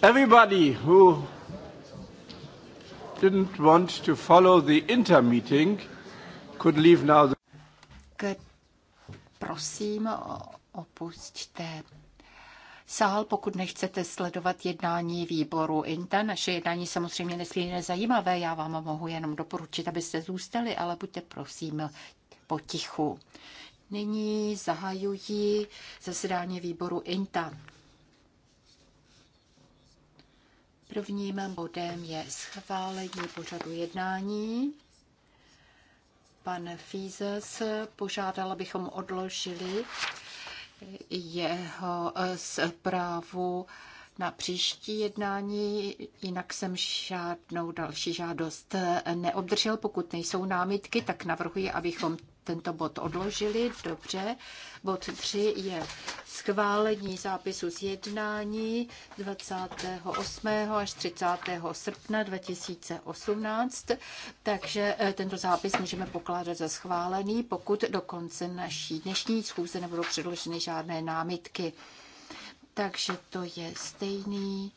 Everybody who didn't want to follow the intermeeting could leave now. The... K, prosím, opusťte sál, pokud nechcete sledovat jednání výboru INTA. Naše jednání samozřejmě nesmírně zajímavé, já vám mohu jenom doporučit, abyste zůstali, ale buďte prosím potichu. Nyní zahajují zasedání výboru INTA. Prvním bodem je schválení pořadu jednání. Pan Fízes požádal, abychom odložili jeho zprávu na příští jednání, jinak jsem žádnou další žádost neobdržel. Pokud nejsou námitky, tak navrhuji, abychom tento bod odložili, dobře. Bod 3 je schválení zápisu z jednání 28. až 30. srpna 2018, takže eh, tento zápis můžeme pokládat za schválený, pokud do konce naší dnešní schůze nebudou předloženy žádné námitky. Takže to je stejný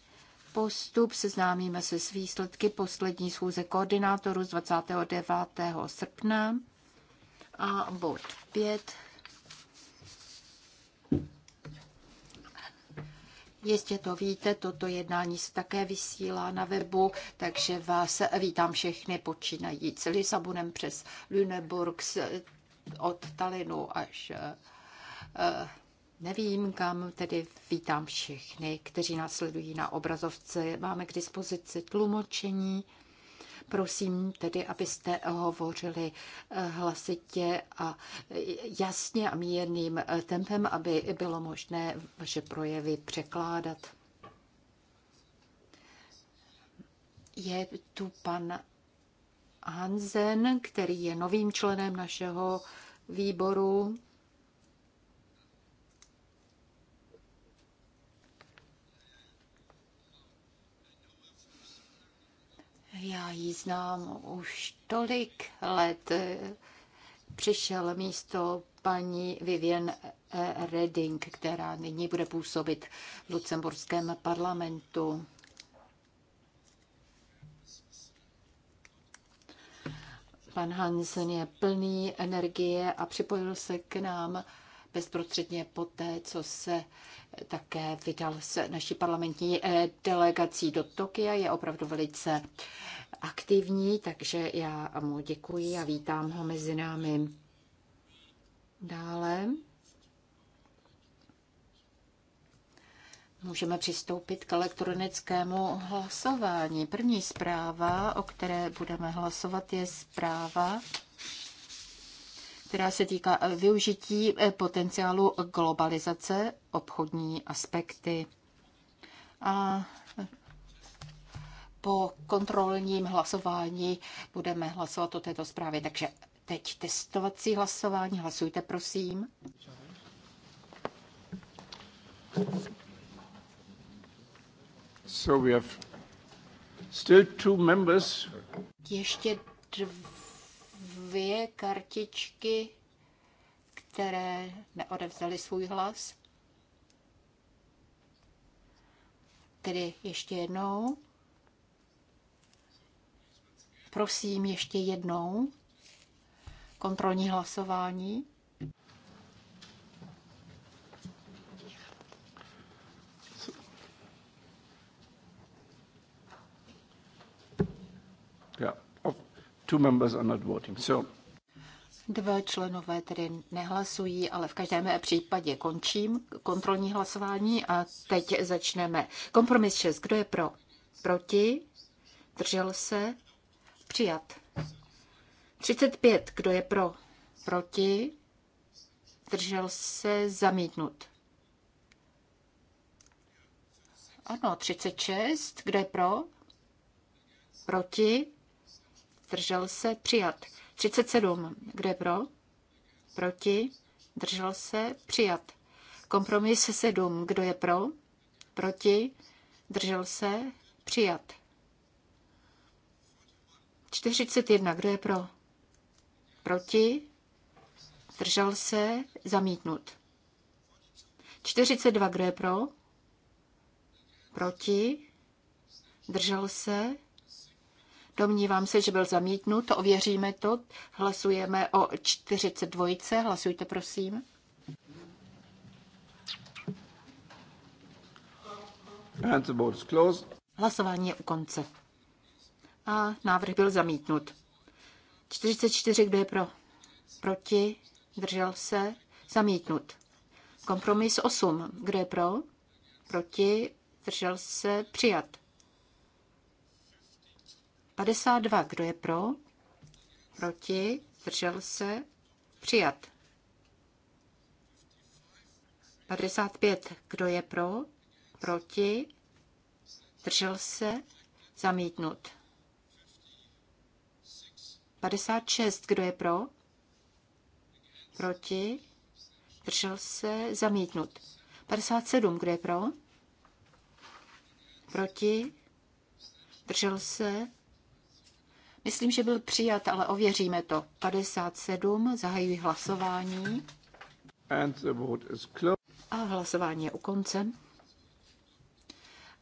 postup. Seznámíme se s výsledky poslední schůze koordinátorů z 29. srpna. A bod 5. Jistě to víte, toto jednání se také vysílá na webu, takže vás vítám všechny celý Lisabonem přes Lüneburg od Talinu až eh, eh, nevím kam, tedy vítám všechny, kteří nás sledují na obrazovce. Máme k dispozici tlumočení. Prosím tedy, abyste hovořili eh, hlasitě a jasně a mírným eh, tempem, aby bylo možné vaše projevy překládat. Je tu pan Hansen, který je novým členem našeho výboru. Já ji znám už tolik let. Přišel místo paní Vivian eh, Redding, která nyní bude působit v lucemburském parlamentu. Pan Hansen je plný energie a připojil se k nám bezprostředně poté, co se také vydal s naší parlamentní eh, delegací do Tokia. Je opravdu velice aktivní, takže já mu děkuji a vítám ho mezi námi. Dále můžeme přistoupit k elektronickému hlasování. První zpráva, o které budeme hlasovat, je zpráva která se týká eh, využití eh, potenciálu globalizace, obchodní aspekty. A eh, po kontrolním hlasování budeme hlasovat o této zprávě. Takže teď testovací hlasování. Hlasujte, prosím. So we have still two members. Ještě dva dvě kartičky, které neodevzdaly svůj hlas. Tedy ještě jednou. Prosím, ještě jednou. Kontrolní hlasování. Two members are not voting. So. Dva členové tedy nehlasují, ale v každém případě končím kontrolní hlasování a teď začneme. Kompromis 6. Kdo je pro? Proti? Držel se? Přijat. 35. Kdo je pro? Proti? Držel se? Zamítnut. Ano, 36. Kdo je pro? Proti? zdržel se, přijat. 37, kdo je pro, proti, držel se, přijat. Kompromis 7, kdo je pro, proti, držel se, přijat. 41, kdo je pro, proti, držel se, zamítnut. 42, kdo je pro, proti, držel se, Domnívám se, že byl zamítnut. Ověříme to. Hlasujeme o 42. Hlasujte, prosím. And the board closed. Hlasování je u konce. A návrh byl zamítnut. 44, kdo je pro? Proti? Držel se? Zamítnut. Kompromis 8, kdo je pro? Proti? Držel se? Přijat. 52. Kdo je pro? Proti? Zdržel se? Přijat. 55. Kdo je pro? Proti? Zdržel se? Zamítnut. 56. Kdo je pro? Proti? Zdržel se? Zamítnut. 57. Kdo je pro? Proti? Držel se? Myslím, že byl přijat, ale ověříme to. 57, zahajuji hlasování. And the vote is closed. A hlasování je u konce.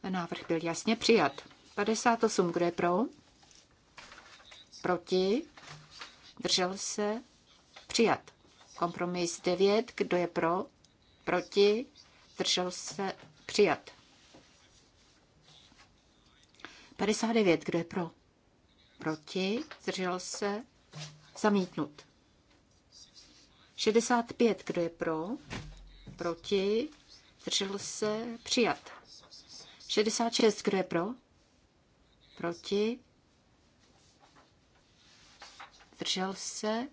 Návrh byl jasně přijat. 58, kdo je pro? Proti? Držel se? Přijat. Kompromis 9, kdo je pro? Proti? Držel se? Přijat. 59, kdo je pro? proti, zdržel se, zamítnut. 65, kdo je pro, proti, zdržel se, přijat. 66, kdo je pro, proti, zdržel se,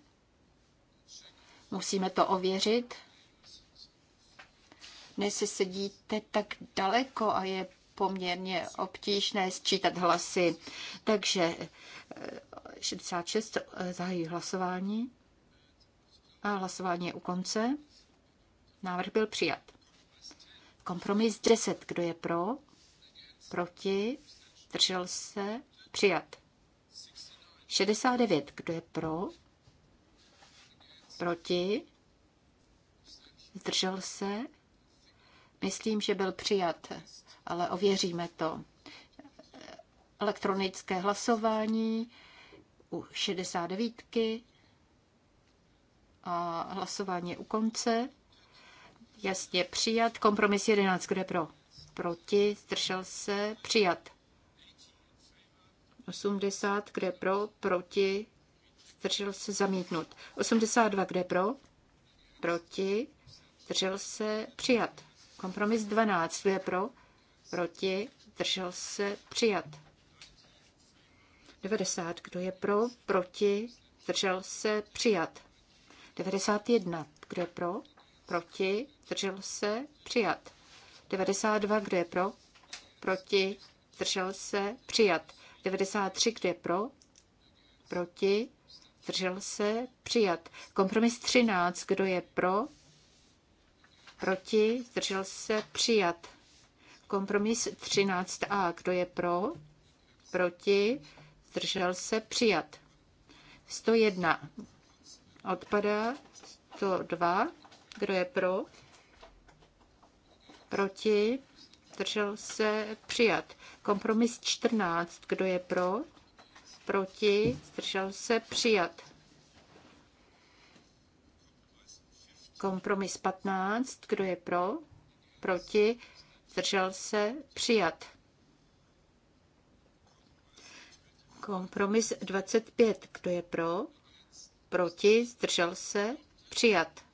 musíme to ověřit. Dnes se sedíte tak daleko a je poměrně obtížné sčítat hlasy. Takže 66 eh, eh, zahájí hlasování a hlasování je u konce. Návrh byl přijat. Kompromis 10. Kdo je pro? Proti? Držel se? Přijat. 69. Kdo je pro? Proti? Zdržel se? Myslím, že byl přijat ale ověříme to. Elektronické hlasování u 69. A hlasování u konce. Jasně přijat. Kompromis 11. Kdo je pro? Proti. Zdržel se. Přijat. 80. Kdo je pro? Proti. Zdržel se. Zamítnut. 82. Kdo je pro? Proti. Zdržel se. Přijat. Kompromis 12. Kdo je pro? proti, držel se, přijat. 90, kdo je pro, proti, držel se, přijat. 91, kdo je pro, proti, držel se, přijat. 92, kdo je pro, proti, držel se, přijat. 93, kdo je pro, proti, zdržel se, přijat. Kompromis 13, kdo je pro, proti, zdržel se, přijat. Kompromis 13a. Kdo je pro? Proti? Zdržel se? Přijat. 101. Odpadá. 102. Kdo je pro? Proti? Zdržel se? Přijat. Kompromis 14. Kdo je pro? Proti? Zdržel se? Přijat. Kompromis 15. Kdo je pro? Proti? zdržel se, přijat. Kompromis 25. Kdo je pro? Proti, zdržel se, přijat.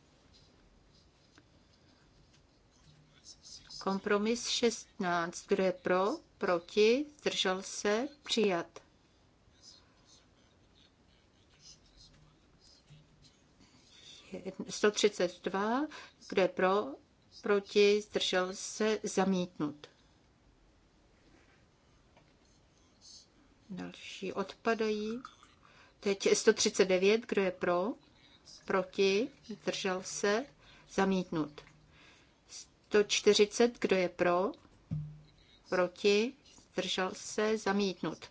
Kompromis 16. Kdo je pro? Proti, zdržel se, přijat. Je 132. Kdo je pro? proti, zdržel se, zamítnut. Další odpadají. Teď 139, kdo je pro, proti, zdržel se, zamítnut. 140, kdo je pro, proti, zdržel se, zamítnut.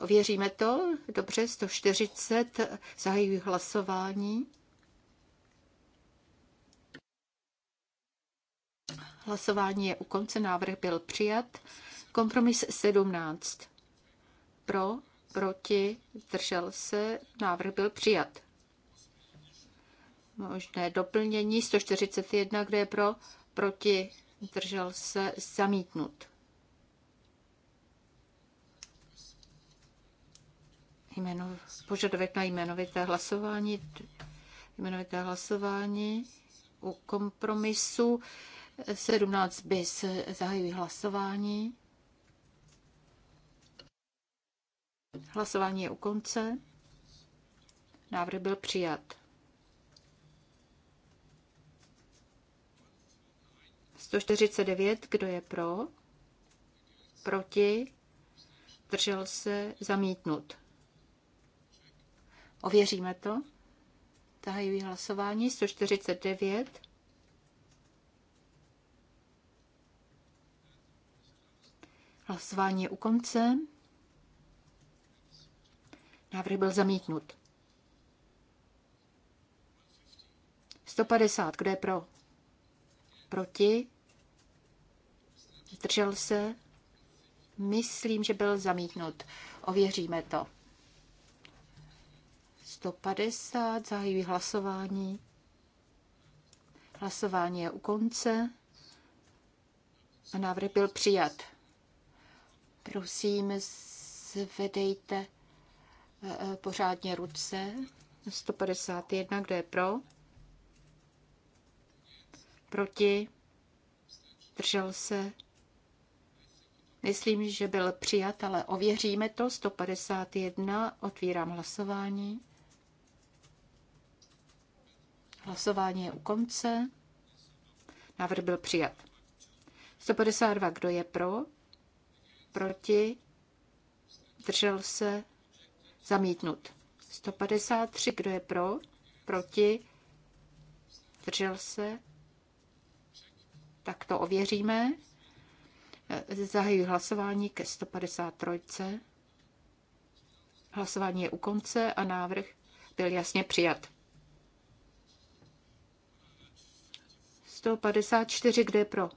Ověříme to, dobře, 140, zahajují hlasování. Hlasování je u konce, návrh byl přijat. Kompromis 17. Pro, proti, zdržel se, návrh byl přijat. Možné doplnění 141, kde je pro, proti, zdržel se, zamítnut. Jméno, požadavek na jmenovité hlasování, jmenovité hlasování u kompromisu 17 bis zahajuji hlasování. Hlasování je u konce. Návrh byl přijat. 149, kdo je pro? Proti? Držel se zamítnut. Ověříme to. Zahajuji hlasování 149. Hlasování je u konce. Návrh byl zamítnut. 150. Kdo je pro? Proti? Zdržel se? Myslím, že byl zamítnut. Ověříme to. 150. Zahajuji hlasování. Hlasování je u konce. A návrh byl přijat. Prosím, zvedejte eh, eh, pořádně ruce. 151, kdo je pro? Proti? Držel se? Myslím, že byl přijat, ale ověříme to. 151, otvírám hlasování. Hlasování je u konce. Návrh byl přijat. 152, kdo je pro? proti, držel se, zamítnut. 153, kdo je pro, proti, držel se, tak to ověříme. Zahajuji hlasování ke 153. Hlasování je u konce a návrh byl jasně přijat. 154, kde pro?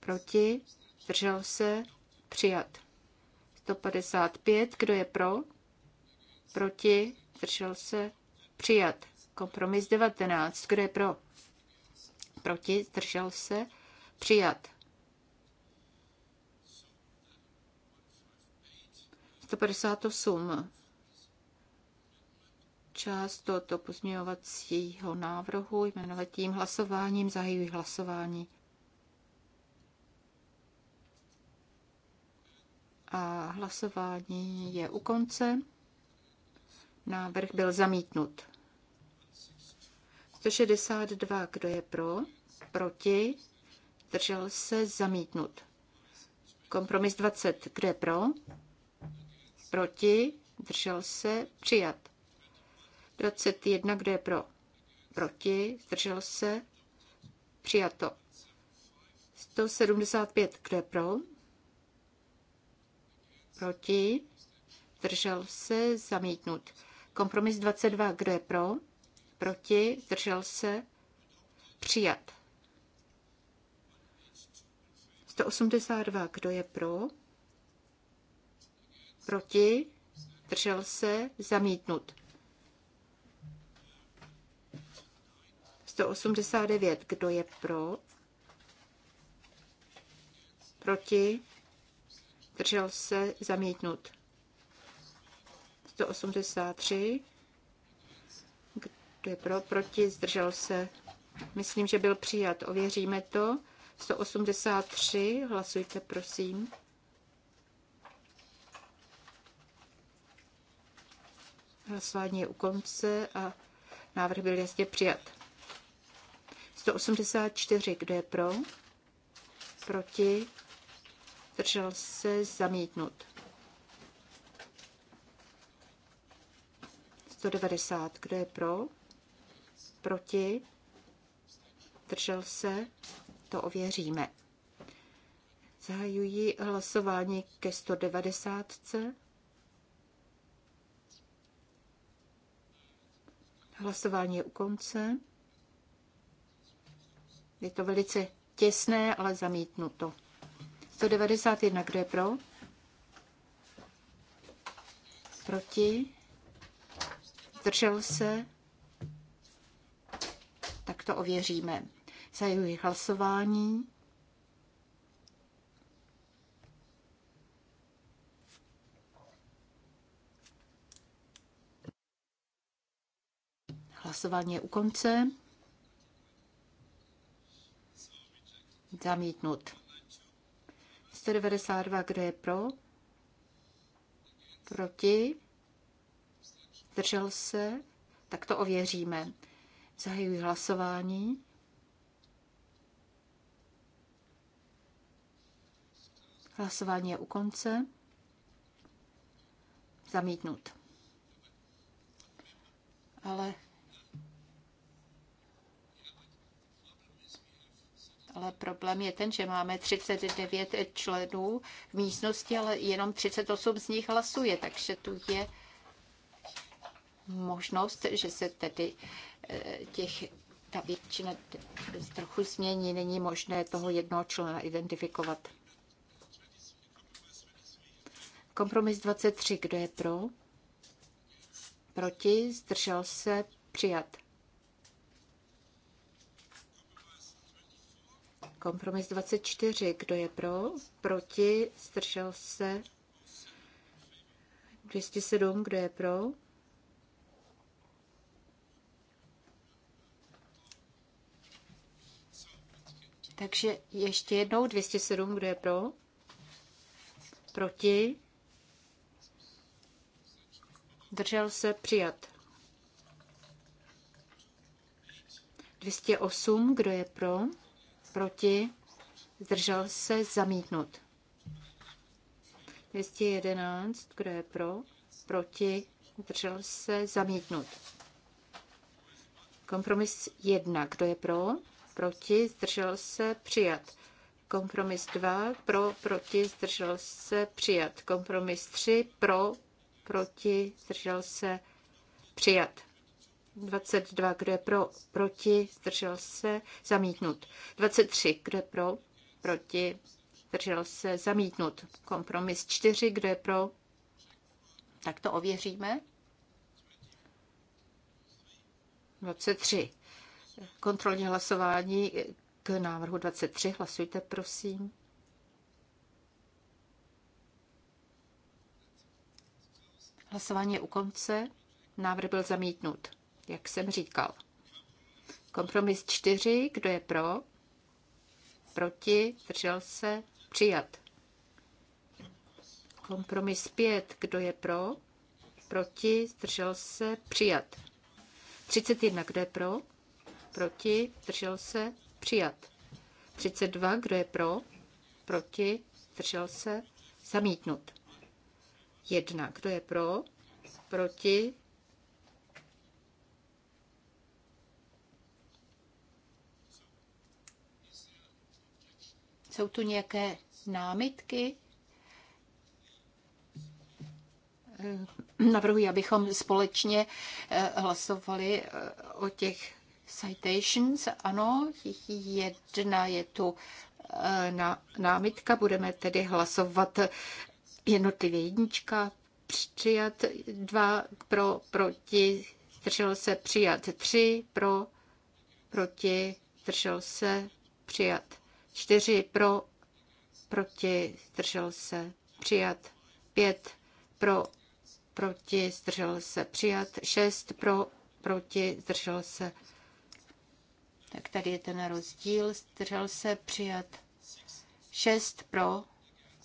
Proti? Držel se? Přijat. 155. Kdo je pro? Proti? Zdržel se? Přijat. Kompromis 19. Kdo je pro? Proti? Zdržel se? Přijat. 158. Část tohoto pozměňovacího návrhu tím hlasováním zahajuji hlasování. a hlasování je u konce. Návrh byl zamítnut. 162, kdo je pro, proti, držel se zamítnut. Kompromis 20, kdo je pro, proti, držel se přijat. 21, kdo je pro, proti, držel se, přijato. 175, kdo je pro, Proti? Zdržel se? Zamítnut. Kompromis 22. Kdo je pro? Proti? Zdržel se? Přijat. 182. Kdo je pro? Proti? držel se? Zamítnut. 189. Kdo je pro? Proti? zdržel se zamítnut. 183. Kdo je pro, proti, zdržel se. Myslím, že byl přijat. Ověříme to. 183. Hlasujte, prosím. Hlasování je u konce a návrh byl jasně přijat. 184. Kdo je pro? Proti? zdržel se zamítnut. 190, kdo je pro, proti, zdržel se, to ověříme. Zahajuji hlasování ke 190. Hlasování je u konce. Je to velice těsné, ale zamítnuto. 191, kdo je pro? Proti? Zdržel se? Tak to ověříme. Zajuji hlasování. Hlasování je u konce. Zamítnut. 192, kdo je pro? Proti? Zdržel se? Tak to ověříme. Zahajuji hlasování. Hlasování je u konce. Zamítnut. Ale Ale problém je ten, že máme 39 členů v místnosti, ale jenom 38 z nich hlasuje, takže tu je možnost, že se tedy eh, těch ta většina trochu změní, není možné toho jednoho člena identifikovat. Kompromis 23, kdo je pro? Proti, zdržel se, přijat. Kompromis 24. Kdo je pro? Proti? Zdržel se? 207. Kdo je pro? Takže ještě jednou 207. Kdo je pro? Proti? Držel se? Přijat. 208. Kdo je pro? proti, zdržel se, zamítnut. 211, kdo je pro, proti, zdržel se, zamítnut. Kompromis 1, kdo je pro, proti, zdržel se, přijat. Kompromis 2, pro, proti, zdržel se, přijat. Kompromis 3, pro, proti, zdržel se, přijat. 22, kdo je pro, proti, zdržel se, zamítnut. 23, kdo je pro, proti, zdržel se, zamítnut. Kompromis 4, kdo je pro, tak to ověříme. 23. Kontrolní hlasování k návrhu 23. Hlasujte, prosím. Hlasování je u konce. Návrh byl zamítnut jak jsem říkal. Kompromis čtyři, kdo je pro, proti, držel se, přijat. Kompromis pět, kdo je pro, proti, držel se, přijat. 31, kdo je pro, proti, držel se, přijat. 32, kdo je pro, proti, držel se, zamítnut. 1, kdo je pro, proti, Jsou tu nějaké námitky? Navrhuji, abychom společně eh, hlasovali eh, o těch citations. Ano, jedna je tu eh, námitka, budeme tedy hlasovat jednotlivě jednička, přijat dva pro, proti, držel se přijat tři pro, proti, držel se přijat. 4 pro, proti, zdržel se, přijat. 5 pro, proti, zdržel se, přijat. 6 pro, proti, zdržel se. Tak tady je ten rozdíl, zdržel se, přijat. 6 pro,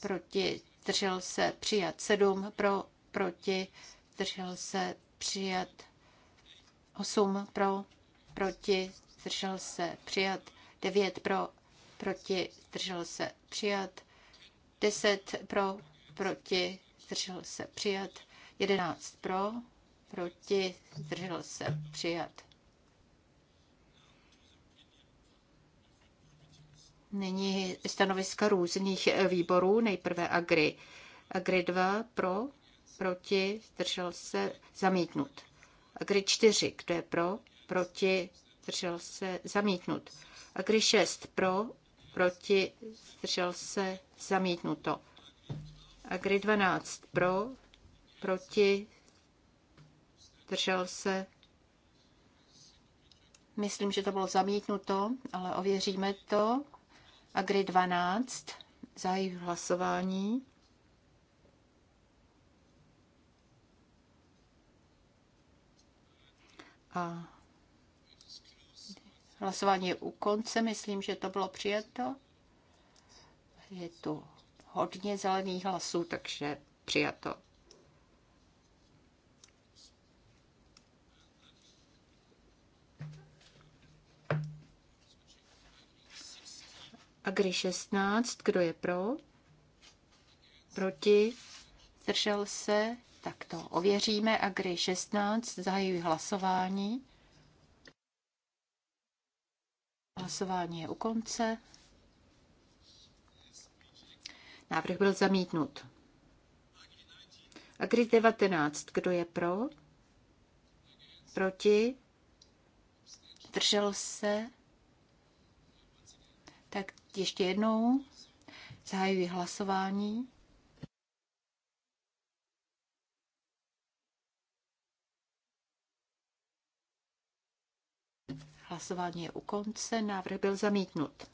proti, zdržel se, přijat. 7 pro, proti, zdržel se, přijat. 8 pro, proti, zdržel se, přijat. 9 pro, proti, zdržel se přijat. 10 pro, proti, zdržel se přijat. 11 pro, proti, zdržel se přijat. Nyní stanoviska různých výborů. Nejprve Agri. Agri 2 pro, proti, zdržel se zamítnut. Agri 4, kdo je pro, proti, zdržel se zamítnut. Agri 6 pro, proti, zdržel se, zamítnuto. Agri 12 pro, proti, zdržel se. Myslím, že to bylo zamítnuto, ale ověříme to. Agri 12, zahájí hlasování. A Hlasování je u konce, myslím, že to bylo přijato. Je tu hodně zelených hlasů, takže přijato. Agri 16, kdo je pro? Proti? Zdržel se? Tak to ověříme. Agri 16, zahajuji hlasování. Hlasování je u konce. Návrh byl zamítnut. A když 19, kdo je pro? Proti? Držel se? Tak ještě jednou zahajuji hlasování. Hlasování je u konce. Návrh byl zamítnut.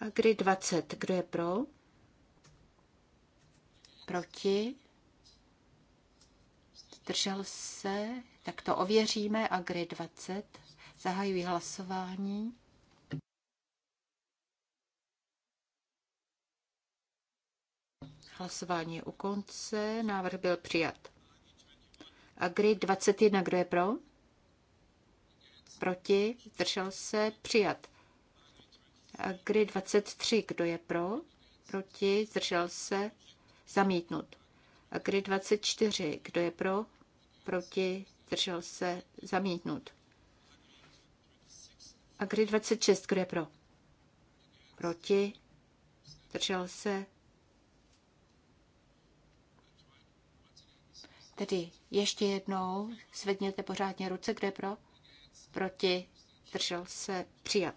Agri 20. Kdo je pro? Proti? Držel se? Tak to ověříme. Agri 20. Zahajuji hlasování. Hlasování je u konce. Návrh byl přijat. Agri 21, kdo je pro? proti, zdržel se, přijat. Agri 23, kdo je pro, proti, zdržel se, zamítnut. Agri 24, kdo je pro, proti, zdržel se, zamítnut. kdy 26, kdo je pro, proti, zdržel se, Tedy ještě jednou zvedněte pořádně ruce, kde pro? proti, držel se, přijat.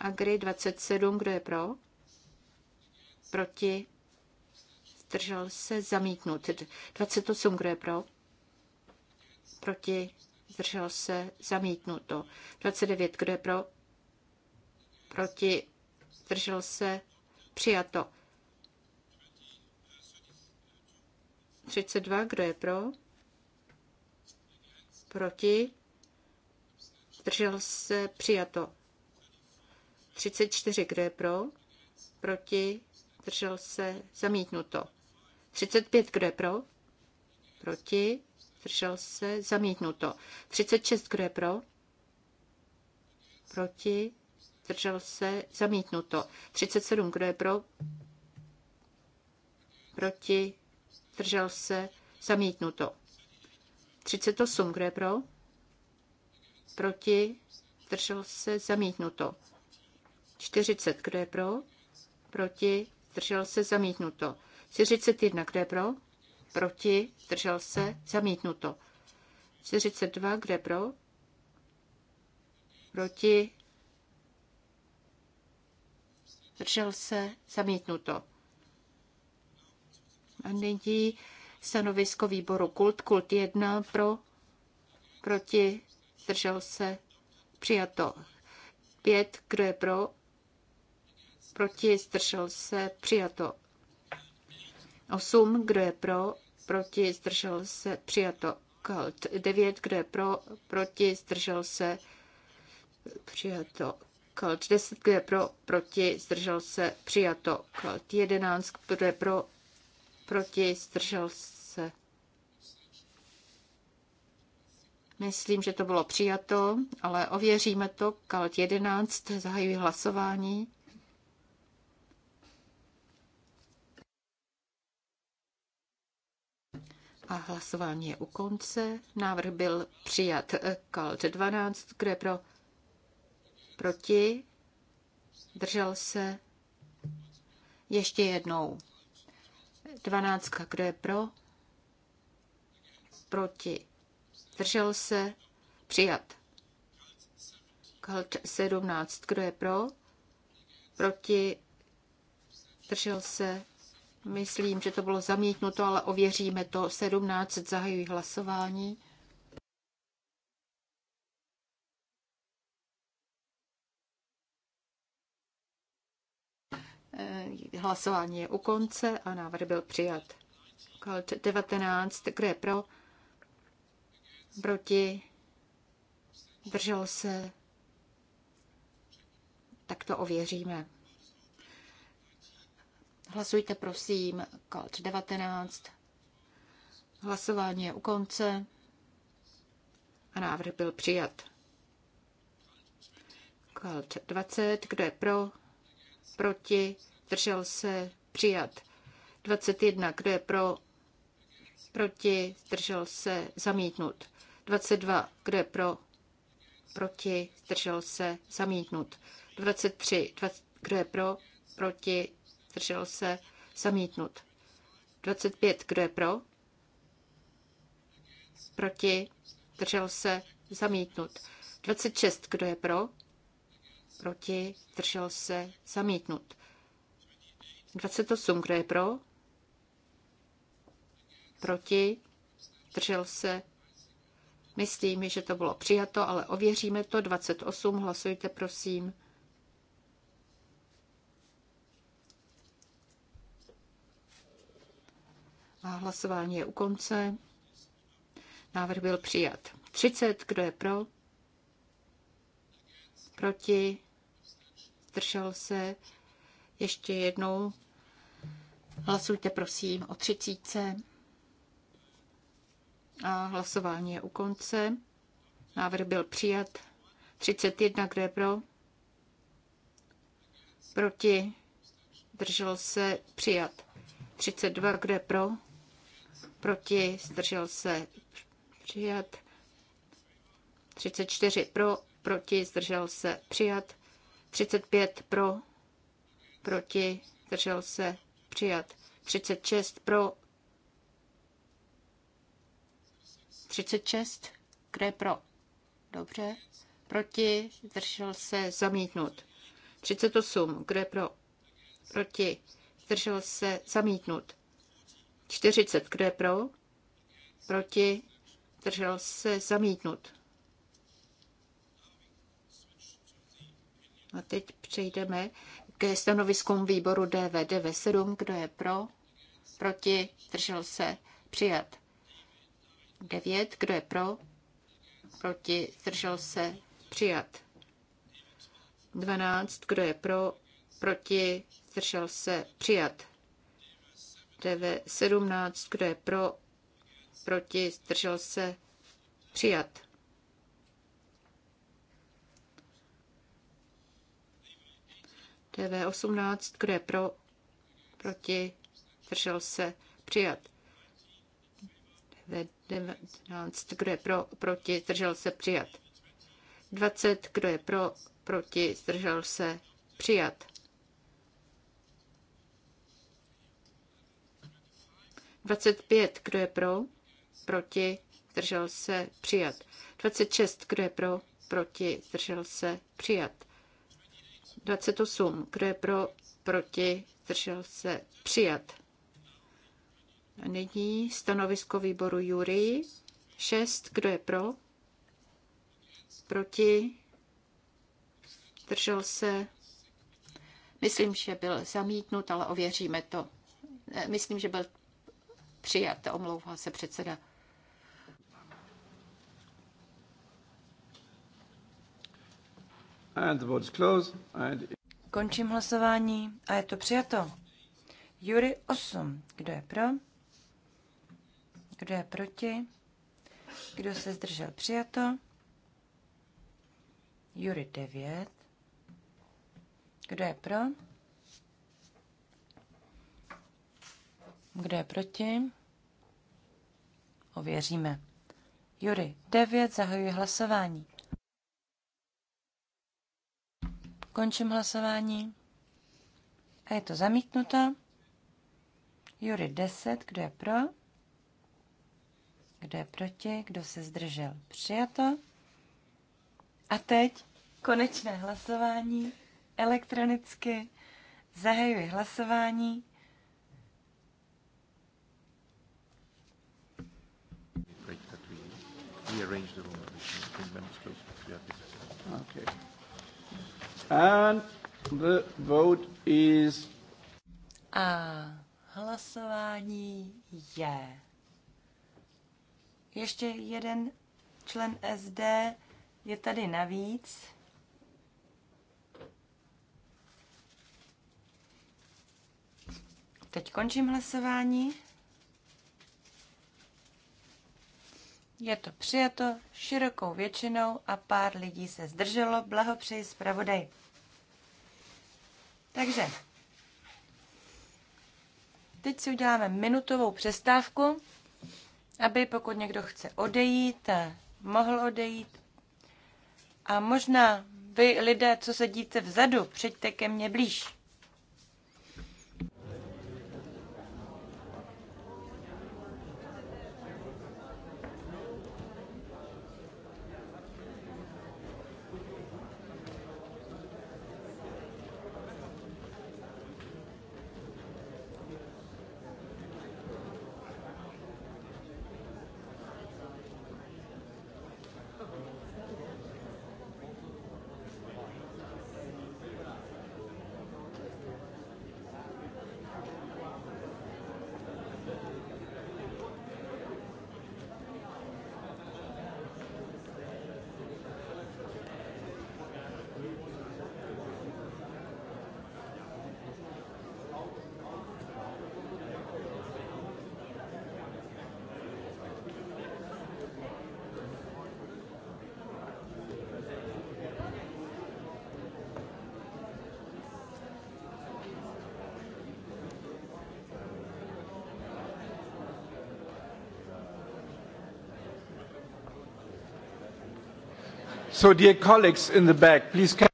Agri 27, kdo je pro, proti, držel se, zamítnut. 28, kdo je pro, proti, držel se, zamítnuto. 29, kdo je pro, proti, držel se, přijato. 32, kdo je pro? Proti? Zdržel se přijato. 34, kdo je pro? Proti? Zdržel se zamítnuto. 35, kdo je pro? Proti? Zdržel se zamítnuto. 36, kdo je pro? Proti? Zdržel se zamítnuto. 37, kdo je pro? Proti? Zdržel se zamítnuto. 38, kdo je pro? proti, zdržel se, zamítnuto. 40, kdo je pro, proti, zdržel se, zamítnuto. 41, kdo je pro, proti, zdržel se, zamítnuto. 42, kdo je pro, proti, zdržel se, zamítnuto. A nyní stanovisko výboru Kult. Kult 1 pro, proti, zdržel se, přijato. Pět, kdo je pro, proti, zdržel se, přijato. Osm, kdo je pro, proti, zdržel se, přijato. Kalt. Devět, kdo je pro, proti, zdržel se, přijato. Kalt 10, kdo je pro, proti, zdržel se, přijato. Kalt 11, kdo je pro, proti, zdržel se, Myslím, že to bylo přijato, ale ověříme to. Kalt 11, zahajuji hlasování. A hlasování je u konce. Návrh byl přijat. Kalt 12, kdo je pro? Proti? Držel se? Ještě jednou. 12, kdo je pro? Proti? Zdržel se? Přijat. Kalt 17. Kdo je pro? Proti? Zdržel se? Myslím, že to bylo zamítnuto, ale ověříme to. 17. zahajují hlasování. Eh, hlasování je u konce a návrh byl přijat. Kalt 19. Kdo je pro? proti, držel se, tak to ověříme. Hlasujte prosím, kód 19. Hlasování je u konce a návrh byl přijat. Kód 20, kdo je pro, proti, držel se, přijat. 21, kdo je pro, proti, držel se, zamítnut. 22. Kdo je pro? Proti? Zdržel se? Zamítnut. 23. 20, kdo je pro? Proti? Zdržel se? Zamítnut. 25. Kdo je pro? Proti? Zdržel se? Zamítnut. 26. Kdo je pro? Proti? Zdržel se? Zamítnut. 28. Kdo je pro? Proti? Zdržel se? Myslím, že to bylo přijato, ale ověříme to. 28, hlasujte prosím. A hlasování je u konce. Návrh byl přijat. 30, kdo je pro? Proti? Zdržel se? Ještě jednou. Hlasujte prosím o třicíce. A hlasování je u konce. Návrh byl přijat. 31, kde je pro? Proti? Zdržel se přijat. 32, kde je pro? Proti? Zdržel se přijat. 34 pro, proti, zdržel se přijat. 35 pro, proti, zdržel se přijat. 36 pro, 36. Kdo je pro? Dobře. Proti? Zdržel se? Zamítnut. 38. Kdo je pro? Proti? Zdržel se? Zamítnut. 40. Kdo je pro? Proti? Zdržel se? Zamítnut. A teď přejdeme ke stanoviskům výboru DVD dv 7. Kdo je pro? Proti? Zdržel se? Přijat. 9. Kdo je pro? Proti? Zdržel se? Přijat. 12. Kdo je pro? Proti? Zdržel se? Přijat. 9. 17. Kdo je pro? Proti? Zdržel se? Přijat. TV 18, kdo je pro, proti, držel se, přijat. 19, kdo je pro, proti, zdržel se přijat. 20, kdo je pro, proti, zdržel se přijat. 25, kdo je pro, proti, zdržel se přijat. 26, kdo je pro, proti, zdržel se přijat. 28, kdo je pro, proti, zdržel se přijat. Nyní stanovisko výboru Jury. 6. Kdo je pro? Proti? Držel se? Myslím, že byl zamítnut, ale ověříme to. E, myslím, že byl přijat. Omlouvá se předseda. And the vote is closed. And... Končím hlasování a je to přijato. Jury 8. Kdo je pro? Kdo je proti? Kdo se zdržel? Přijato. Jury 9. Kdo je pro? Kdo je proti? Ověříme. Jury 9. Zahajuji hlasování. Končím hlasování. A je to zamítnuto. Jury 10. Kdo je pro? Kdo je proti? Kdo se zdržel? Přijato. A teď konečné hlasování elektronicky. Zahajuji hlasování. Okay. And the vote is... A hlasování je ještě jeden člen SD je tady navíc. Teď končím hlasování. Je to přijato širokou většinou a pár lidí se zdrželo. Blahopřeji zpravodaj. Takže teď si uděláme minutovou přestávku aby pokud někdo chce odejít, mohl odejít. A možná vy lidé, co sedíte vzadu, přijďte ke mně blíž.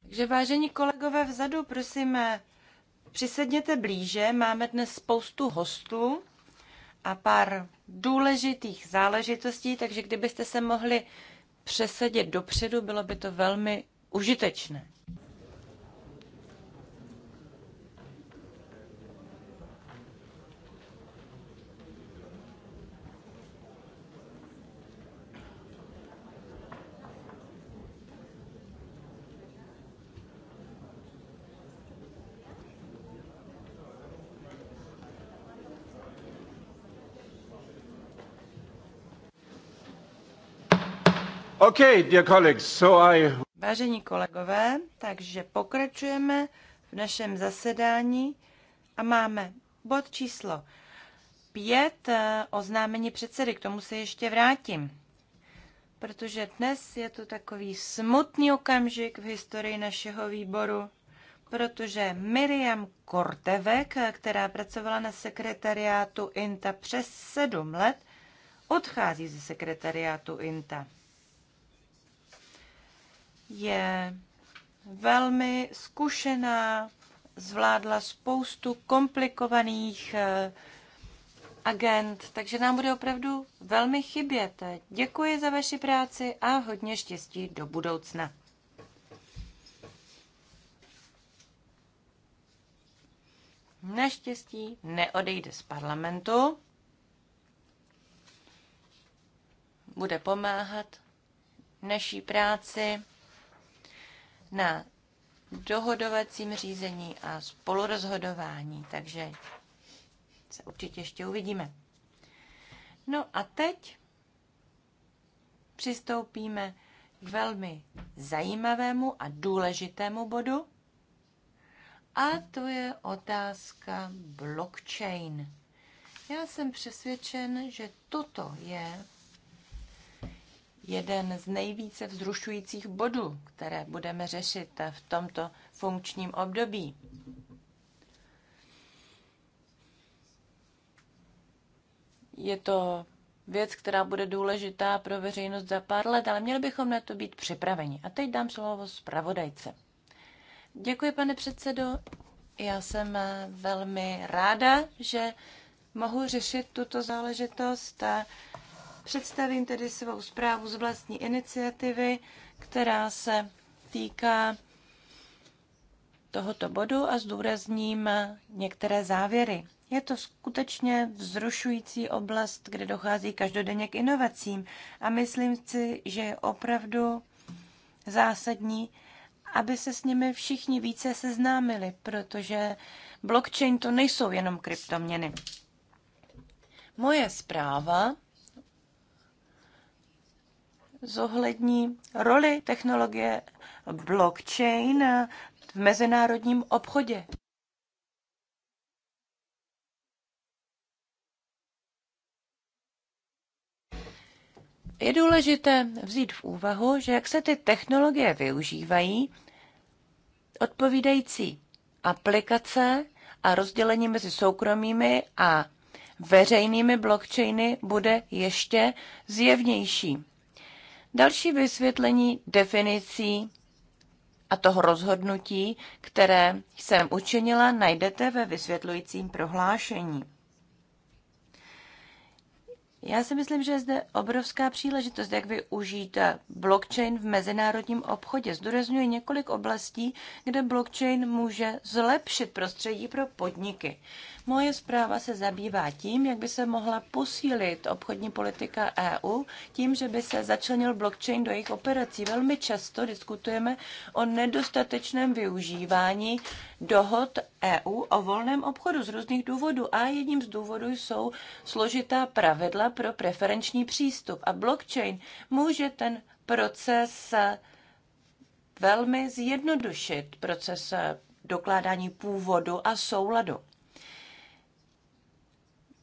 Takže vážení kolegové vzadu, prosím, eh, přisedněte blíže. Máme dnes spoustu hostů a pár důležitých záležitostí, takže kdybyste se mohli přesedět dopředu, bylo by to velmi užitečné. Okay, dear colleagues, so I... Vážení kolegové, takže pokračujeme v našem zasedání a máme bod číslo 5, eh, oznámení předsedy, k tomu se ještě vrátím. Protože dnes je to takový smutný okamžik v historii našeho výboru, protože Miriam Kortevek, eh, která pracovala na sekretariátu INTA přes sedm let, odchází ze sekretariátu INTA je velmi zkušená, zvládla spoustu komplikovaných eh, agent, takže nám bude opravdu velmi chybět. Děkuji za vaši práci a hodně štěstí do budoucna. Naštěstí neodejde z parlamentu, bude pomáhat naší práci na dohodovacím řízení a spolurozhodování, takže se určitě ještě uvidíme. No a teď přistoupíme k velmi zajímavému a důležitému bodu, a to je otázka blockchain. Já jsem přesvědčen, že toto je jeden z nejvíce vzrušujících bodů, které budeme řešit v tomto funkčním období. Je to věc, která bude důležitá pro veřejnost za pár let, ale měli bychom na to být připraveni. A teď dám slovo zpravodajce. Děkuji, pane předsedo. Já jsem velmi ráda, že mohu řešit tuto záležitost. A Představím tedy svou zprávu z vlastní iniciativy, která se týká tohoto bodu a zdůrazním některé závěry. Je to skutečně vzrušující oblast, kde dochází každodenně k inovacím a myslím si, že je opravdu zásadní, aby se s nimi všichni více seznámili, protože blockchain to nejsou jenom kryptoměny. Moje zpráva zohlední roli technologie blockchain v mezinárodním obchodě. Je důležité vzít v úvahu, že jak se ty technologie využívají, odpovídající aplikace a rozdělení mezi soukromými a veřejnými blockchainy bude ještě zjevnější. Další vysvětlení definicí a toho rozhodnutí, které jsem učinila, najdete ve vysvětlujícím prohlášení. Já si myslím, že je zde obrovská příležitost, jak využít blockchain v mezinárodním obchodě. Zdůrazňuje několik oblastí, kde blockchain může zlepšit prostředí pro podniky. Moje zpráva se zabývá tím, jak by se mohla posílit obchodní politika EU, tím, že by se začlenil blockchain do jejich operací. Velmi často diskutujeme o nedostatečném využívání dohod EU o volném obchodu z různých důvodů. A jedním z důvodů jsou složitá pravidla pro preferenční přístup. A blockchain může ten proces velmi zjednodušit, proces dokládání původu a souladu.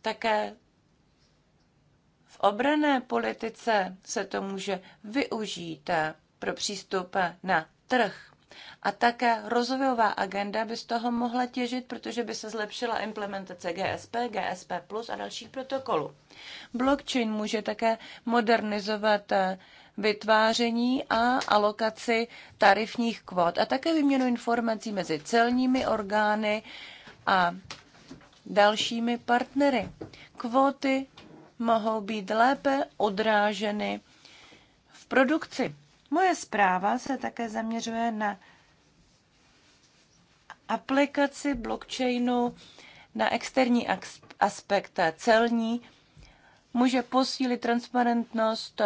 Také v obrané politice se to může využít pro přístup na trh. A také rozvojová agenda by z toho mohla těžit, protože by se zlepšila implementace GSP, GSP plus a dalších protokolů. Blockchain může také modernizovat eh, vytváření a alokaci tarifních kvot a také výměnu informací mezi celními orgány a dalšími partnery. Kvóty mohou být lépe odráženy v produkci Moje zpráva se také zaměřuje na aplikaci blockchainu na externí aspekt celní. Může posílit transparentnost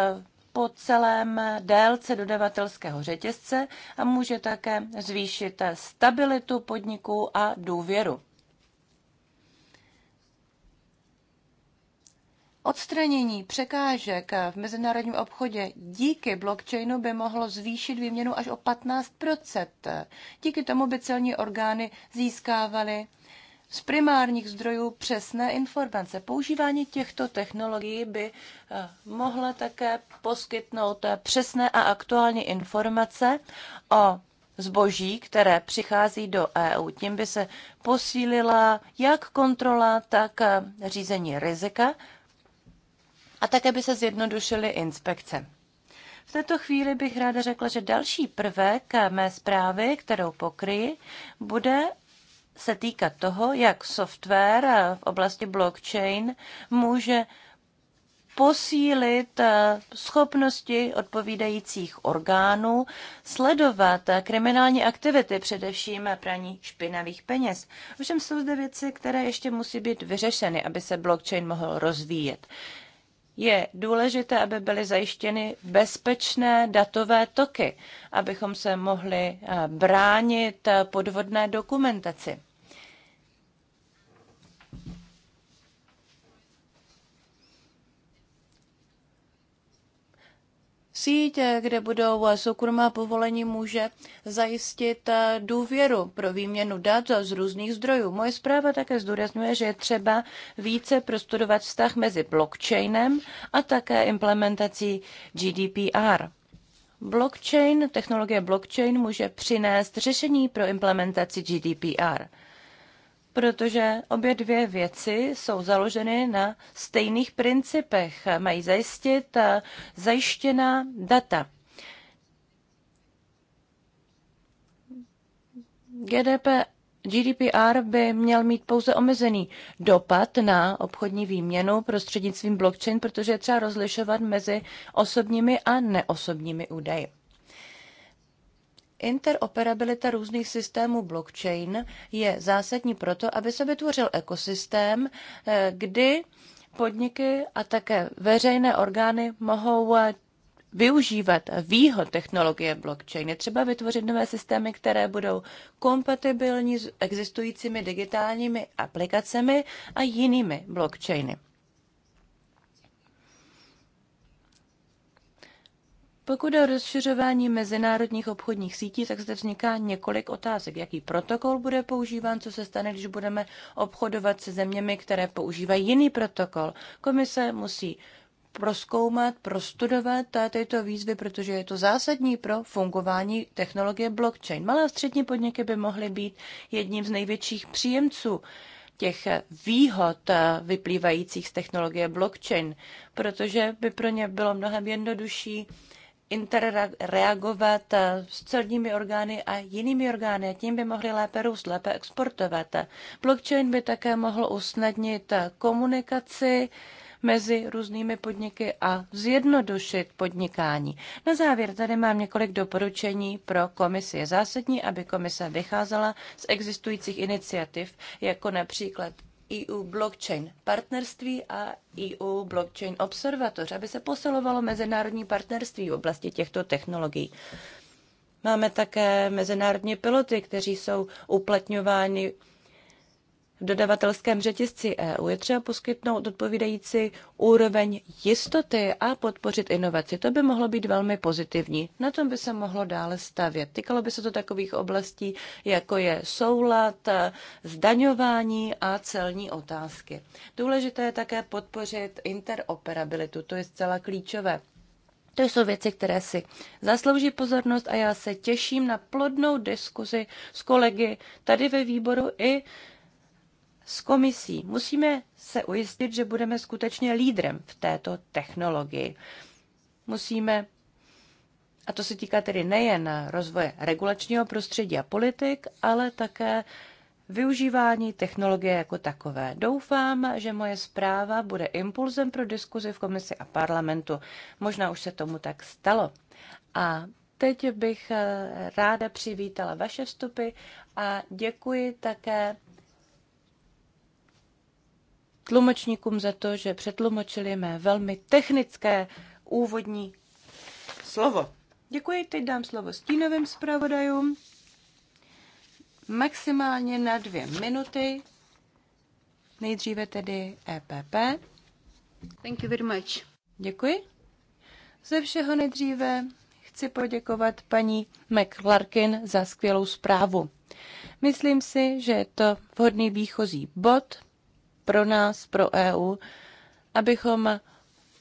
po celém délce dodavatelského řetězce a může také zvýšit stabilitu podniků a důvěru. Odstranění překážek v mezinárodním obchodě díky blockchainu by mohlo zvýšit výměnu až o 15 Díky tomu by celní orgány získávaly z primárních zdrojů přesné informace. Používání těchto technologií by eh, mohlo také poskytnout eh, přesné a aktuální informace o zboží, které přichází do EU. Tím by se posílila jak kontrola, tak eh, řízení rizika a také by se zjednodušily inspekce. V této chvíli bych ráda řekla, že další prvek mé zprávy, kterou pokryji, bude se týkat toho, jak software v oblasti blockchain může posílit eh, schopnosti odpovídajících orgánů sledovat eh, kriminální aktivity, především eh, praní špinavých peněz. Ovšem jsou zde věci, které ještě musí být vyřešeny, aby se blockchain mohl rozvíjet je důležité, aby byly zajištěny bezpečné datové toky, abychom se mohli eh, bránit eh, podvodné dokumentaci. síť, kde budou soukromá povolení, může zajistit eh, důvěru pro výměnu dat z různých zdrojů. Moje zpráva také zdůrazňuje, že je třeba více prostudovat vztah mezi blockchainem a také implementací GDPR. Blockchain, technologie blockchain může přinést řešení pro implementaci GDPR protože obě dvě věci jsou založeny na stejných principech. Mají zajistit eh, zajištěná data. GDP, GDPR by měl mít pouze omezený dopad na obchodní výměnu prostřednictvím blockchain, protože je třeba rozlišovat mezi osobními a neosobními údaji. Interoperabilita různých systémů blockchain je zásadní proto, aby se vytvořil ekosystém, eh, kdy podniky a také veřejné orgány mohou eh, využívat výhod technologie blockchain. Je třeba vytvořit nové systémy, které budou kompatibilní s existujícími digitálními aplikacemi a jinými blockchainy. Pokud o rozšiřování mezinárodních obchodních sítí, tak zde vzniká několik otázek. Jaký protokol bude používán, co se stane, když budeme obchodovat se zeměmi, které používají jiný protokol. Komise musí proskoumat, prostudovat tyto výzvy, protože je to zásadní pro fungování technologie blockchain. Malé a střední podniky by mohly být jedním z největších příjemců těch výhod eh, vyplývajících z technologie blockchain, protože by pro ně bylo mnohem jednodušší interreagovat s celními orgány a jinými orgány a tím by mohli lépe růst, lépe exportovat. Blockchain by také mohl usnadnit komunikaci mezi různými podniky a zjednodušit podnikání. Na závěr tady mám několik doporučení pro komisi. Je zásadní, aby komise vycházela z existujících iniciativ, jako například EU blockchain partnerství a EU blockchain observatoř, aby se posilovalo mezinárodní partnerství v oblasti těchto technologií. Máme také mezinárodní piloty, kteří jsou uplatňováni v dodavatelském řetězci EU. Je třeba poskytnout odpovídající úroveň jistoty a podpořit inovaci. To by mohlo být velmi pozitivní. Na tom by se mohlo dále stavět. Týkalo by se to takových oblastí, jako je soulad, zdaňování a celní otázky. Důležité je také podpořit interoperabilitu, to je zcela klíčové. To jsou věci, které si zaslouží pozornost a já se těším na plodnou diskuzi s kolegy tady ve výboru i s komisí. Musíme se ujistit, že budeme skutečně lídrem v této technologii. Musíme, a to se týká tedy nejen rozvoje regulačního prostředí a politik, ale také využívání technologie jako takové. Doufám, že moje zpráva bude impulzem pro diskuzi v komisi a parlamentu. Možná už se tomu tak stalo. A teď bych ráda přivítala vaše vstupy a děkuji také tlumočníkům za to, že přetlumočili mé velmi technické úvodní slovo. Děkuji, teď dám slovo stínovým zpravodajům. Maximálně na dvě minuty. Nejdříve tedy EPP. Thank you very much. Děkuji. Ze všeho nejdříve chci poděkovat paní McLarkin za skvělou zprávu. Myslím si, že je to vhodný výchozí bod pro nás, pro EU, abychom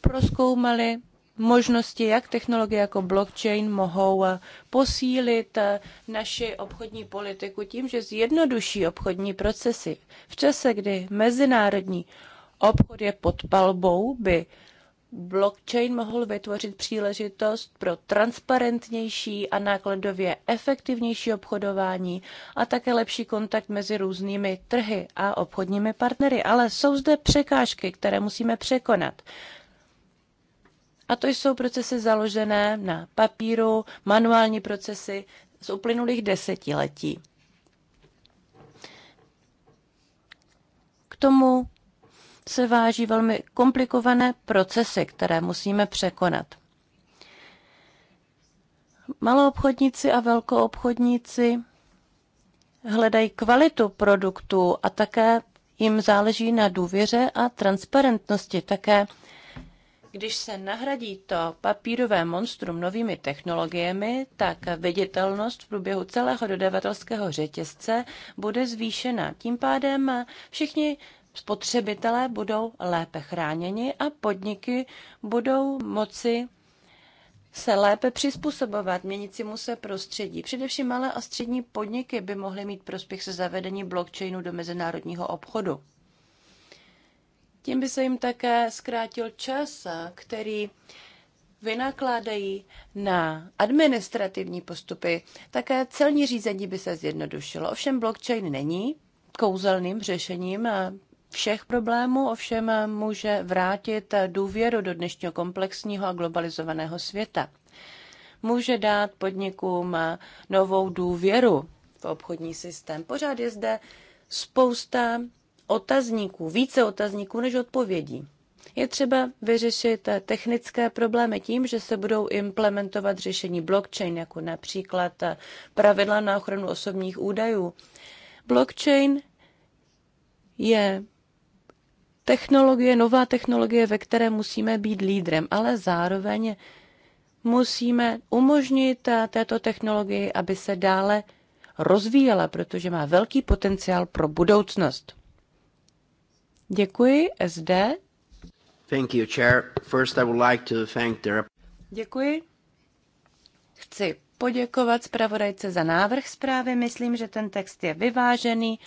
proskoumali možnosti, jak technologie jako blockchain mohou eh, posílit eh, naši obchodní politiku tím, že zjednoduší obchodní procesy. V čase, kdy mezinárodní obchod je pod palbou, by blockchain mohl vytvořit příležitost pro transparentnější a nákladově efektivnější obchodování a také lepší kontakt mezi různými trhy a obchodními partnery. Ale jsou zde překážky, které musíme překonat. A to jsou procesy založené na papíru, manuální procesy z uplynulých desetiletí. K tomu se váží velmi komplikované procesy, které musíme překonat. Maloobchodníci a velkoobchodníci hledají kvalitu produktů a také jim záleží na důvěře a transparentnosti. Také když se nahradí to papírové monstrum novými technologiemi, tak viditelnost v průběhu celého dodavatelského řetězce bude zvýšena. Tím pádem všichni spotřebitelé budou lépe chráněni a podniky budou moci se lépe přizpůsobovat měnícímu se prostředí. Především malé a střední podniky by mohly mít prospěch se zavedení blockchainu do mezinárodního obchodu. Tím by se jim také zkrátil čas, který vynakládají na administrativní postupy. Také celní řízení by se zjednodušilo. Ovšem blockchain není kouzelným řešením všech problémů, ovšem může vrátit důvěru do dnešního komplexního a globalizovaného světa. Může dát podnikům novou důvěru v obchodní systém. Pořád je zde spousta otazníků, více otazníků než odpovědí. Je třeba vyřešit technické problémy tím, že se budou implementovat řešení blockchain, jako například pravidla na ochranu osobních údajů. Blockchain je technologie, nová technologie, ve které musíme být lídrem, ale zároveň musíme umožnit eh, této technologii, aby se dále rozvíjela, protože má velký potenciál pro budoucnost. Děkuji, SD. Thank you, Chair. First, I would like to thank the... Děkuji. Chci poděkovat zpravodajce za návrh zprávy. Myslím, že ten text je vyvážený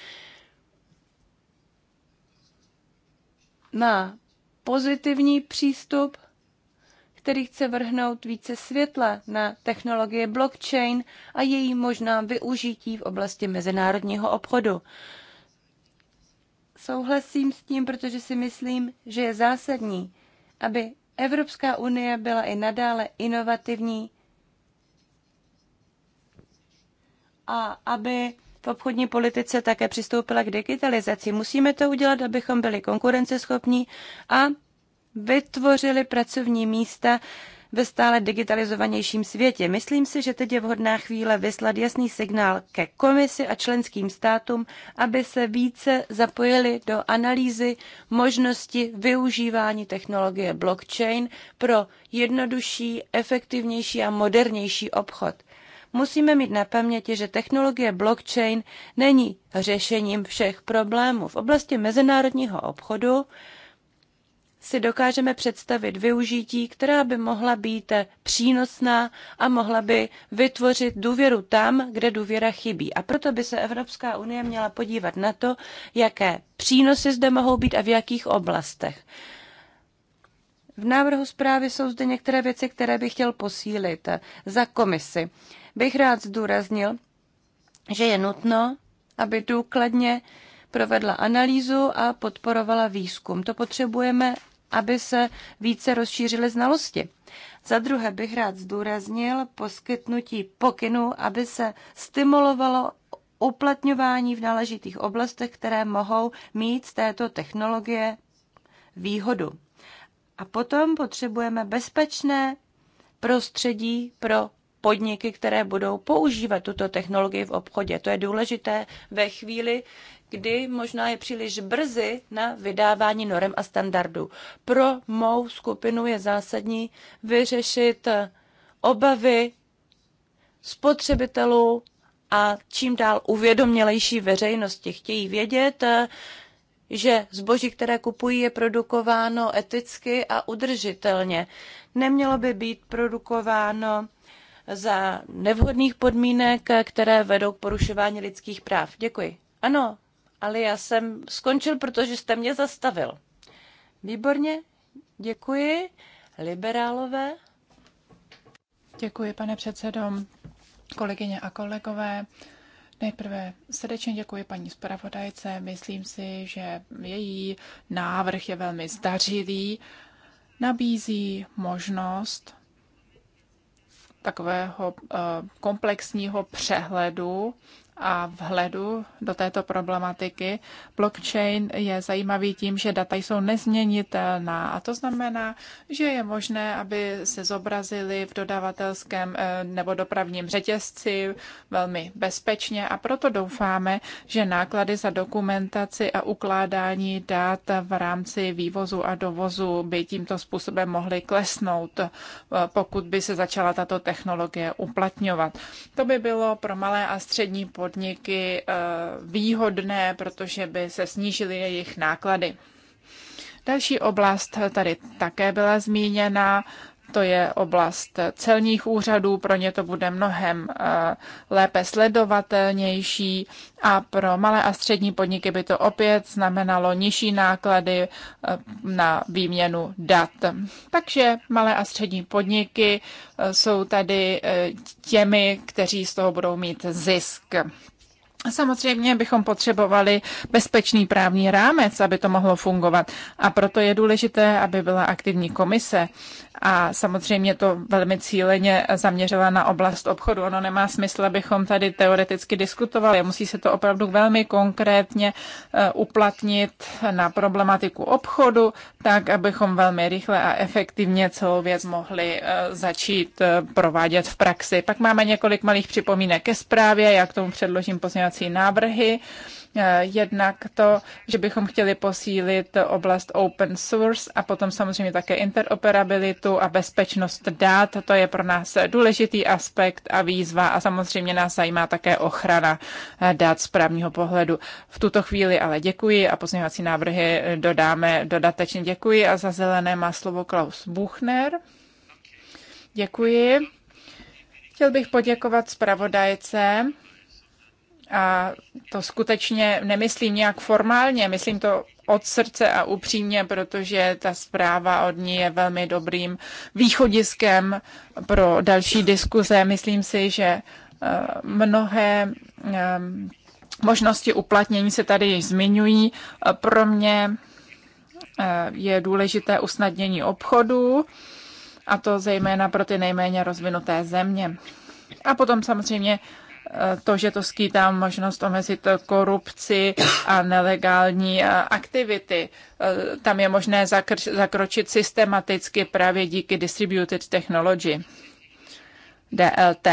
má pozitivní přístup, který chce vrhnout více světla na technologie blockchain a její možná využití v oblasti mezinárodního obchodu. Souhlasím s tím, protože si myslím, že je zásadní, aby Evropská unie byla i nadále inovativní a aby v obchodní politice také přistoupila k digitalizaci. Musíme to udělat, abychom byli konkurenceschopní a vytvořili pracovní místa ve stále digitalizovanějším světě. Myslím si, že teď je vhodná chvíle vyslat jasný signál ke komisi a členským státům, aby se více zapojili do analýzy možnosti využívání technologie blockchain pro jednodušší, efektivnější a modernější obchod musíme mít na paměti, že technologie blockchain není řešením všech problémů. V oblasti mezinárodního obchodu si dokážeme představit využití, která by mohla být přínosná a mohla by vytvořit důvěru tam, kde důvěra chybí. A proto by se Evropská unie měla podívat na to, jaké přínosy zde mohou být a v jakých oblastech. V návrhu zprávy jsou zde některé věci, které bych chtěl posílit za komisi bych rád zdůraznil, že je nutno, aby důkladně provedla analýzu a podporovala výzkum. To potřebujeme, aby se více rozšířily znalosti. Za druhé bych rád zdůraznil poskytnutí pokynu, aby se stimulovalo uplatňování v náležitých oblastech, které mohou mít z této technologie výhodu. A potom potřebujeme bezpečné prostředí pro podniky, které budou používat tuto technologii v obchodě. To je důležité ve chvíli, kdy možná je příliš brzy na vydávání norem a standardů. Pro mou skupinu je zásadní vyřešit obavy spotřebitelů a čím dál uvědomělejší veřejnosti. Chtějí vědět, že zboží, které kupují, je produkováno eticky a udržitelně. Nemělo by být produkováno za nevhodných podmínek, které vedou k porušování lidských práv. Děkuji. Ano, ale já jsem skončil, protože jste mě zastavil. Výborně, děkuji. Liberálové. Děkuji, pane předsedo, kolegyně a kolegové. Nejprve srdečně děkuji paní zpravodajce. Myslím si, že její návrh je velmi zdařilý. Nabízí možnost takového eh, komplexního přehledu a vhledu do této problematiky. Blockchain je zajímavý tím, že data jsou nezměnitelná a to znamená, že je možné, aby se zobrazili v dodavatelském eh, nebo dopravním řetězci velmi bezpečně a proto doufáme, že náklady za dokumentaci a ukládání dat v rámci vývozu a dovozu by tímto způsobem mohly klesnout, eh, pokud by se začala tato technologie uplatňovat. To by bylo pro malé a střední pod podniky eh, výhodné, protože by se snížily jejich náklady. Další oblast eh, tady také byla zmíněna, to je oblast celních úřadů, pro ně to bude mnohem eh, lépe sledovatelnější a pro malé a střední podniky by to opět znamenalo nižší náklady eh, na výměnu dat. Takže malé a střední podniky eh, jsou tady těmi, kteří z toho budou mít zisk. Samozřejmě bychom potřebovali bezpečný právní rámec, aby to mohlo fungovat. A proto je důležité, aby byla aktivní komise. A samozřejmě to velmi cíleně zaměřila na oblast obchodu. Ono nemá smysl, abychom tady teoreticky diskutovali. Musí se to opravdu velmi konkrétně eh, uplatnit na problematiku obchodu, tak abychom velmi rychle a efektivně celou věc mohli eh, začít eh, provádět v praxi. Pak máme několik malých připomínek ke zprávě. Já k tomu předložím pozměňovací pozměňovací návrhy. Eh, jednak to, že bychom chtěli posílit oblast open source a potom samozřejmě také interoperabilitu a bezpečnost dát. To je pro nás důležitý aspekt a výzva a samozřejmě nás zajímá také ochrana eh, dát z právního pohledu. V tuto chvíli ale děkuji a pozměňovací návrhy dodáme dodatečně. Děkuji a za zelené má slovo Klaus Buchner. Děkuji. Chtěl bych poděkovat zpravodajce a to skutečně nemyslím nějak formálně, myslím to od srdce a upřímně, protože ta zpráva od ní je velmi dobrým východiskem pro další diskuze. Myslím si, že eh, mnohé eh, možnosti uplatnění se tady již zmiňují. Pro mě eh, je důležité usnadnění obchodu, a to zejména pro ty nejméně rozvinuté země. A potom samozřejmě to, že to skýtá možnost omezit korupci a nelegální eh, aktivity. Eh, tam je možné zakr- zakročit systematicky právě díky distributed technology, DLT.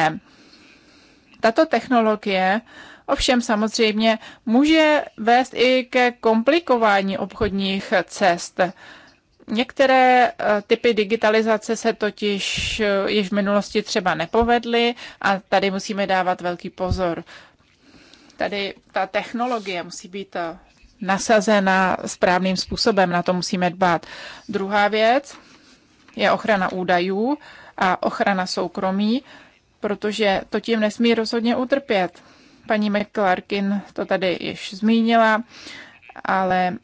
Tato technologie ovšem samozřejmě může vést i ke komplikování obchodních cest. Některé eh, typy digitalizace se totiž eh, již v minulosti třeba nepovedly a tady musíme dávat velký pozor. Tady ta technologie musí být eh, nasazena správným způsobem, na to musíme dbát. Druhá věc je ochrana údajů a ochrana soukromí, protože to tím nesmí rozhodně utrpět. Paní McClarkin to tady již zmínila, ale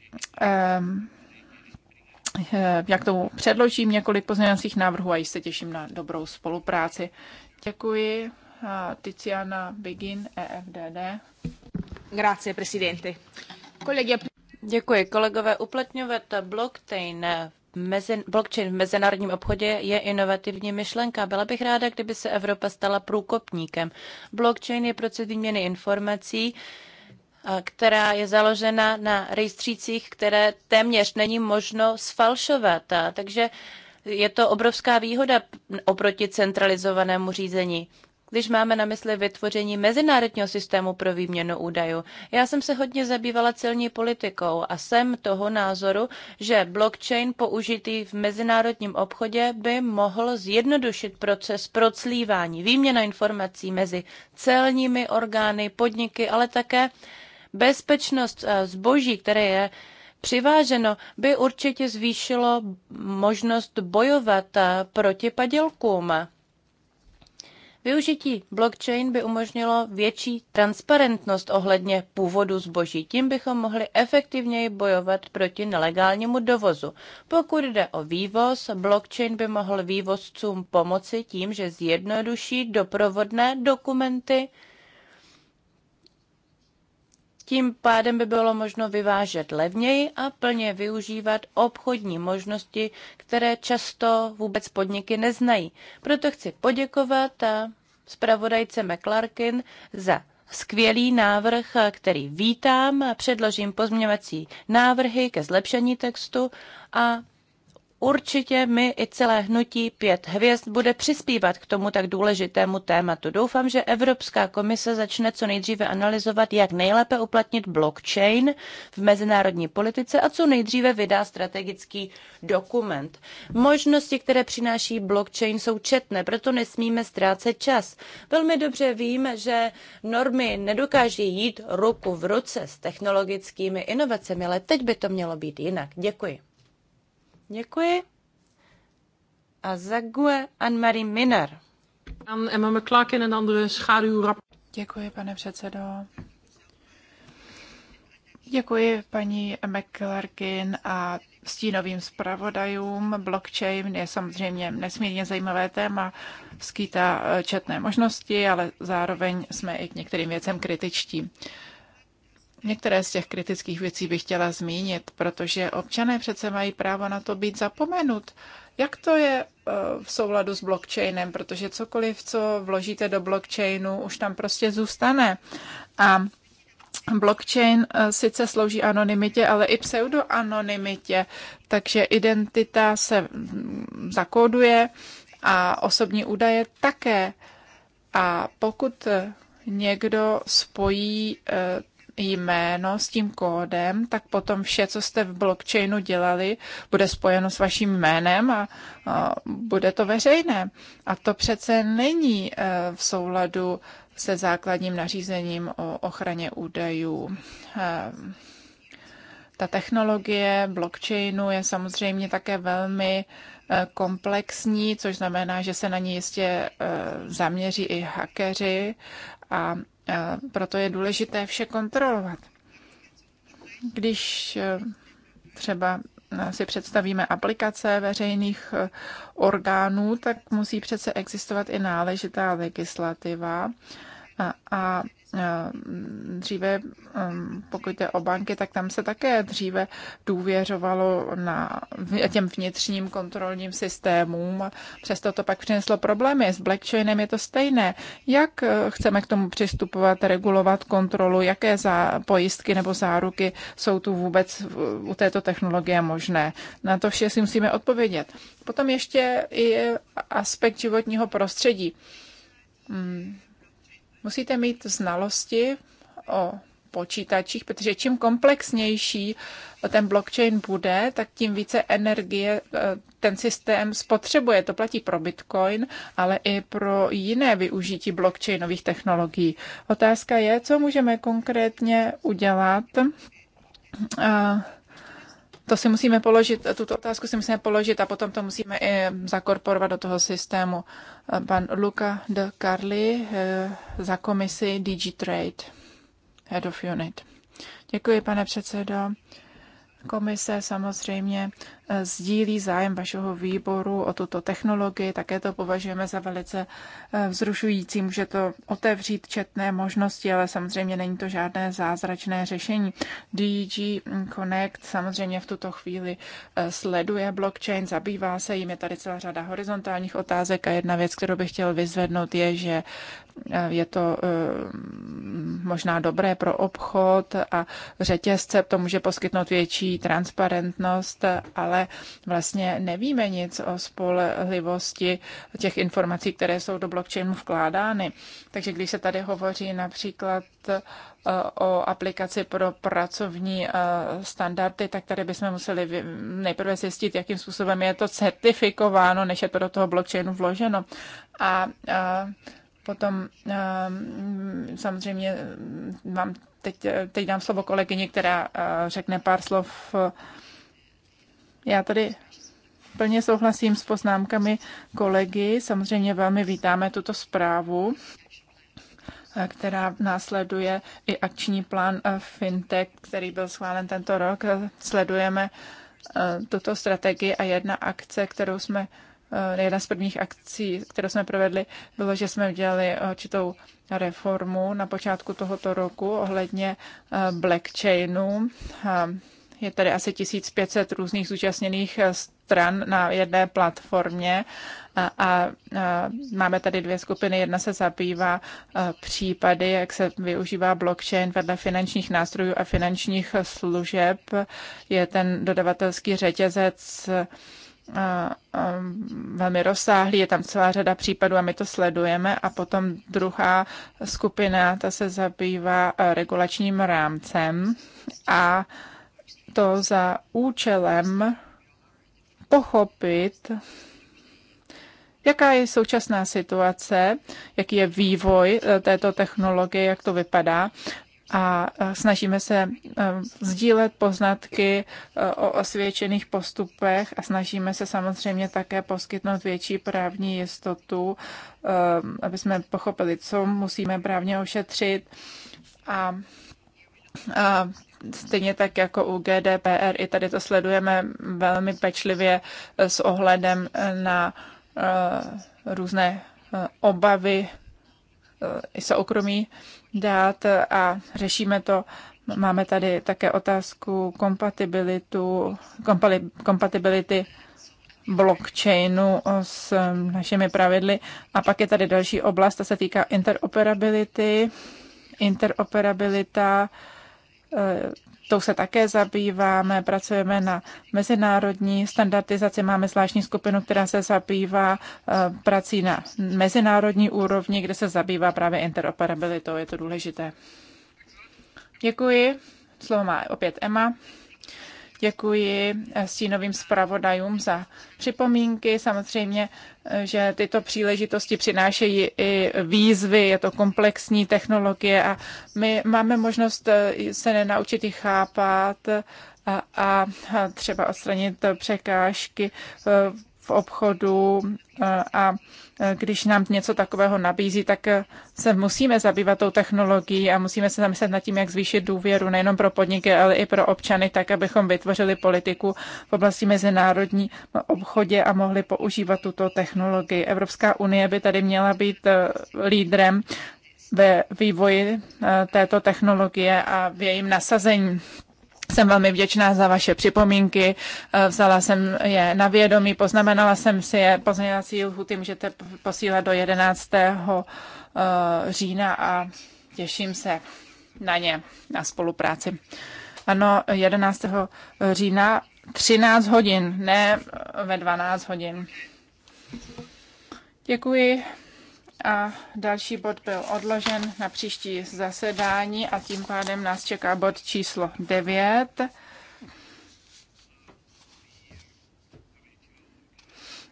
um, Eh, jak tomu předložím několik pozměňovacích návrhů a již se těším na dobrou spolupráci. Děkuji. Tiziana Begin, EFDD. Grazie, presidente. Kolegia... Děkuji. Kolegové, uplatňovat blockchain blockchain v mezinárodním obchodě je inovativní myšlenka. Byla bych ráda, kdyby se Evropa stala průkopníkem. Blockchain je proces výměny informací, která je založena na rejstřících, které téměř není možno sfalšovat. Takže je to obrovská výhoda oproti centralizovanému řízení když máme na mysli vytvoření mezinárodního systému pro výměnu údajů. Já jsem se hodně zabývala celní politikou a jsem toho názoru, že blockchain použitý v mezinárodním obchodě by mohl zjednodušit proces proclívání, výměna informací mezi celními orgány, podniky, ale také bezpečnost eh, zboží, které je přiváženo, by určitě zvýšilo možnost bojovat eh, proti padělkům. Využití blockchain by umožnilo větší transparentnost ohledně původu zboží. Tím bychom mohli efektivněji bojovat proti nelegálnímu dovozu. Pokud jde o vývoz, blockchain by mohl vývozcům pomoci tím, že zjednoduší doprovodné dokumenty tím pádem by bylo možno vyvážet levněji a plně využívat obchodní možnosti, které často vůbec podniky neznají. Proto chci poděkovat a eh, zpravodajce McLarkin za skvělý návrh, eh, který vítám. Předložím pozměňovací návrhy ke zlepšení textu a určitě my i celé hnutí pět hvězd bude přispívat k tomu tak důležitému tématu. Doufám, že Evropská komise začne co nejdříve analyzovat, jak nejlépe uplatnit blockchain v mezinárodní politice a co nejdříve vydá strategický dokument. Možnosti, které přináší blockchain, jsou četné, proto nesmíme ztrácet čas. Velmi dobře vím, že normy nedokáží jít ruku v ruce s technologickými inovacemi, ale teď by to mělo být jinak. Děkuji. Děkuji. A Zague Anne-Marie Miner. An Emma McClarkin en andere schaduwrap. Děkuji, pane předsedo. Děkuji paní McClarkin a stínovým zpravodajům. Blockchain je samozřejmě nesmírně zajímavé téma, skýtá eh, četné možnosti, ale zároveň jsme i k některým věcem kritičtí. Některé z těch kritických věcí bych chtěla zmínit, protože občané přece mají právo na to být zapomenut. Jak to je eh, v souladu s blockchainem? Protože cokoliv, co vložíte do blockchainu, už tam prostě zůstane. A blockchain eh, sice slouží anonymitě, ale i pseudoanonymitě, takže identita se mm, zakóduje a osobní údaje také. A pokud eh, někdo spojí jméno s tím kódem, tak potom vše, co jste v blockchainu dělali, bude spojeno s vaším jménem a, a bude to veřejné. A to přece není e, v souladu se základním nařízením o ochraně údajů. E, ta technologie blockchainu je samozřejmě také velmi e, komplexní, což znamená, že se na ní jistě zaměří i hakeři a proto je důležité vše kontrolovat. Když e, třeba e, si představíme aplikace veřejných e, orgánů, tak musí přece existovat i náležitá legislativa. A, a Eh, dříve, pokud jde o banky, tak tam se také dříve důvěřovalo na těm vnitřním kontrolním systémům. Přesto to pak přineslo problémy. S blockchainem je to stejné. Jak eh, chceme k tomu přistupovat, regulovat kontrolu, jaké zá, pojistky nebo záruky jsou tu vůbec u této technologie možné? Na to vše si musíme odpovědět. Potom ještě i aspekt životního prostředí. Hmm. Musíte mít znalosti o počítačích, protože čím komplexnější ten blockchain bude, tak tím více energie eh, ten systém spotřebuje. To platí pro Bitcoin, ale i pro jiné využití blockchainových technologií. Otázka je, co můžeme konkrétně udělat eh, to si musíme položit, tuto otázku si musíme položit a potom to musíme i zakorporovat do toho systému. Pan Luca de Carli eh, za komisi DigiTrade, Head of Unit. Děkuji, pane předsedo. Komise samozřejmě eh, sdílí zájem vašeho výboru o tuto technologii, také to považujeme za velice eh, vzrušující. Může to otevřít četné možnosti, ale samozřejmě není to žádné zázračné řešení. DG Connect samozřejmě v tuto chvíli eh, sleduje blockchain, zabývá se jim, je tady celá řada horizontálních otázek a jedna věc, kterou bych chtěl vyzvednout, je, že je to eh, možná dobré pro obchod a řetězce, to může poskytnout větší transparentnost, ale vlastně nevíme nic o spolehlivosti těch informací, které jsou do blockchainu vkládány. Takže když se tady hovoří například eh, o aplikaci pro pracovní eh, standardy, tak tady bychom museli nejprve zjistit, jakým způsobem je to certifikováno, než je to do toho blockchainu vloženo. A potom ehm, samozřejmě vám teď, teď dám slovo kolegyni, která eh, řekne pár slov. Já tady plně souhlasím s poznámkami kolegy. Samozřejmě velmi vítáme tuto zprávu eh, která následuje i akční plán eh, FinTech, který byl schválen tento rok. Sledujeme tuto strategii a jedna akce, kterou jsme Eh, jedna z prvních akcí, kterou jsme provedli, bylo, že jsme udělali určitou reformu na počátku tohoto roku ohledně eh, blockchainu. Eh, je tady asi 1500 různých zúčastněných stran na jedné platformě a, a, máme tady dvě skupiny. Jedna se zabývá případy, jak se využívá blockchain vedle finančních nástrojů a finančních služeb. Je ten dodavatelský řetězec velmi rozsáhlý, je tam celá řada případů a my to sledujeme. A potom druhá skupina, ta se zabývá regulačním rámcem a to za účelem pochopit, jaká je současná situace, jaký je vývoj e, této technologie, jak to vypadá a snažíme se e, sdílet poznatky e, o osvědčených postupech a snažíme se samozřejmě také poskytnout větší právní jistotu, e, aby jsme pochopili, co musíme právně ošetřit. A, a stejně tak jako u GDPR, i tady to sledujeme velmi pečlivě s ohledem na různé obavy i soukromí dát a řešíme to. Máme tady také otázku kompatibilitu, kompatibility blockchainu s našimi pravidly. A pak je tady další oblast, ta se týká interoperability. Interoperabilita eh, tou se také zabýváme, pracujeme na mezinárodní standardizaci, máme zvláštní skupinu, která se zabývá eh, prací na mezinárodní úrovni, kde se zabývá právě interoperabilitou, je to důležité. Děkuji. Slovo má opět Emma. Děkuji eh, stínovým zpravodajům za připomínky. Samozřejmě, eh, že tyto příležitosti přinášejí i výzvy, je to komplexní technologie a my máme možnost eh, se nenaučit ji chápat a, a třeba odstranit překážky v obchodu a Eh, když nám něco takového nabízí, tak eh, se musíme zabývat tou technologií a musíme se zamyslet nad tím, jak zvýšit důvěru nejenom pro podniky, ale i pro občany, tak abychom vytvořili politiku v oblasti mezinárodní obchodě a mohli používat tuto technologii. Evropská unie by tady měla být eh, lídrem ve vývoji této technologie a v jejím nasazení. Jsem velmi vděčná za vaše připomínky, eh, vzala jsem je na vědomí, poznamenala jsem si je, pozměňovací lhuty můžete posílat do 11. Eh, října a těším se na ně, na spolupráci. Ano, 11. Eh, října 13 hodin, ne ve 12 hodin. Děkuji a další bod byl odložen na příští zasedání a tím pádem nás čeká bod číslo 9.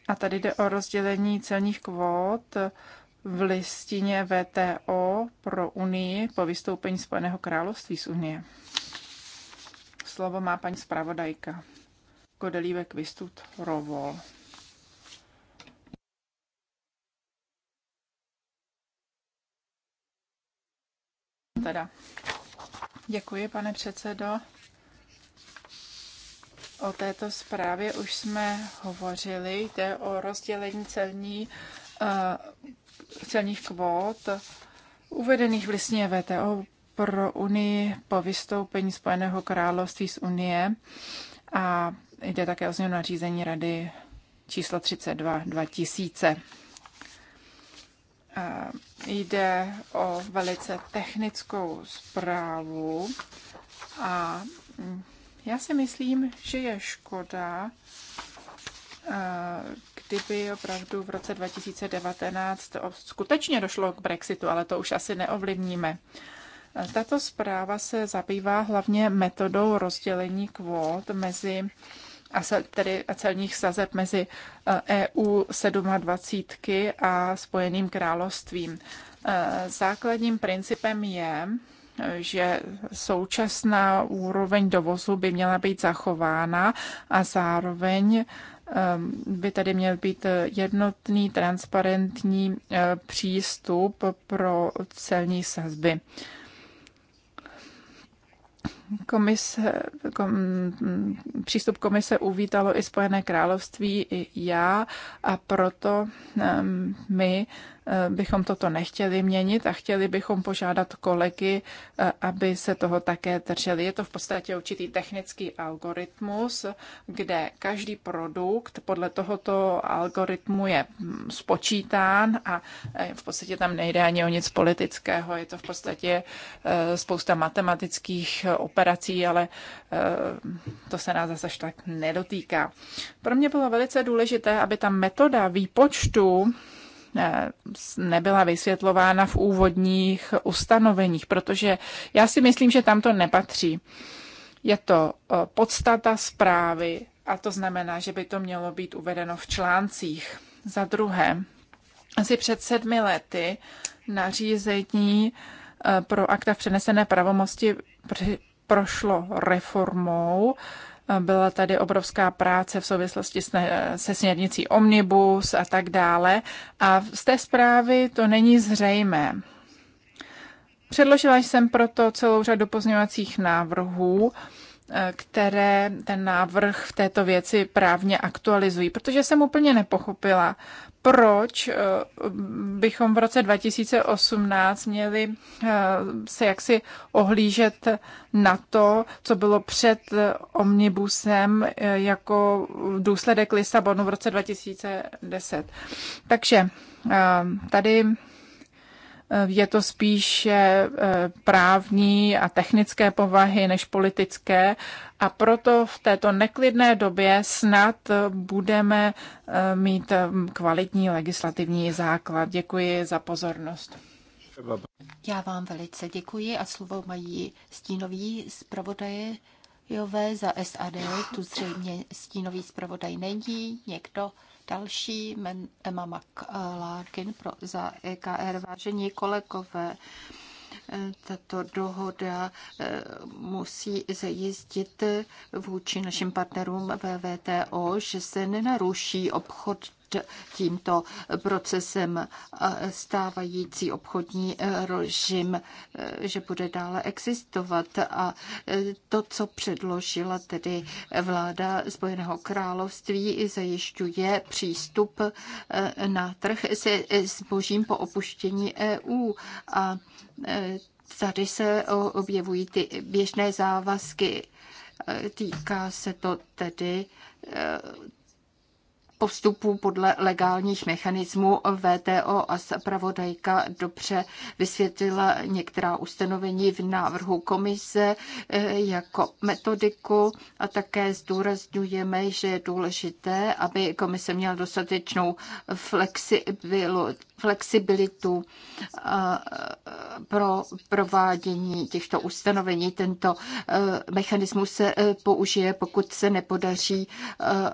A tady jde o rozdělení celních kvót v listině VTO pro Unii po vystoupení Spojeného království z Unie. Slovo má paní zpravodajka Kodelívek Vistut Rovol. teda. Děkuji, pane předsedo. O této zprávě už jsme hovořili. Jde o rozdělení celní, uh, celních kvót uvedených v listině VTO pro Unii po vystoupení Spojeného království z Unie a jde také o změnu nařízení Rady číslo 32 2000. Eh, jde o velice technickou zprávu a mm, já si myslím, že je škoda, eh, kdyby opravdu v roce 2019 skutečně došlo k Brexitu, ale to už asi neovlivníme. Eh, tato zpráva se zabývá hlavně metodou rozdělení kvót mezi a, tedy a celních sazeb mezi EU eh, e 27 a Spojeným královstvím. Eh, základním principem je, že současná úroveň dovozu by měla být zachována a zároveň eh, by tady měl být jednotný, transparentní přístup pro celní sazby komise, kom, přístup komise uvítalo i Spojené království, i já a proto um, my Eh, bychom toto nechtěli měnit a chtěli bychom požádat kolegy, eh, aby se toho také drželi. Je to v podstatě určitý technický algoritmus, kde každý produkt podle tohoto algoritmu je mm, spočítán a eh, v podstatě tam nejde ani o nic politického. Je to v podstatě spousta matematických operací, ale to se nás zase tak nedotýká. Pro mě bylo velice důležité, aby ta metoda výpočtu nebyla vysvětlována v úvodních ustanoveních, protože já si myslím, že tam to nepatří. Je to eh, podstata zprávy a to znamená, že by to mělo být uvedeno v článcích. Za druhé, asi před sedmi lety nařízení eh, pro akta v přenesené pravomosti prošlo reformou byla tady obrovská práce v souvislosti se směrnicí Omnibus a tak dále. A z té zprávy to není zřejmé. Předložila jsem proto celou řadu pozměňovacích návrhů, eh, které ten návrh v této věci právně aktualizují, protože jsem úplně nepochopila, proč eh, bychom v roce 2018 měli eh, se jaksi ohlížet na to, co bylo před eh, omnibusem jako důsledek Lisabonu v roce 2010. Takže tady je to spíše právní a technické povahy než politické a proto v této neklidné době snad budeme eh, mít eh, kvalitní legislativní základ. Děkuji za pozornost. Já vám velice děkuji a slovo mají stínoví zpravodaje Jové za SAD. Tu zřejmě stínový zpravodaj není. Někdo další, Emma McLarkin pro, za EKR. Vážení kolegové, tato dohoda eh, musí zajistit vůči našim partnerům ve VTO, že se nenaruší obchod tímto procesem stávající obchodní e, režim, e, že bude dále existovat. A e, to, co předložila tedy vláda Spojeného království, zajišťuje přístup na trh se zbožím po opuštění EU. A tady se objevují ty běžné závazky Týká se to tedy vstupu podle legálních mechanismů VTO a zpravodajka dobře vysvětlila některá ustanovení v návrhu komise eh, jako metodiku a také zdůrazňujeme, že je důležité, aby komise měla dostatečnou flexibilitu eh, pro provádění těchto ustanovení. Tento eh, mechanismus se použije, pokud se nepodaří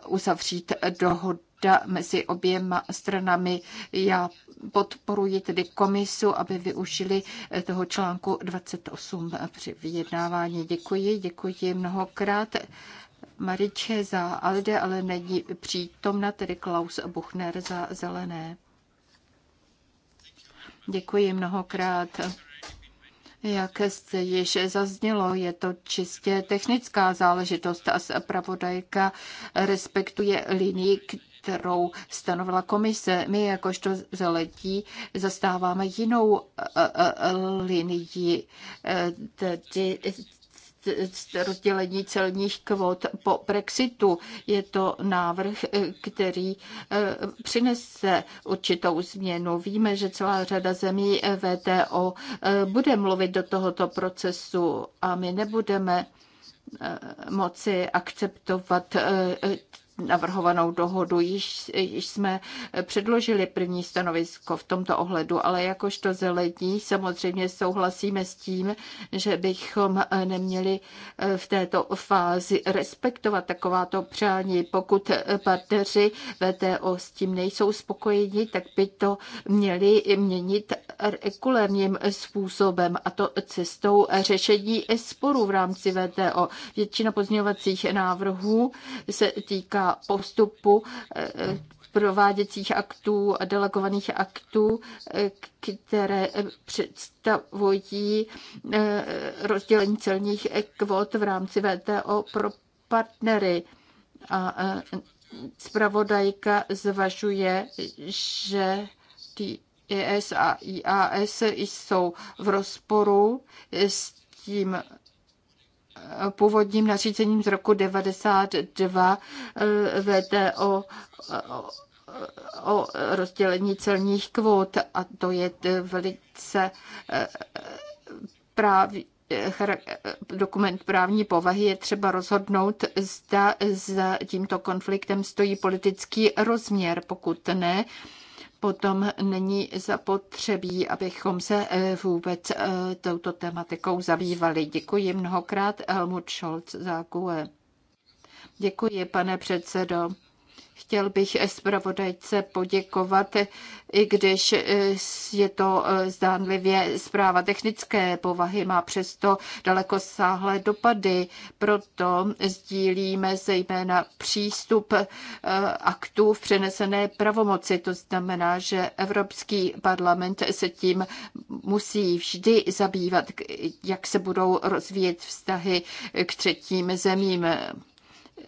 uzavřít dohodu dohoda mezi oběma stranami. Já podporuji tedy komisu, aby využili eh, toho článku 28 při vyjednávání. Děkuji, děkuji mnohokrát. Mariče za Alde, ale není přítomna, tedy Klaus Buchner za Zelené. Děkuji mnohokrát. Jak jste již zaznělo, je to čistě technická záležitost a zpravodajka respektuje linii, kterou stanovila komise. My jakožto zeletí zastáváme jinou eh, eh, eh, linii, tedy rozdělení celních kvot po Brexitu. Je to návrh, který přinese určitou změnu. Víme, že celá řada zemí VTO bude mluvit do tohoto procesu a my nebudeme moci akceptovat navrhovanou dohodu. Již, již jsme předložili první stanovisko v tomto ohledu, ale jakožto zelení samozřejmě souhlasíme s tím, že bychom neměli eh, v této fázi respektovat takováto přání. Pokud eh, partneři VTO s tím nejsou spokojeni, tak by to měli měnit regulérním způsobem a to cestou řešení sporů v rámci VTO. Většina pozměňovacích návrhů se týká postupu eh, eh, prováděcích aktů a delegovaných aktů, eh, které představují rozdělení celních kvot v rámci VTO pro partnery. A zpravodajka zvažuje, že ty IS e a IAS jsou v rozporu s tím původním nařízením z roku 1992 eh, VTO eh, o rozdělení celních kvót a to je eh, velice právě dokument právní povahy je třeba rozhodnout, zda za tímto konfliktem stojí politický rozměr. Pokud ne, potom není zapotřebí, abychom se eh, vůbec eh, touto tematikou zabývali. Děkuji mnohokrát Helmut Scholz za GUE. Děkuji, pane předsedo. Chtěl bych zpravodajce poděkovat, i když eh, je to eh, zdánlivě zpráva technické povahy, má přesto daleko sáhlé dopady. Proto sdílíme zejména přístup eh, aktů v přenesené pravomoci. To znamená, že Evropský parlament se tím musí vždy zabývat, jak se budou rozvíjet vztahy k třetím zemím.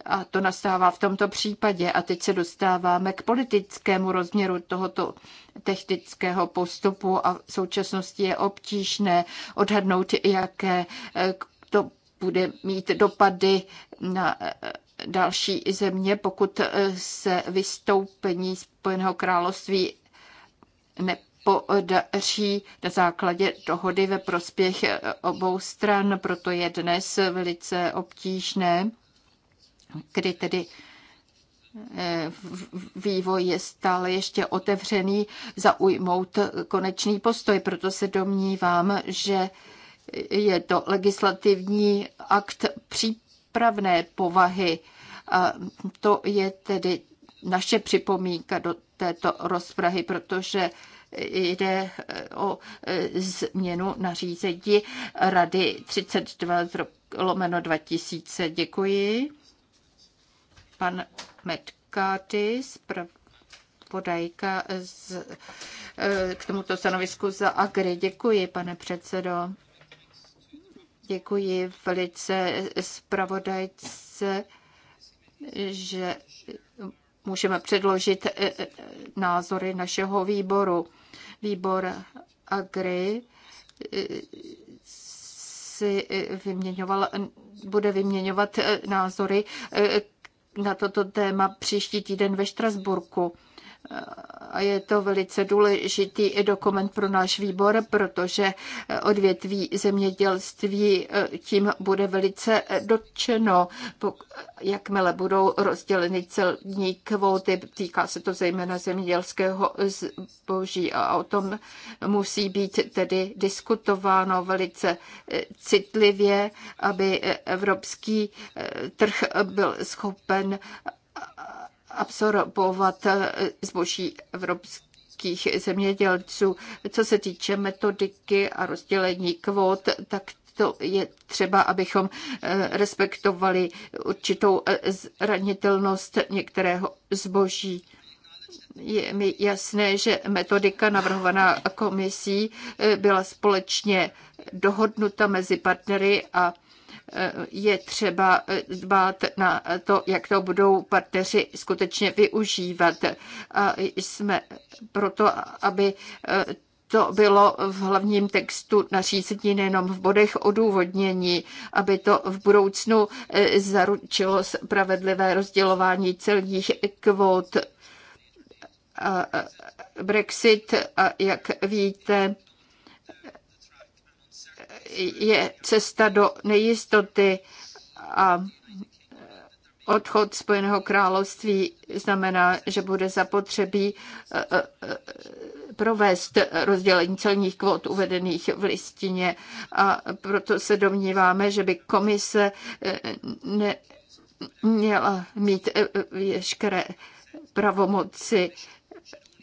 A to nastává v tomto případě. A teď se dostáváme k politickému rozměru tohoto technického postupu a v současnosti je obtížné odhadnout, jaké eh, to bude mít dopady na eh, další země, pokud eh, se vystoupení Spojeného království podaří na základě dohody ve prospěch obou stran. Proto je dnes velice obtížné kdy tedy eh, vývoj je stále ještě otevřený, zaujmout konečný postoj. Proto se domnívám, že je to legislativní akt přípravné povahy. A to je tedy naše připomínka do této rozprahy, protože jde eh, o eh, změnu nařízení Rady 32 lomeno 2000. Děkuji pan Metkáty, podajka z, eh, k tomuto stanovisku za Agri. Děkuji, pane předsedo. Děkuji velice zpravodajce, že můžeme předložit eh, eh, názory našeho výboru. Výbor Agri si vyměňoval, bude vyměňovat názory na toto téma příští týden ve Štrasburku a je to velice důležitý dokument pro náš výbor, protože odvětví zemědělství e, tím bude velice e, dotčeno, jakmile budou rozděleny celní kvóty. Týká se to zejména zemědělského zboží a o tom musí být tedy diskutováno velice e, citlivě, aby evropský trh byl schopen absorbovat eh, zboží evropských zemědělců. Co se týče metodiky a rozdělení kvót, tak to je třeba, abychom eh, respektovali určitou eh, zranitelnost některého zboží. Je mi jasné, že metodika navrhovaná komisí byla společně dohodnuta mezi partnery a je třeba eh, dbát na to, jak to budou partneři skutečně využívat. A jsme proto, aby eh, to bylo v hlavním textu nařízení nejenom v bodech odůvodnění, aby to v budoucnu eh, zaručilo spravedlivé rozdělování celních kvót. Brexit, jak víte, je cesta do nejistoty a odchod Spojeného království znamená, že bude zapotřebí e, e, e, provést rozdělení celních kvot uvedených v listině a proto se domníváme, že by komise ne, měla mít veškeré pravomoci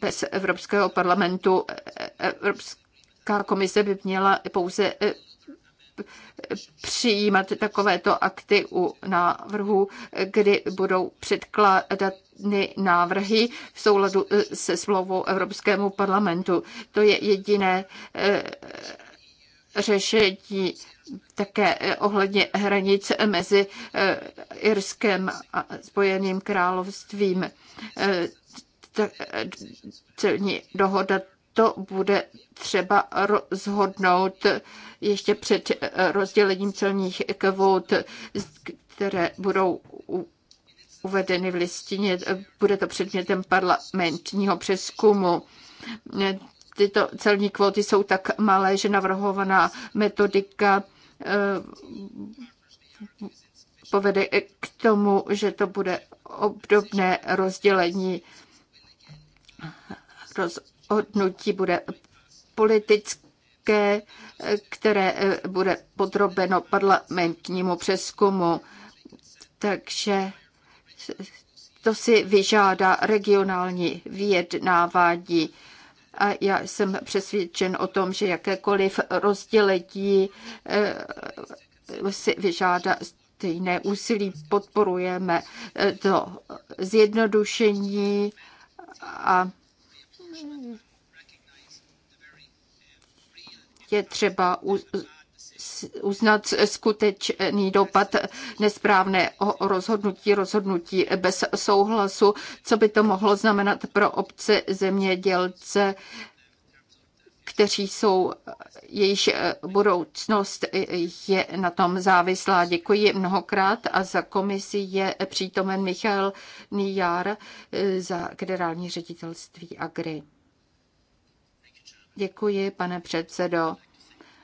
bez Evropského parlamentu. Evropská komise by měla pouze přijímat takovéto akty u návrhu, kdy budou předkládat návrhy v souladu eh, se slovou Evropskému parlamentu. To je jediné eh, řešení také eh, ohledně hranic mezi Irskem a Spojeným královstvím. Celní dohoda to bude třeba rozhodnout ještě před eh, rozdělením celních kvót, které budou uvedeny v listině. Bude to předmětem parlamentního přeskumu. Tyto celní kvóty jsou tak malé, že navrhovaná metodika eh, povede k tomu, že to bude obdobné rozdělení roz hodnutí bude politické, které eh, bude podrobeno parlamentnímu přeskumu. Takže to si vyžádá regionální vyjednávání. A já jsem přesvědčen o tom, že jakékoliv rozdělení eh, si vyžádá stejné úsilí. Podporujeme eh, to zjednodušení a je třeba uznat skutečný dopad nesprávného rozhodnutí, rozhodnutí bez souhlasu, co by to mohlo znamenat pro obce, zemědělce, kteří jsou, jejich eh, budoucnost je na tom závislá. Děkuji mnohokrát a za komisi je přítomen Michal Nijar eh, za generální ředitelství Agri. Děkuji, pane předsedo.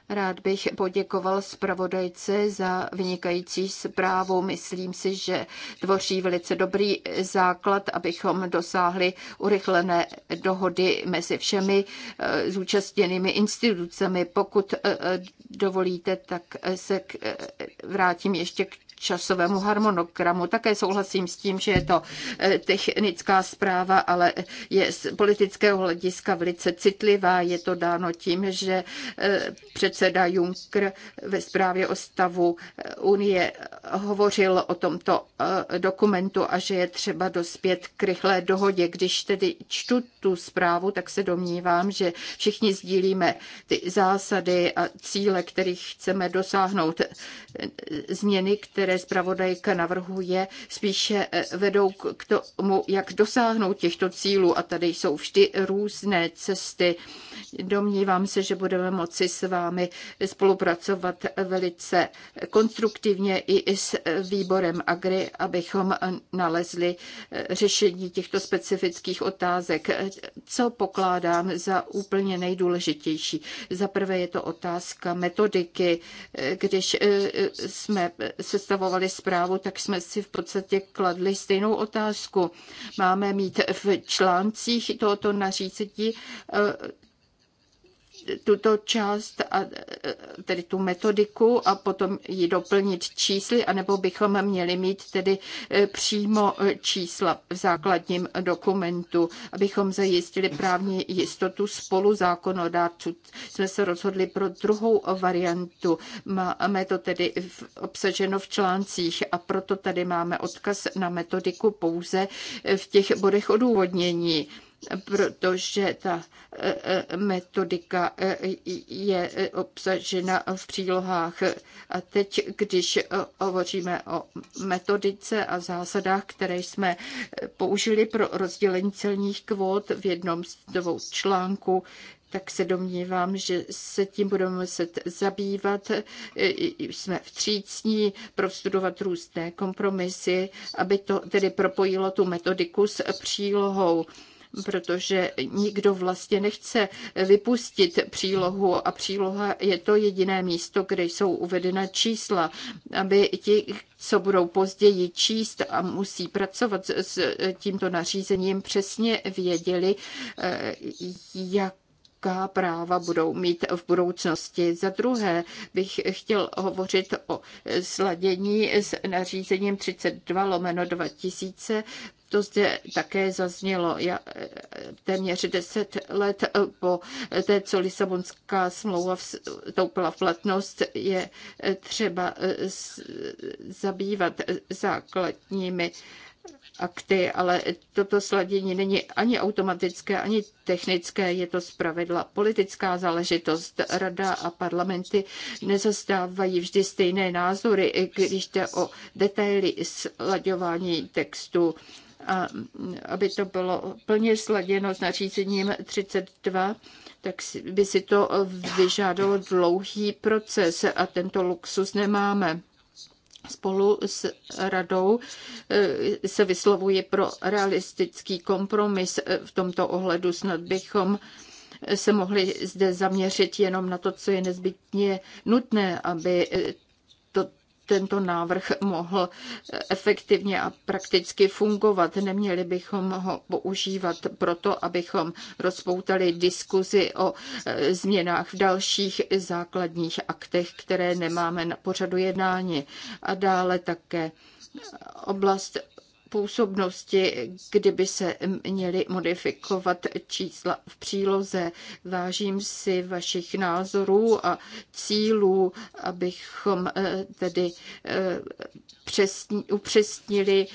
Rád bych poděkoval zpravodajce za vynikající zprávu. Myslím si, že tvoří velice dobrý základ, abychom dosáhli urychlené dohody mezi všemi eh, zúčastněnými institucemi. Pokud eh, eh, dovolíte, tak se vrátím ještě k časovému harmonogramu. Také souhlasím s tím, že je to eh, technická zpráva, ale je z politického hlediska velice citlivá. Je to dáno tím, že eh, předseda Juncker ve zprávě o stavu eh, Unie hovořil o tomto dokumentu a že je třeba dospět k rychlé dohodě. Když tedy čtu tu zprávu, tak se domnívám, že všichni sdílíme ty zásady a cíle, kterých chceme dosáhnout. Změny, které které zpravodajka navrhuje, spíše eh, vedou k tomu, jak dosáhnout těchto cílů a tady jsou vždy různé cesty. Domnívám se, že budeme moci s vámi spolupracovat velice konstruktivně i s eh, výborem Agri, abychom eh, nalezli řešení těchto specifických otázek. Co pokládám za úplně nejdůležitější? Za prvé je to otázka metodiky, když jsme se sestavovali zprávu, tak jsme si v podstatě kladli stejnou otázku. Máme mít v článcích tohoto nařízení eh, tuto část, a, e, tedy tu metodiku a potom ji doplnit čísly, anebo bychom měli mít tedy e, přímo čísla v základním dokumentu, abychom zajistili právní jistotu spolu zákonodárců. Jsme se rozhodli pro druhou variantu. Máme to tedy obsaženo v článcích a proto tady máme odkaz na metodiku pouze v těch bodech odůvodnění protože ta e, e, metodika e, je obsažena v přílohách. A teď, když hovoříme o metodice a zásadách, které jsme použili pro rozdělení celních kvót v jednom z dvou článků, tak se domnívám, že se tím budeme muset zabývat. Jsme vstřícní prostudovat různé kompromisy, aby to tedy propojilo tu metodiku s přílohou protože nikdo vlastně nechce vypustit přílohu a příloha je to jediné místo, kde jsou uvedena čísla, aby ti, co budou později číst a musí pracovat s tímto nařízením, přesně věděli, eh, jak jaká práva budou mít v budoucnosti. Za druhé bych chtěl hovořit o sladění s nařízením 32 lomeno 2000. To zde také zaznělo. Já, eh, téměř 10 let eh, po té, co Lisabonská smlouva vstoupila v platnost, je eh, třeba zabývat základními akty, ale toto sladění není ani automatické, ani technické, je to zpravidla politická záležitost. Rada a parlamenty nezastávají vždy stejné názory, i když jde o detaily sladěvání textu. A aby to bylo plně sladěno s nařízením 32, tak by si to vyžádalo dlouhý proces a tento luxus nemáme spolu s radou eh, se vyslovuji pro realistický kompromis eh, v tomto ohledu. Snad bychom se mohli zde zaměřit jenom na to, co je nezbytně nutné, aby eh, tento návrh mohl efektivně a prakticky fungovat. Neměli bychom ho používat proto, abychom rozpoutali diskuzi o e, změnách v dalších základních aktech, které nemáme na pořadu jednání. A dále také oblast působnosti, kdyby se měly modifikovat čísla v příloze. Vážím si vašich názorů a cílů, abychom eh, tedy eh, upřesnili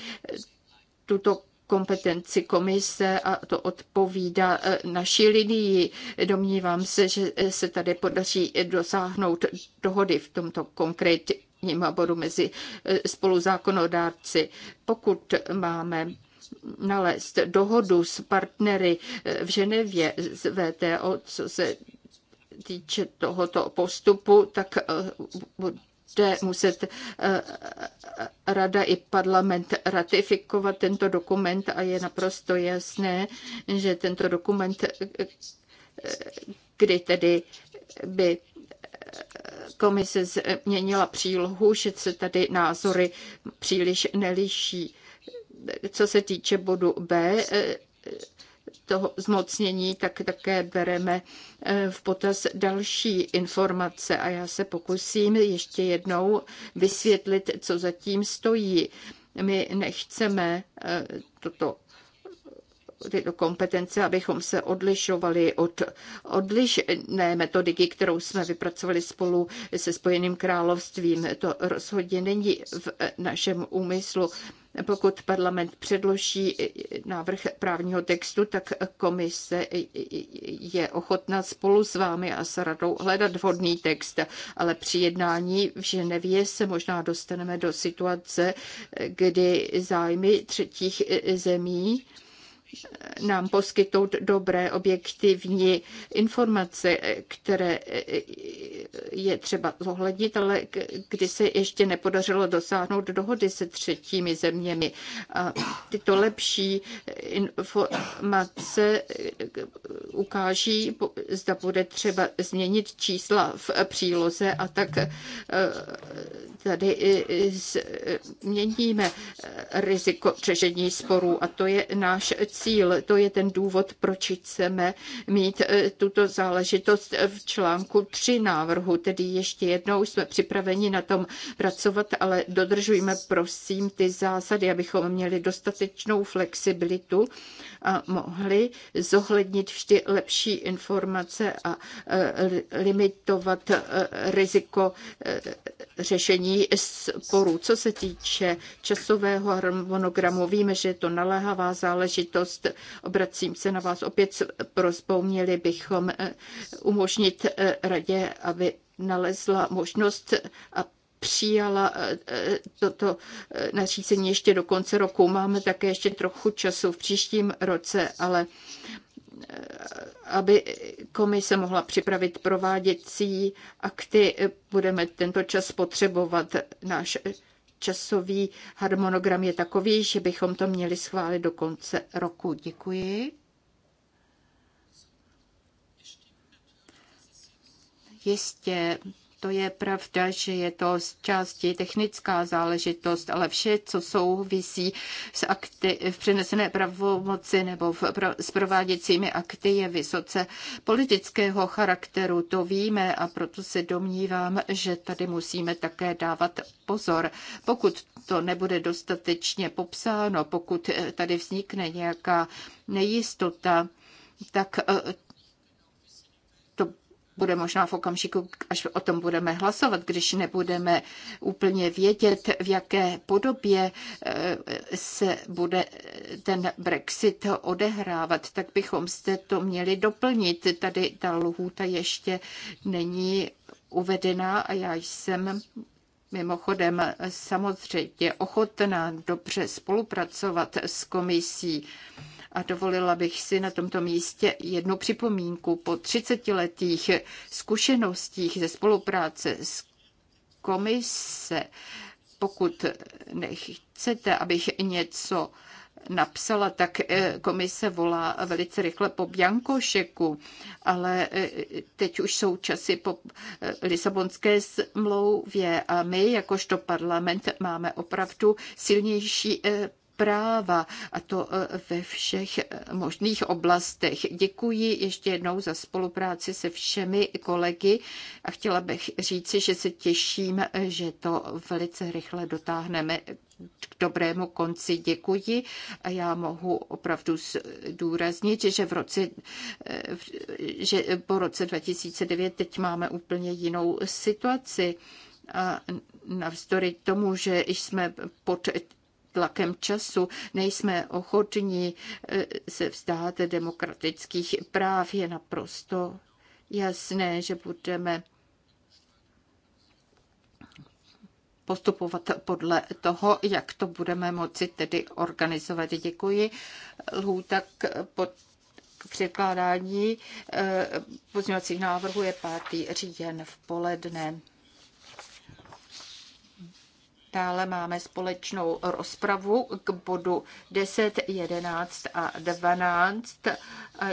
tuto kompetenci komise a to odpovídá eh, naší linii. Domnívám se, že se tady podaří dosáhnout dohody v tomto konkrétním konfliktním bodu mezi eh, spoluzákonodárci. Pokud máme nalézt dohodu s partnery eh, v Ženevě z VTO, co se týče tohoto postupu, tak eh, bude muset rada i parlament ratifikovat tento dokument a je naprosto jasné, že tento dokument, kdy tedy by komise změnila přílohu, že se tady názory příliš neliší. Co se týče bodu B, toho zmocnění, tak také bereme v potaz další informace a já se pokusím ještě jednou vysvětlit, co zatím stojí. My nechceme eh, toto tyto kompetence, abychom se odlišovali od odlišné metodiky, kterou jsme vypracovali spolu se Spojeným královstvím. To rozhodně není v našem úmyslu. Pokud parlament předloží návrh právního textu, tak komise je ochotná spolu s vámi a s radou hledat vhodný text, ale při jednání v Ženevě se možná dostaneme do situace, kdy zájmy třetích zemí nám poskytnout dobré objektivní informace, které je třeba zohlednit, ale kdy se ještě nepodařilo dosáhnout dohody se třetími zeměmi. A tyto lepší informace ukáží, zda bude třeba změnit čísla v příloze a tak eh, tady eh, změníme eh, riziko řešení sporů a to je náš cíl síl. To je ten důvod, proč chceme mít e, tuto záležitost v článku 3 návrhu. Tedy ještě jednou jsme připraveni na tom pracovat, ale dodržujme prosím ty zásady, abychom měli dostatečnou flexibilitu a mohli zohlednit vždy lepší informace a e, limitovat e, riziko řešení sporů. Co se týče časového harmonogramu, víme, že je to naléhavá záležitost, příležitost. Obracím se na vás opět s prozbou, měli bychom eh, umožnit eh, radě, aby nalezla možnost a přijala eh, toto nařízení ještě do konce roku. Máme také ještě trochu času v příštím roce, ale aby komise mohla připravit prováděcí akty, budeme tento čas potřebovat. Náš časový harmonogram je takový, že bychom to měli schválit do konce roku. Děkuji. Jistě to je pravda, že je to z části technická záležitost, ale vše, co souvisí s akty v přenesené pravomoci nebo v, pro, s prováděcími akty, je vysoce politického charakteru. To víme a proto se domnívám, že tady musíme také dávat pozor. Pokud to nebude dostatečně popsáno, pokud tady vznikne nějaká nejistota, tak eh, bude možná v okamžiku, až o tom budeme hlasovat, když nebudeme úplně vědět, v jaké podobě eh, se bude ten Brexit odehrávat, tak bychom se to měli doplnit. Tady ta lhůta ještě není uvedená a já jsem mimochodem samozřejmě ochotná dobře spolupracovat s komisí a dovolila bych si na tomto místě jednu připomínku. Po 30 letých zkušenostích ze spolupráce s komise, pokud nechcete, abych něco napsala, tak eh, komise volá velice rychle po Biankošeku, ale eh, teď už jsou časy po eh, Lisabonské smlouvě a my jakožto parlament máme opravdu silnější práva a to e, ve všech e, možných oblastech. Děkuji ještě jednou za spolupráci se všemi kolegy a chtěla bych říci, že se těším, že to velice rychle dotáhneme k dobrému konci. Děkuji a já mohu opravdu zdůraznit, že, v roce, e, že po roce 2009 teď máme úplně jinou situaci. A navzdory tomu, že jsme pod tlakem času nejsme ochotní eh, se vzdát demokratických práv. Je naprosto jasné, že budeme postupovat podle toho, jak to budeme moci tedy organizovat. Děkuji. Lhůta k pod překládání eh, pozměňovacích návrhů je 5. říjen v poledne. Dále máme společnou rozpravu k bodu 10, 11 a 12.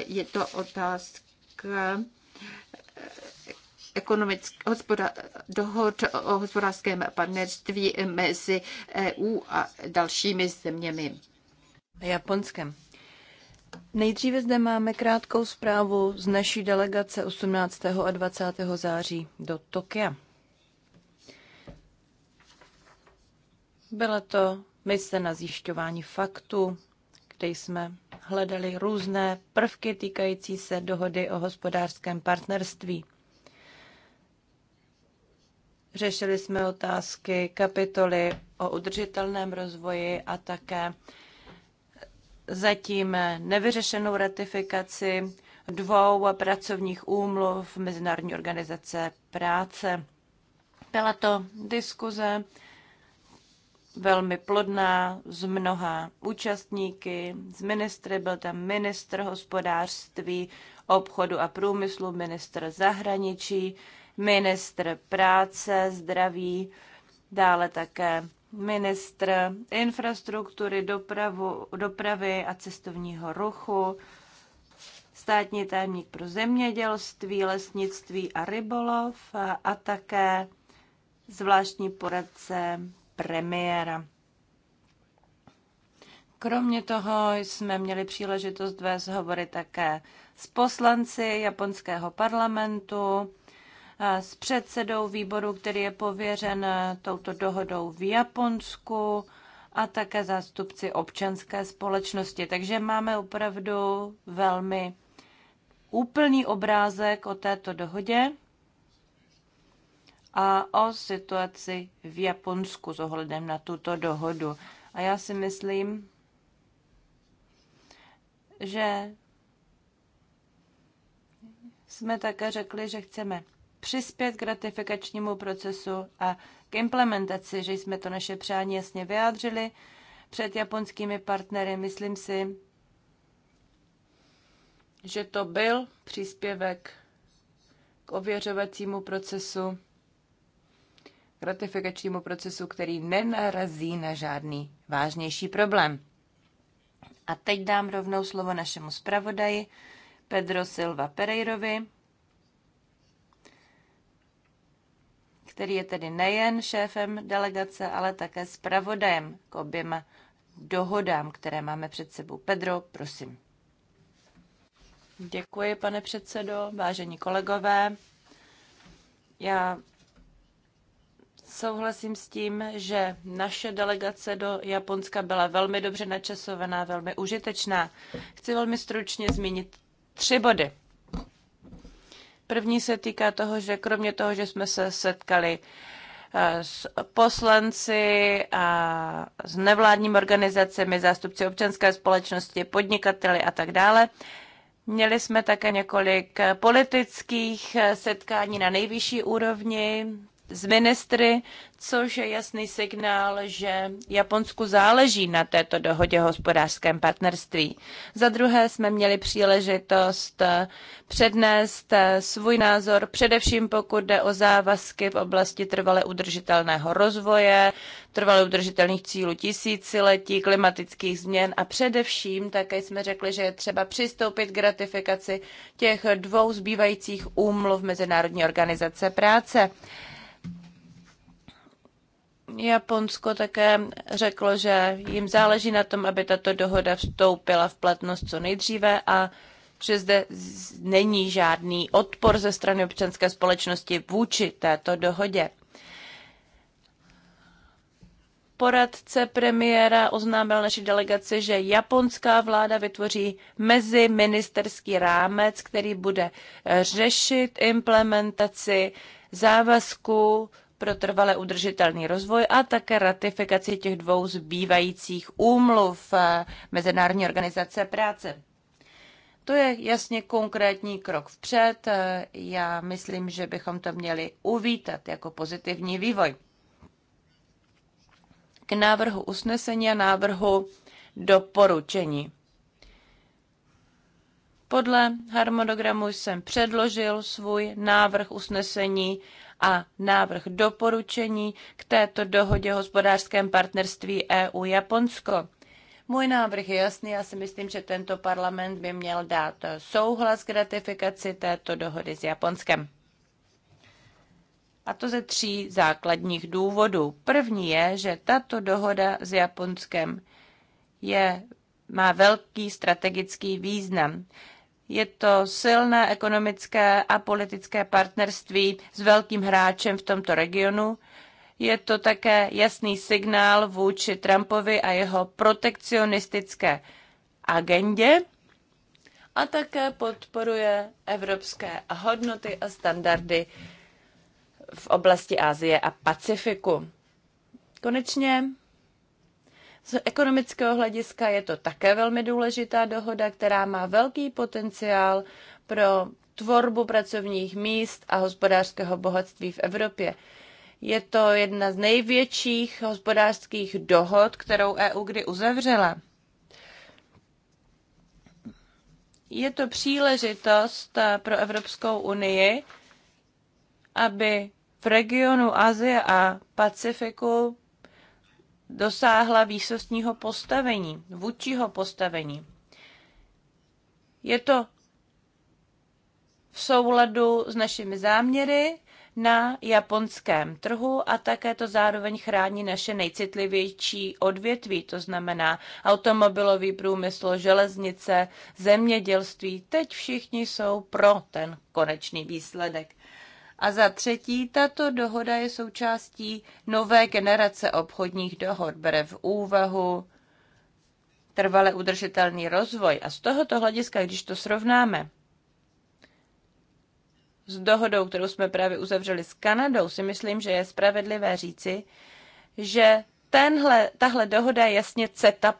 Je to otázka eh, hospoda, dohod o hospodářském partnerství mezi EU a dalšími zeměmi. Japonskem. Nejdříve zde máme krátkou zprávu z naší delegace 18. a 20. září do Tokia. Byla to mise na zjišťování faktu, kde jsme hledali různé prvky týkající se dohody o hospodářském partnerství. Řešili jsme otázky kapitoly o udržitelném rozvoji a také zatím nevyřešenou ratifikaci dvou pracovních úmluv Mezinárodní organizace práce. Byla to diskuze, velmi plodná s mnoha účastníky, z ministry, byl tam ministr hospodářství, obchodu a průmyslu, ministr zahraničí, ministr práce, zdraví, dále také ministr infrastruktury, dopravu, dopravy a cestovního ruchu, státní tajemník pro zemědělství, lesnictví a rybolov a, a také zvláštní poradce premiéra. Kromě toho jsme měli příležitost vést hovory také s poslanci japonského parlamentu, s předsedou výboru, který je pověřen touto dohodou v Japonsku a také zástupci občanské společnosti. Takže máme opravdu velmi úplný obrázek o této dohodě a o situaci v Japonsku s ohledem na tuto dohodu. A já si myslím, že jsme také řekli, že chceme přispět k ratifikačnímu procesu a k implementaci, že jsme to naše přání jasně vyjádřili před japonskými partnery. Myslím si, že to byl příspěvek k ověřovacímu procesu k ratifikačnímu procesu, který nenarazí na žádný vážnější problém. A teď dám rovnou slovo našemu zpravodaji Pedro Silva Pereirovi, který je tedy nejen šéfem delegace, ale také zpravodajem k oběma dohodám, které máme před sebou. Pedro, prosím. Děkuji, pane předsedo, vážení kolegové. Já Souhlasím s tím, že naše delegace do Japonska byla velmi dobře načasovaná, velmi užitečná. Chci velmi stručně zmínit tři body. První se týká toho, že kromě toho, že jsme se setkali eh, s poslanci a s nevládními organizacemi, zástupci občanské společnosti, podnikateli a tak dále, Měli jsme také několik politických setkání na nejvyšší úrovni, z ministry, což je jasný signál, že Japonsku záleží na této dohodě o hospodářském partnerství. Za druhé jsme měli příležitost eh, přednést eh, svůj názor, především pokud jde o závazky v oblasti trvale udržitelného rozvoje, trvale udržitelných cílů tisíciletí, klimatických změn a především také jsme řekli, že je třeba přistoupit k ratifikaci těch dvou zbývajících úmluv Mezinárodní organizace práce. Japonsko také řeklo, že jim záleží na tom, aby tato dohoda vstoupila v platnost co nejdříve a že zde není žádný odpor ze strany občanské společnosti vůči této dohodě. Poradce premiéra oznámil naší delegaci, že japonská vláda vytvoří meziministerský rámec, který bude řešit implementaci závazků pro trvale udržitelný rozvoj a také ratifikaci těch dvou zbývajících úmluv eh, Mezinárodní organizace práce. To je jasně konkrétní krok vpřed. Eh, Já myslím, že bychom to měli uvítat jako pozitivní vývoj. K návrhu usnesení a návrhu doporučení. Podle harmonogramu jsem předložil svůj návrh usnesení a návrh doporučení k této dohodě o hospodářském partnerství EU-Japonsko. Můj návrh je jasný, já si myslím, že tento parlament by měl dát souhlas k ratifikaci této dohody s Japonskem. A to ze tří základních důvodů. První je, že tato dohoda s Japonskem je, má velký strategický význam. Je to silné ekonomické a politické partnerství s velkým hráčem v tomto regionu. Je to také jasný signál vůči Trumpovi a jeho protekcionistické agendě a také podporuje evropské hodnoty a standardy v oblasti Asie a Pacifiku. Konečně z ekonomického hlediska je to také velmi důležitá dohoda, která má velký potenciál pro tvorbu pracovních míst a hospodářského bohatství v Evropě. Je to jedna z největších hospodářských dohod, kterou EU kdy uzavřela. Je to příležitost eh, pro Evropskou unii, aby v regionu Asie a Pacifiku dosáhla výsostního postavení, vůdčího postavení. Je to v souladu s našimi záměry na japonském trhu a také to zároveň chrání naše nejcitlivější odvětví, to znamená automobilový průmysl, železnice, zemědělství. Teď všichni jsou pro ten konečný výsledek. A za třetí, tato dohoda je součástí nové generace obchodních dohod, bere v úvahu trvale udržitelný rozvoj. A z tohoto hlediska, když to srovnáme s dohodou, kterou jsme právě uzavřeli s Kanadou, si myslím, že je spravedlivé říci, že tenhle, tahle dohoda je jasně CETA+.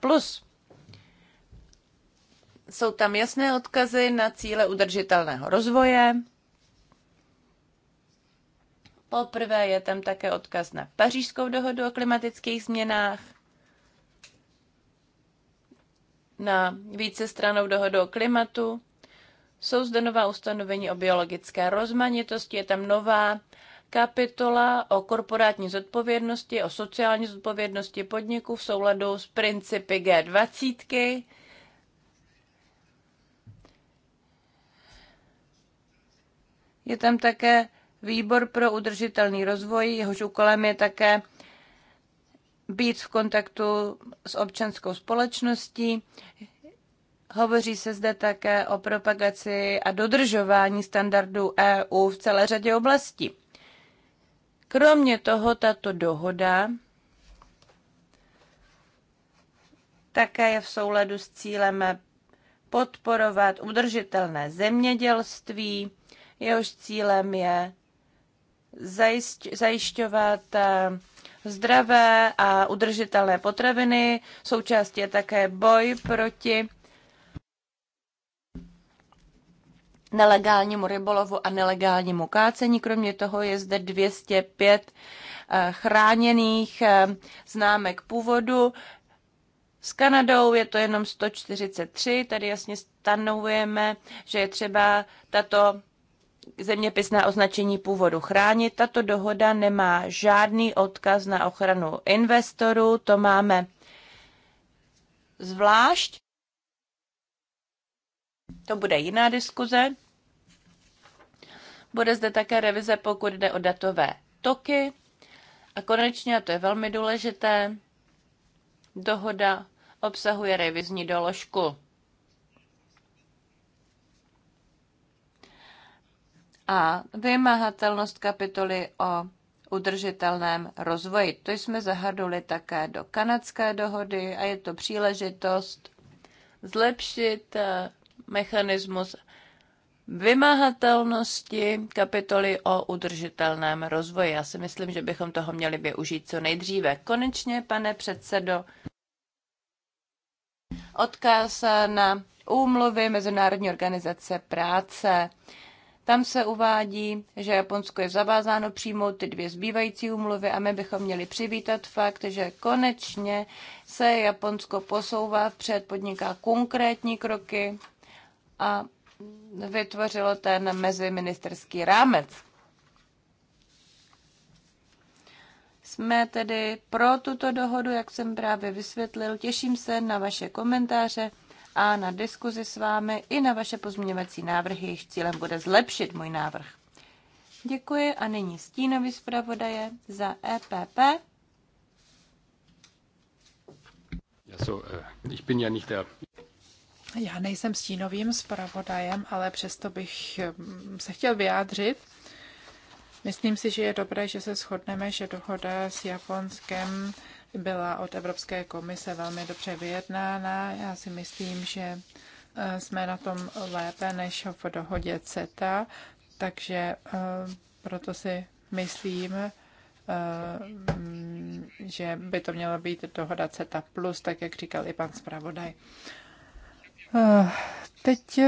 Jsou tam jasné odkazy na cíle udržitelného rozvoje, Poprvé je tam také odkaz na pařížskou dohodu o klimatických změnách, na vícestranou dohodu o klimatu. Jsou zde nová ustanovení o biologické rozmanitosti, je tam nová kapitola o korporátní zodpovědnosti, o sociální zodpovědnosti podniků v souladu s principy G20. Je tam také výbor pro udržitelný rozvoj, jehož úkolem je také být v kontaktu s občanskou společností. Hovoří se zde také o propagaci a dodržování standardů EU v celé řadě oblastí. Kromě toho tato dohoda také je v souladu s cílem podporovat udržitelné zemědělství, jehož cílem je zajišť, zajišťovat eh, zdravé a udržitelné potraviny. Součástí je také boj proti nelegálnímu rybolovu a nelegálnímu kácení. Kromě toho je zde 205 eh, chráněných eh, známek původu. S Kanadou je to jenom 143, tady jasně stanovujeme, že je třeba tato zeměpisné označení původu chránit. Tato dohoda nemá žádný odkaz na ochranu investorů, to máme zvlášť. To bude jiná diskuze. Bude zde také revize, pokud jde o datové toky. A konečně, a to je velmi důležité, dohoda obsahuje revizní doložku. a vymahatelnost kapitoly o udržitelném rozvoji. To jsme zahrnuli také do kanadské dohody a je to příležitost zlepšit eh, mechanismus vymahatelnosti kapitoly o udržitelném rozvoji. Já si myslím, že bychom toho měli využít co nejdříve. Konečně, pane předsedo, odkaz na úmluvy Mezinárodní organizace práce. Tam se uvádí, že Japonsko je zavázáno přijmout ty dvě zbývající úmluvy a my bychom měli přivítat fakt, že konečně se Japonsko posouvá vpřed, podniká konkrétní kroky a vytvořilo ten meziministerský rámec. Jsme tedy pro tuto dohodu, jak jsem právě vysvětlil. Těším se na vaše komentáře a na diskuzi s vámi i na vaše pozměňovací návrhy, jejichž cílem bude zlepšit můj návrh. Děkuji a nyní stínový zpravodaje za EPP. Já, so, uh, eh, bin ja nicht der... Já nejsem stínovým zpravodajem, ale přesto bych mm, se chtěl vyjádřit. Myslím si, že je dobré, že se shodneme, že dohoda s Japonskem byla od Evropské komise velmi dobře vyjednána. Já si myslím, že eh, jsme na tom lépe než v dohodě CETA, takže eh, proto si myslím, eh, mm, že by to měla být dohoda CETA+, plus, tak jak říkal i pan zpravodaj. Teď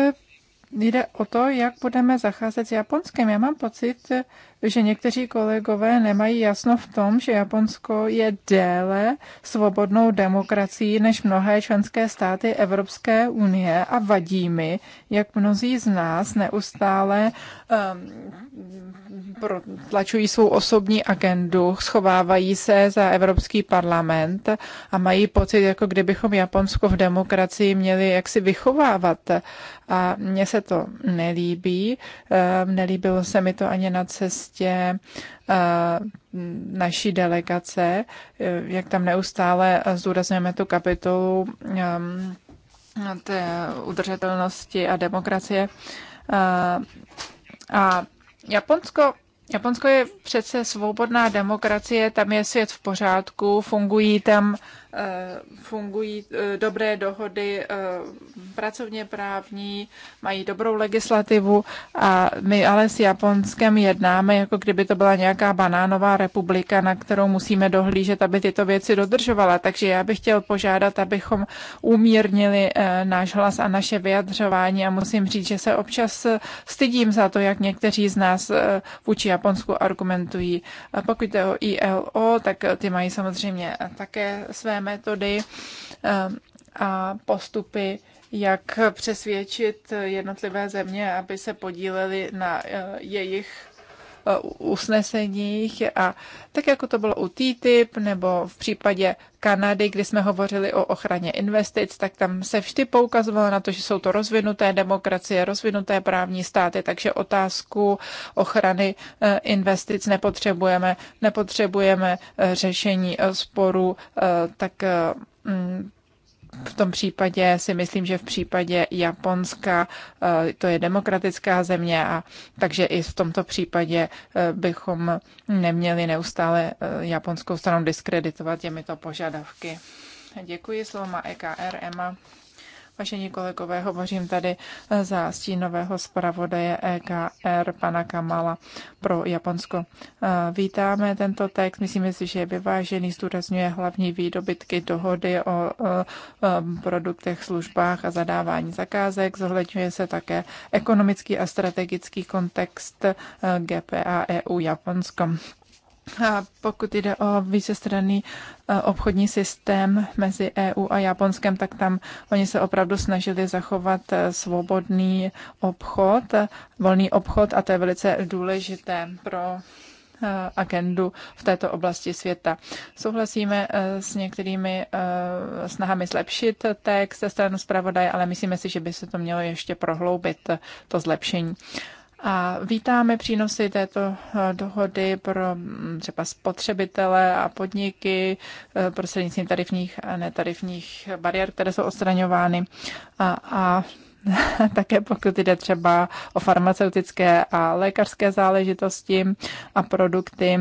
jde o to, jak budeme zacházet s Japonskem. Já mám pocit, že někteří kolegové nemají jasno v tom, že Japonsko je déle svobodnou demokracií než mnohé členské státy Evropské unie a vadí mi, jak mnozí z nás neustále um, tlačují svou osobní agendu, schovávají se za Evropský parlament a mají pocit, jako kdybychom Japonsko v demokracii měli jaksi vychovávat. A mně se to nelíbí, um, nelíbilo se mi to ani na cestě místě eh, naší delegace, eh, jak tam neustále zdůrazňujeme tu kapitolu ehm, té udržitelnosti a demokracie. Eh, a Japonsko Japonsko je přece svobodná demokracie, tam je svět v pořádku, fungují tam eh, fungují eh, dobré dohody eh, pracovně právní, mají dobrou legislativu a my ale s Japonskem jednáme, jako kdyby to byla nějaká banánová republika, na kterou musíme dohlížet, aby tyto věci dodržovala. Takže já bych chtěl požádat, abychom umírnili náš hlas a naše vyjadřování a musím říct, že se občas stydím za to, jak někteří z nás vůči Japonsku Japonsku argumentují. Pokud jde o ILO, tak ty mají samozřejmě také své metody ehm, a postupy, jak přesvědčit jednotlivé země, aby se podíleli na eh, jejich Eh, usneseních a tak jako to bylo u TTIP nebo v případě Kanady, kdy jsme hovořili o ochraně investic, tak tam se vždy poukazovalo na to, že jsou to rozvinuté demokracie, rozvinuté právní státy, takže otázku ochrany eh, investic nepotřebujeme, nepotřebujeme eh, řešení sporů, tak mm, v tom případě si myslím, že v případě Japonska eh, to je demokratická země a takže i v tomto případě eh, bychom neměli neustále eh, japonskou stranu diskreditovat těmito požadavky. Děkuji, slovo má EKR, Emma. Vážení kolegové, hovořím tady eh, za stínového zpravodaje EKR pana Kamala pro Japonsko. Eh, vítáme tento text, myslíme si, že je vyvážený, zdůrazňuje hlavní výdobytky dohody o eh, produktech, službách a zadávání zakázek. Zohledňuje se také ekonomický a strategický kontext GPA EU Japonsko. A pokud jde o vícestranný e, obchodní systém mezi EU a Japonskem, tak tam oni se opravdu snažili zachovat e, svobodný obchod, e, volný obchod a to je velice důležité pro agendu v této oblasti světa. Souhlasíme s některými snahami zlepšit text ze strany zpravodaje, ale myslíme si, že by se to mělo ještě prohloubit, to zlepšení. A vítáme přínosy této eh, dohody pro mm, třeba spotřebitele a podniky eh, prostřednictvím tarifních a netarifních bariér, které jsou odstraňovány. A, a také pokud jde třeba o farmaceutické a lékařské záležitosti a produkty,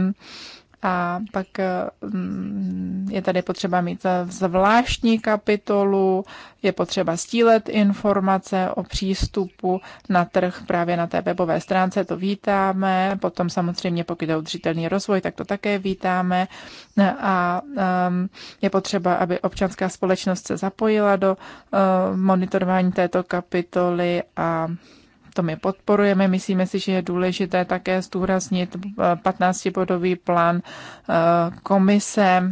a pak eh, mm, je tady potřeba mít eh, zvláštní kapitolu, je potřeba stílet informace o přístupu na trh právě na té webové stránce, to vítáme. Potom samozřejmě, pokud je udržitelný rozvoj, tak to také vítáme. Eh, a ehm, je potřeba, aby občanská společnost se zapojila do monitorování této kapitoly a to my podporujeme. Myslíme si, že je důležité také zdůraznit 15-bodový eh, plán eh, komise.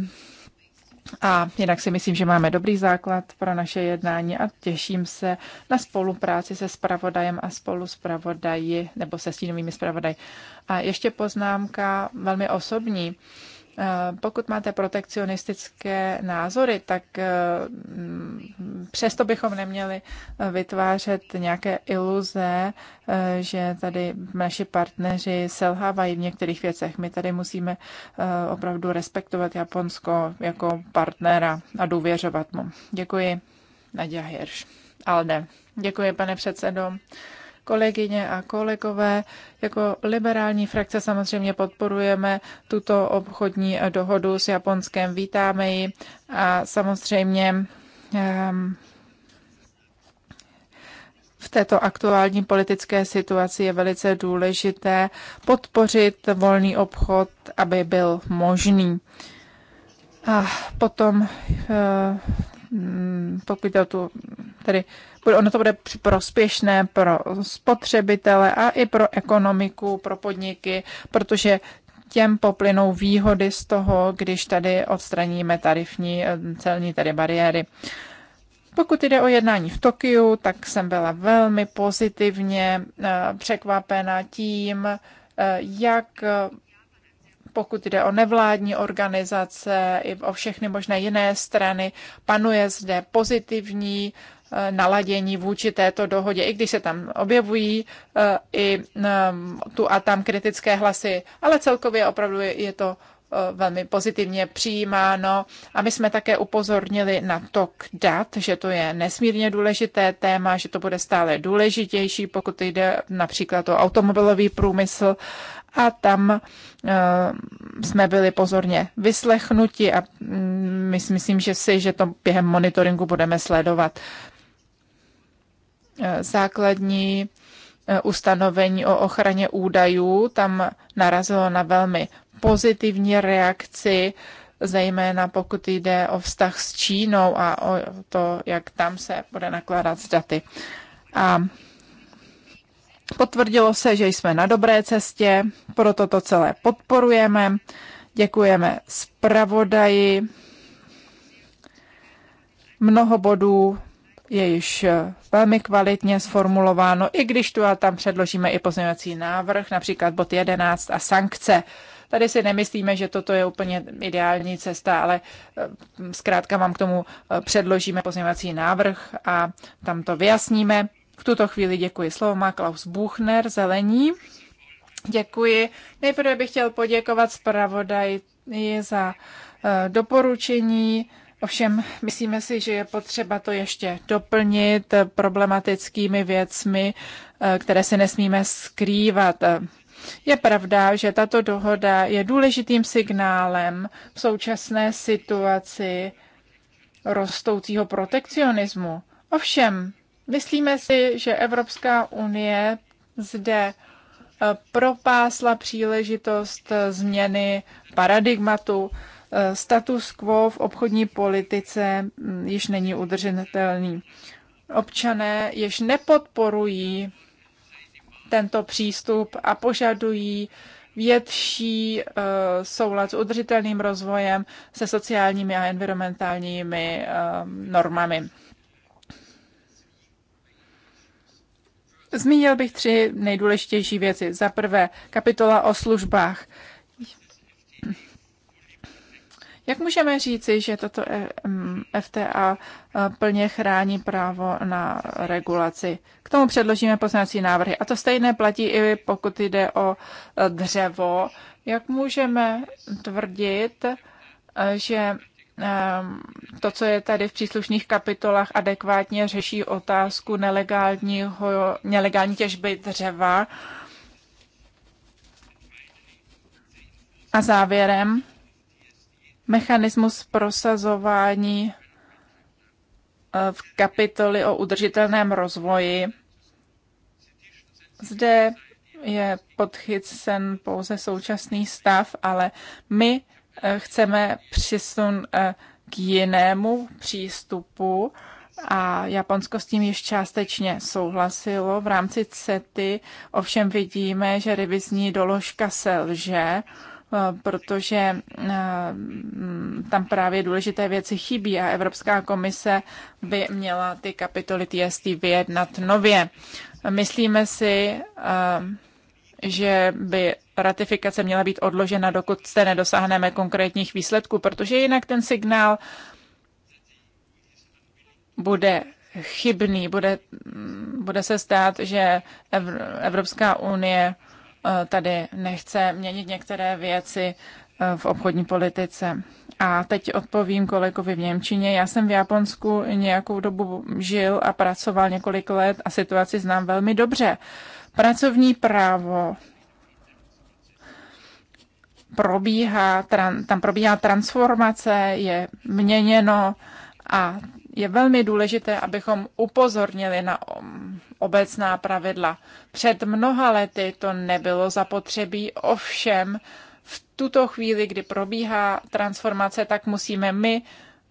A jinak si myslím, že máme dobrý základ pro naše jednání a těším se na spolupráci se spravodajem a spolu spravodaji nebo se stínovými spravodaji. A ještě poznámka velmi osobní. Pokud máte protekcionistické názory, tak eh, mm, přesto bychom neměli eh, vytvářet nějaké iluze, eh, že tady naši partneři selhávají v některých věcech. My tady musíme opravdu respektovat Japonsko jako partnera a důvěřovat mu. Děkuji, Nadia Hirsch. Alde. Děkuji, pane předsedo. Kolegyně a kolegové, jako liberální frakce samozřejmě podporujeme tuto obchodní dohodu s Japonskem, vítáme ji a samozřejmě ehm, v této aktuální politické situaci je velice důležité podpořit volný obchod, aby byl možný. A potom, eh, mm, pokud to tu, tedy ono to bude prospěšné pro spotřebitele a i pro ekonomiku, pro podniky, protože těm poplynou výhody z toho, když tady odstraníme tarifní eh, celní tady bariéry. Pokud jde o jednání v Tokiu, tak jsem byla velmi pozitivně eh, překvapena tím, eh, jak pokud jde o nevládní organizace i o všechny možné jiné strany, panuje zde pozitivní Eh, naladění vůči této dohodě, i když se tam objevují eh, i eh, tu a tam kritické hlasy, ale celkově opravdu je to velmi pozitivně přijímáno a my jsme také upozornili na tok dat, že to je nesmírně důležité téma, že to bude stále důležitější, pokud jde například o automobilový průmysl a tam jsme byli pozorně vyslechnuti a mm, my si myslím, že si, že to během monitoringu budeme sledovat základní eh, ustanovení o ochraně údajů. Tam narazilo na velmi pozitivní reakci, zejména pokud jde o vztah s Čínou a o to, jak tam se bude nakládat s daty. A potvrdilo se, že jsme na dobré cestě, proto to celé podporujeme. Děkujeme zpravodaji. Mnoho bodů je již eh, velmi kvalitně sformulováno, i když tu a tam předložíme i pozměňovací návrh, například bod 11 a sankce. Tady si nemyslíme, že toto je úplně ideální cesta, ale eh, zkrátka vám k tomu eh, předložíme pozměňovací návrh a tam to vyjasníme. V tuto chvíli děkuji. Slovo má Klaus Buchner, zelení. Děkuji. Nejprve bych chtěl poděkovat zpravodaji za doporučení Ovšem, myslíme si, že je potřeba to ještě doplnit problematickými věcmi, eh, které se nesmíme skrývat. Je pravda, že tato dohoda je důležitým signálem v současné situaci rostoucího protekcionismu. Ovšem, myslíme si, že Evropská unie zde eh, propásla příležitost změny paradigmatu status quo v obchodní politice mm, již není udržitelný. Občané již nepodporují tento přístup a požadují větší eh, soulad s udržitelným rozvojem, se sociálními a environmentálními eh, normami. Zmínil bych tři nejdůležitější věci. Za prvé, kapitola o službách. Jak můžeme říci, že toto eh, FTA eh, plně chrání právo na regulaci? K tomu předložíme poslanecí návrhy. A to stejné platí i pokud jde o eh, dřevo. Jak můžeme tvrdit, že to, co je tady v příslušných kapitolách, adekvátně řeší otázku nelegálního, nelegální těžby dřeva. A závěrem, mechanismus prosazování eh, v kapitoli o udržitelném rozvoji. Zde je podchycen pouze současný stav, ale my eh, chceme přisun eh, k jinému přístupu a Japonsko s tím již částečně souhlasilo. V rámci CETY ovšem vidíme, že revizní doložka selže protože eh, tam právě důležité věci chybí a Evropská komise by měla ty kapitoly TST vyjednat nově. Myslíme si, eh, že by ratifikace měla být odložena, dokud se nedosáhneme konkrétních výsledků, protože jinak ten signál bude chybný, bude, bude se stát, že Evropská unie Eh, tady nechce měnit některé věci eh, v obchodní politice. A teď odpovím kolegovi v Němčině. Já jsem v Japonsku nějakou dobu žil a pracoval několik let a situaci znám velmi dobře. Pracovní právo probíhá, tam probíhá transformace, je měněno a je velmi důležité, abychom upozornili na obecná pravidla. Před mnoha lety to nebylo zapotřebí, ovšem v tuto chvíli, kdy probíhá transformace, tak musíme my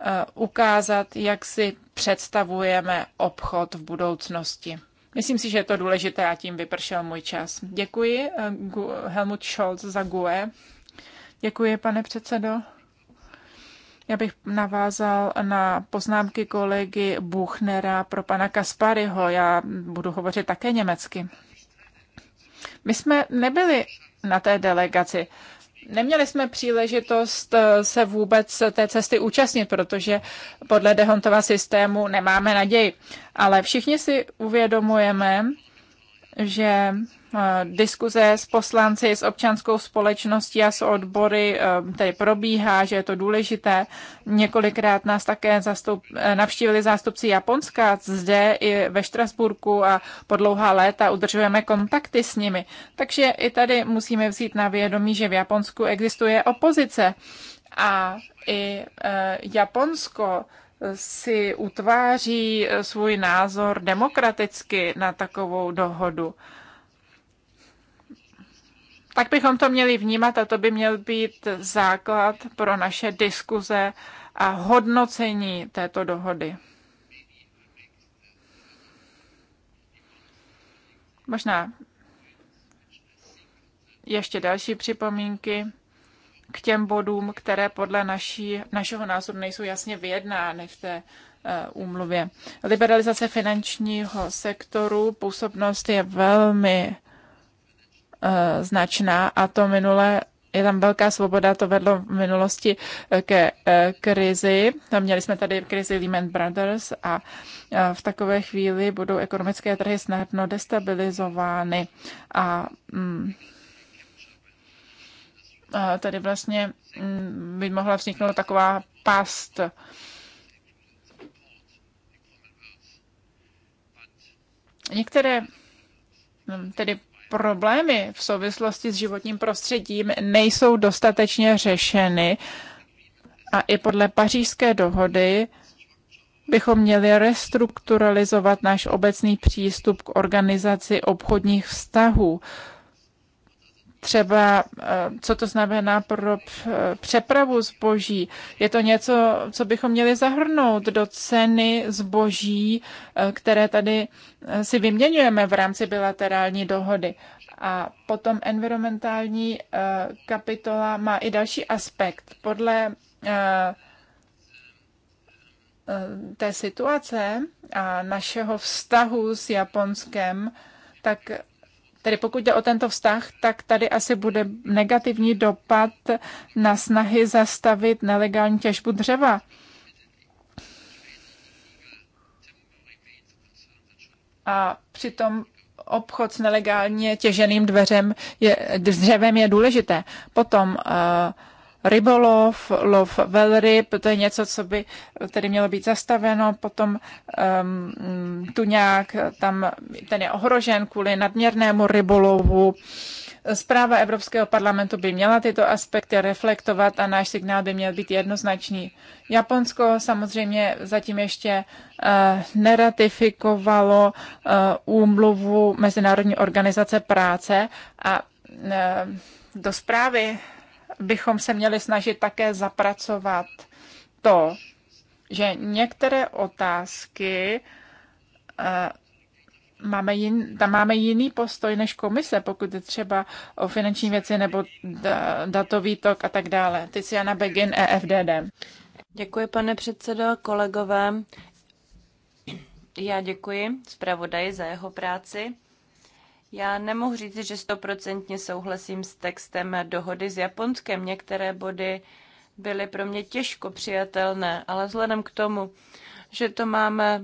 eh, ukázat, jak si představujeme obchod v budoucnosti. Myslím si, že je to důležité a tím vypršel můj čas. Děkuji eh, Helmut Scholz za GUE. Děkuji, pane předsedo. Já bych navázal na poznámky kolegy Buchnera pro pana Kaspariho. Já budu hovořit také německy. My jsme nebyli na té delegaci. Neměli jsme příležitost eh, se vůbec té cesty účastnit, protože podle Dehontova systému nemáme naději. Ale všichni si uvědomujeme, že Eh, diskuze s poslanci, s občanskou společností a s odbory eh, tady probíhá, že je to důležité. Několikrát nás také zastup, eh, navštívili zástupci Japonska zde i ve Štrasburku a po dlouhá léta udržujeme kontakty s nimi. Takže i tady musíme vzít na vědomí, že v Japonsku existuje opozice a i Japonsko si utváří svůj názor demokraticky na takovou dohodu tak bychom to měli vnímat a to by měl být základ pro naše diskuze a hodnocení této dohody. Možná ještě další připomínky k těm bodům, které podle naší, našeho názoru nejsou jasně vyjednány v té eh, úmluvě. Liberalizace finančního sektoru, působnost je velmi Eh, značná a to minule je tam velká svoboda, to vedlo v minulosti eh, ke eh, krizi. tam Měli jsme tady krizi Lehman Brothers a v takové chvíli budou ekonomické trhy snadno destabilizovány. A mm, tady vlastně mm, by mohla vzniknout taková past. Některé mm, tedy problémy v souvislosti s životním prostředím nejsou dostatečně řešeny a i podle pařížské dohody bychom měli restrukturalizovat náš obecný přístup k organizaci obchodních vztahů třeba eh, co to znamená pro eh, přepravu zboží. Je to něco, co bychom měli zahrnout do ceny zboží, eh, které tady si vyměňujeme v rámci bilaterální dohody. A potom environmentální kapitola má i další aspekt. Podle té situace a našeho vztahu s Japonskem, tak Tedy pokud jde o tento vztah, tak tady asi bude negativní dopad na snahy zastavit nelegální těžbu dřeva. A přitom obchod s nelegálně těženým dveřem je, dřevem je důležité. Potom uh, Rybolov, lov velryb, to je něco, co by tedy mělo být zastaveno. Potom um, tuňák, tam ten je ohrožen kvůli nadměrnému rybolovu. Zpráva Evropského parlamentu by měla tyto aspekty reflektovat a náš signál by měl být jednoznačný. Japonsko samozřejmě zatím ještě eh, neratifikovalo eh, úmluvu Mezinárodní organizace práce a eh, do zprávy bychom se měli snažit také zapracovat to, že některé otázky eh, máme jin, tam máme jiný postoj než komise, pokud je třeba o finanční věci nebo datový tok a tak dále. Tiziana Begin, EFDD. Děkuji, pane předsedo, kolegové. Já děkuji zpravodaji za jeho práci. Já nemohu říct, že stoprocentně souhlasím s textem dohody s Japonskem. Některé body byly pro mě těžko přijatelné, ale vzhledem k tomu, že to máme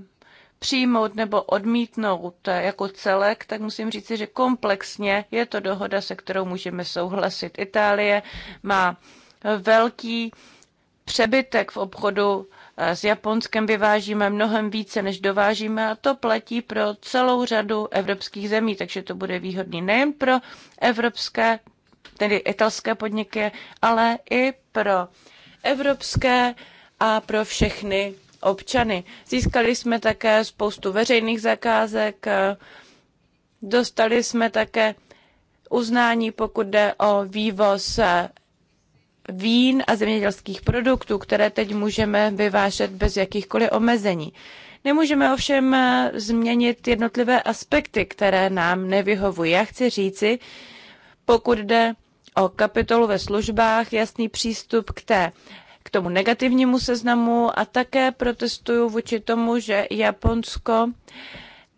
přijmout nebo odmítnout jako celek, tak musím říci, že komplexně je to dohoda, se kterou můžeme souhlasit. Itálie má velký přebytek v obchodu Eh, s Japonskem vyvážíme mnohem více, než dovážíme a to platí pro celou řadu evropských zemí, takže to bude výhodný nejen pro evropské, tedy italské podniky, ale i pro evropské a pro všechny občany. Získali jsme také spoustu veřejných zakázek, eh, dostali jsme také uznání, pokud jde o vývoz eh, vín a zemědělských produktů, které teď můžeme vyvážet bez jakýchkoliv omezení. Nemůžeme ovšem eh, změnit jednotlivé aspekty, které nám nevyhovují. Já chci říci, pokud jde o kapitolu ve službách, jasný přístup k té k tomu negativnímu seznamu a také protestuju vůči tomu, že Japonsko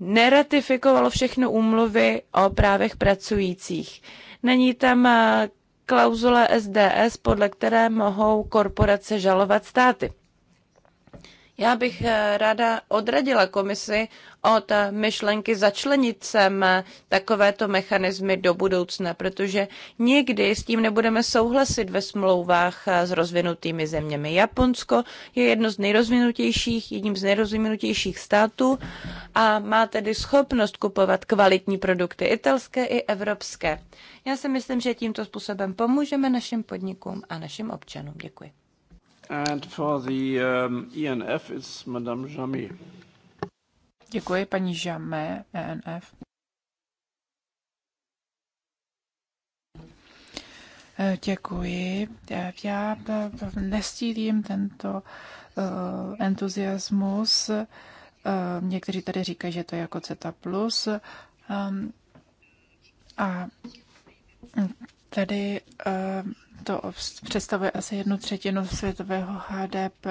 neratifikovalo všechny úmluvy o právech pracujících. Není tam eh, klauzule SDS, podle které mohou korporace žalovat státy. Já bych eh, ráda odradila komisi od eh, myšlenky začlenit sem eh, takovéto mechanismy do budoucna, protože nikdy s tím nebudeme souhlasit ve smlouvách s rozvinutými zeměmi. Japonsko je jedno z nejrozvinutějších, jedním z nejrozvinutějších států a má tedy schopnost kupovat kvalitní produkty italské i evropské. Já si myslím, že tímto způsobem pomůžeme našim podnikům a našim občanům. Děkuji. And for the um, ENF it's Madame Jamé. Děkuji, paní Jamé, ENF. Eh, děkuji. Eh, já eh, nestílím tento entuziasmus. Někteří tady říkají, že to je jako CETA+. Plus. A tady to představuje asi jednu třetinu světového HDP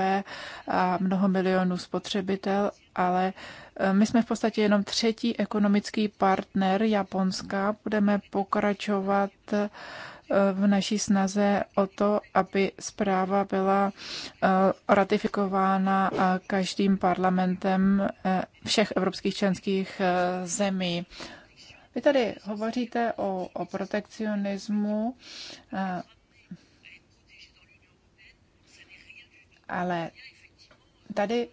a mnoho milionů spotřebitel, ale e, my jsme v podstatě jenom třetí ekonomický partner Japonska. Budeme pokračovat e, v naší snaze o to, aby zpráva byla e, ratifikována každým parlamentem všech evropských členských zemí. Vy tady hovoříte o, o protekcionismu ale tady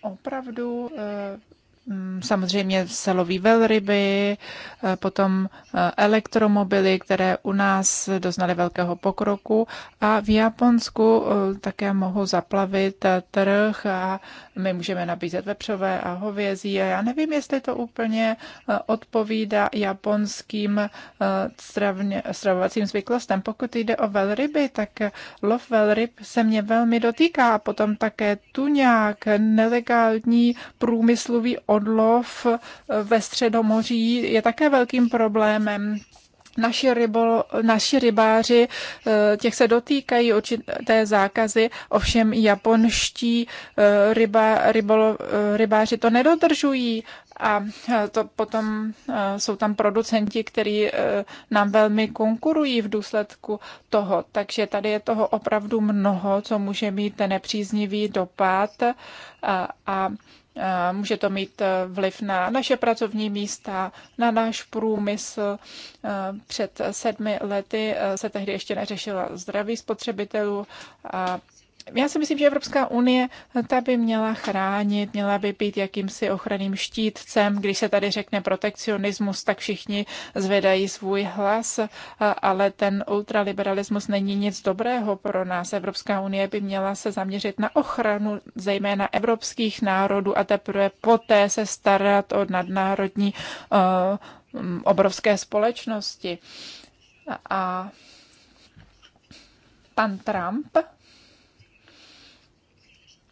opravdu eh, mm, samozřejmě se loví velryby, eh, potom eh, elektromobily, které u nás doznaly velkého pokroku a v Japonsku také mohou zaplavit trh a my můžeme nabízet vepřové a hovězí a já nevím, jestli to úplně eh, odpovídá japonským eh, stravovacím zvyklostem. Pokud jde o velryby, tak eh, lov velryb se mě velmi dotýká a potom také tuňák, nelegální průmyslový odlov ve Středomoří je také velkým problémem naši, rybol, naši rybáři, eh, těch se dotýkají určité zákazy, ovšem japonští eh, ryba, rybol, eh, rybáři to nedodržují a to potom jsou tam producenti, kteří nám velmi konkurují v důsledku toho. Takže tady je toho opravdu mnoho, co může mít ten nepříznivý dopad a, a Eh, může to mít eh, vliv na naše pracovní místa, na náš průmysl. Eh, před sedmi lety se tehdy ještě neřešila zdraví spotřebitelů a já si myslím, že Evropská unie eh, ta by měla chránit, měla by být jakýmsi ochranným štítcem. Když se tady řekne protekcionismus, tak všichni zvedají svůj hlas, eh, ale ten ultraliberalismus není nic dobrého pro nás. Evropská unie by měla se zaměřit na ochranu zejména evropských národů a teprve poté se starat o nadnárodní uh, obrovské společnosti. A pan Trump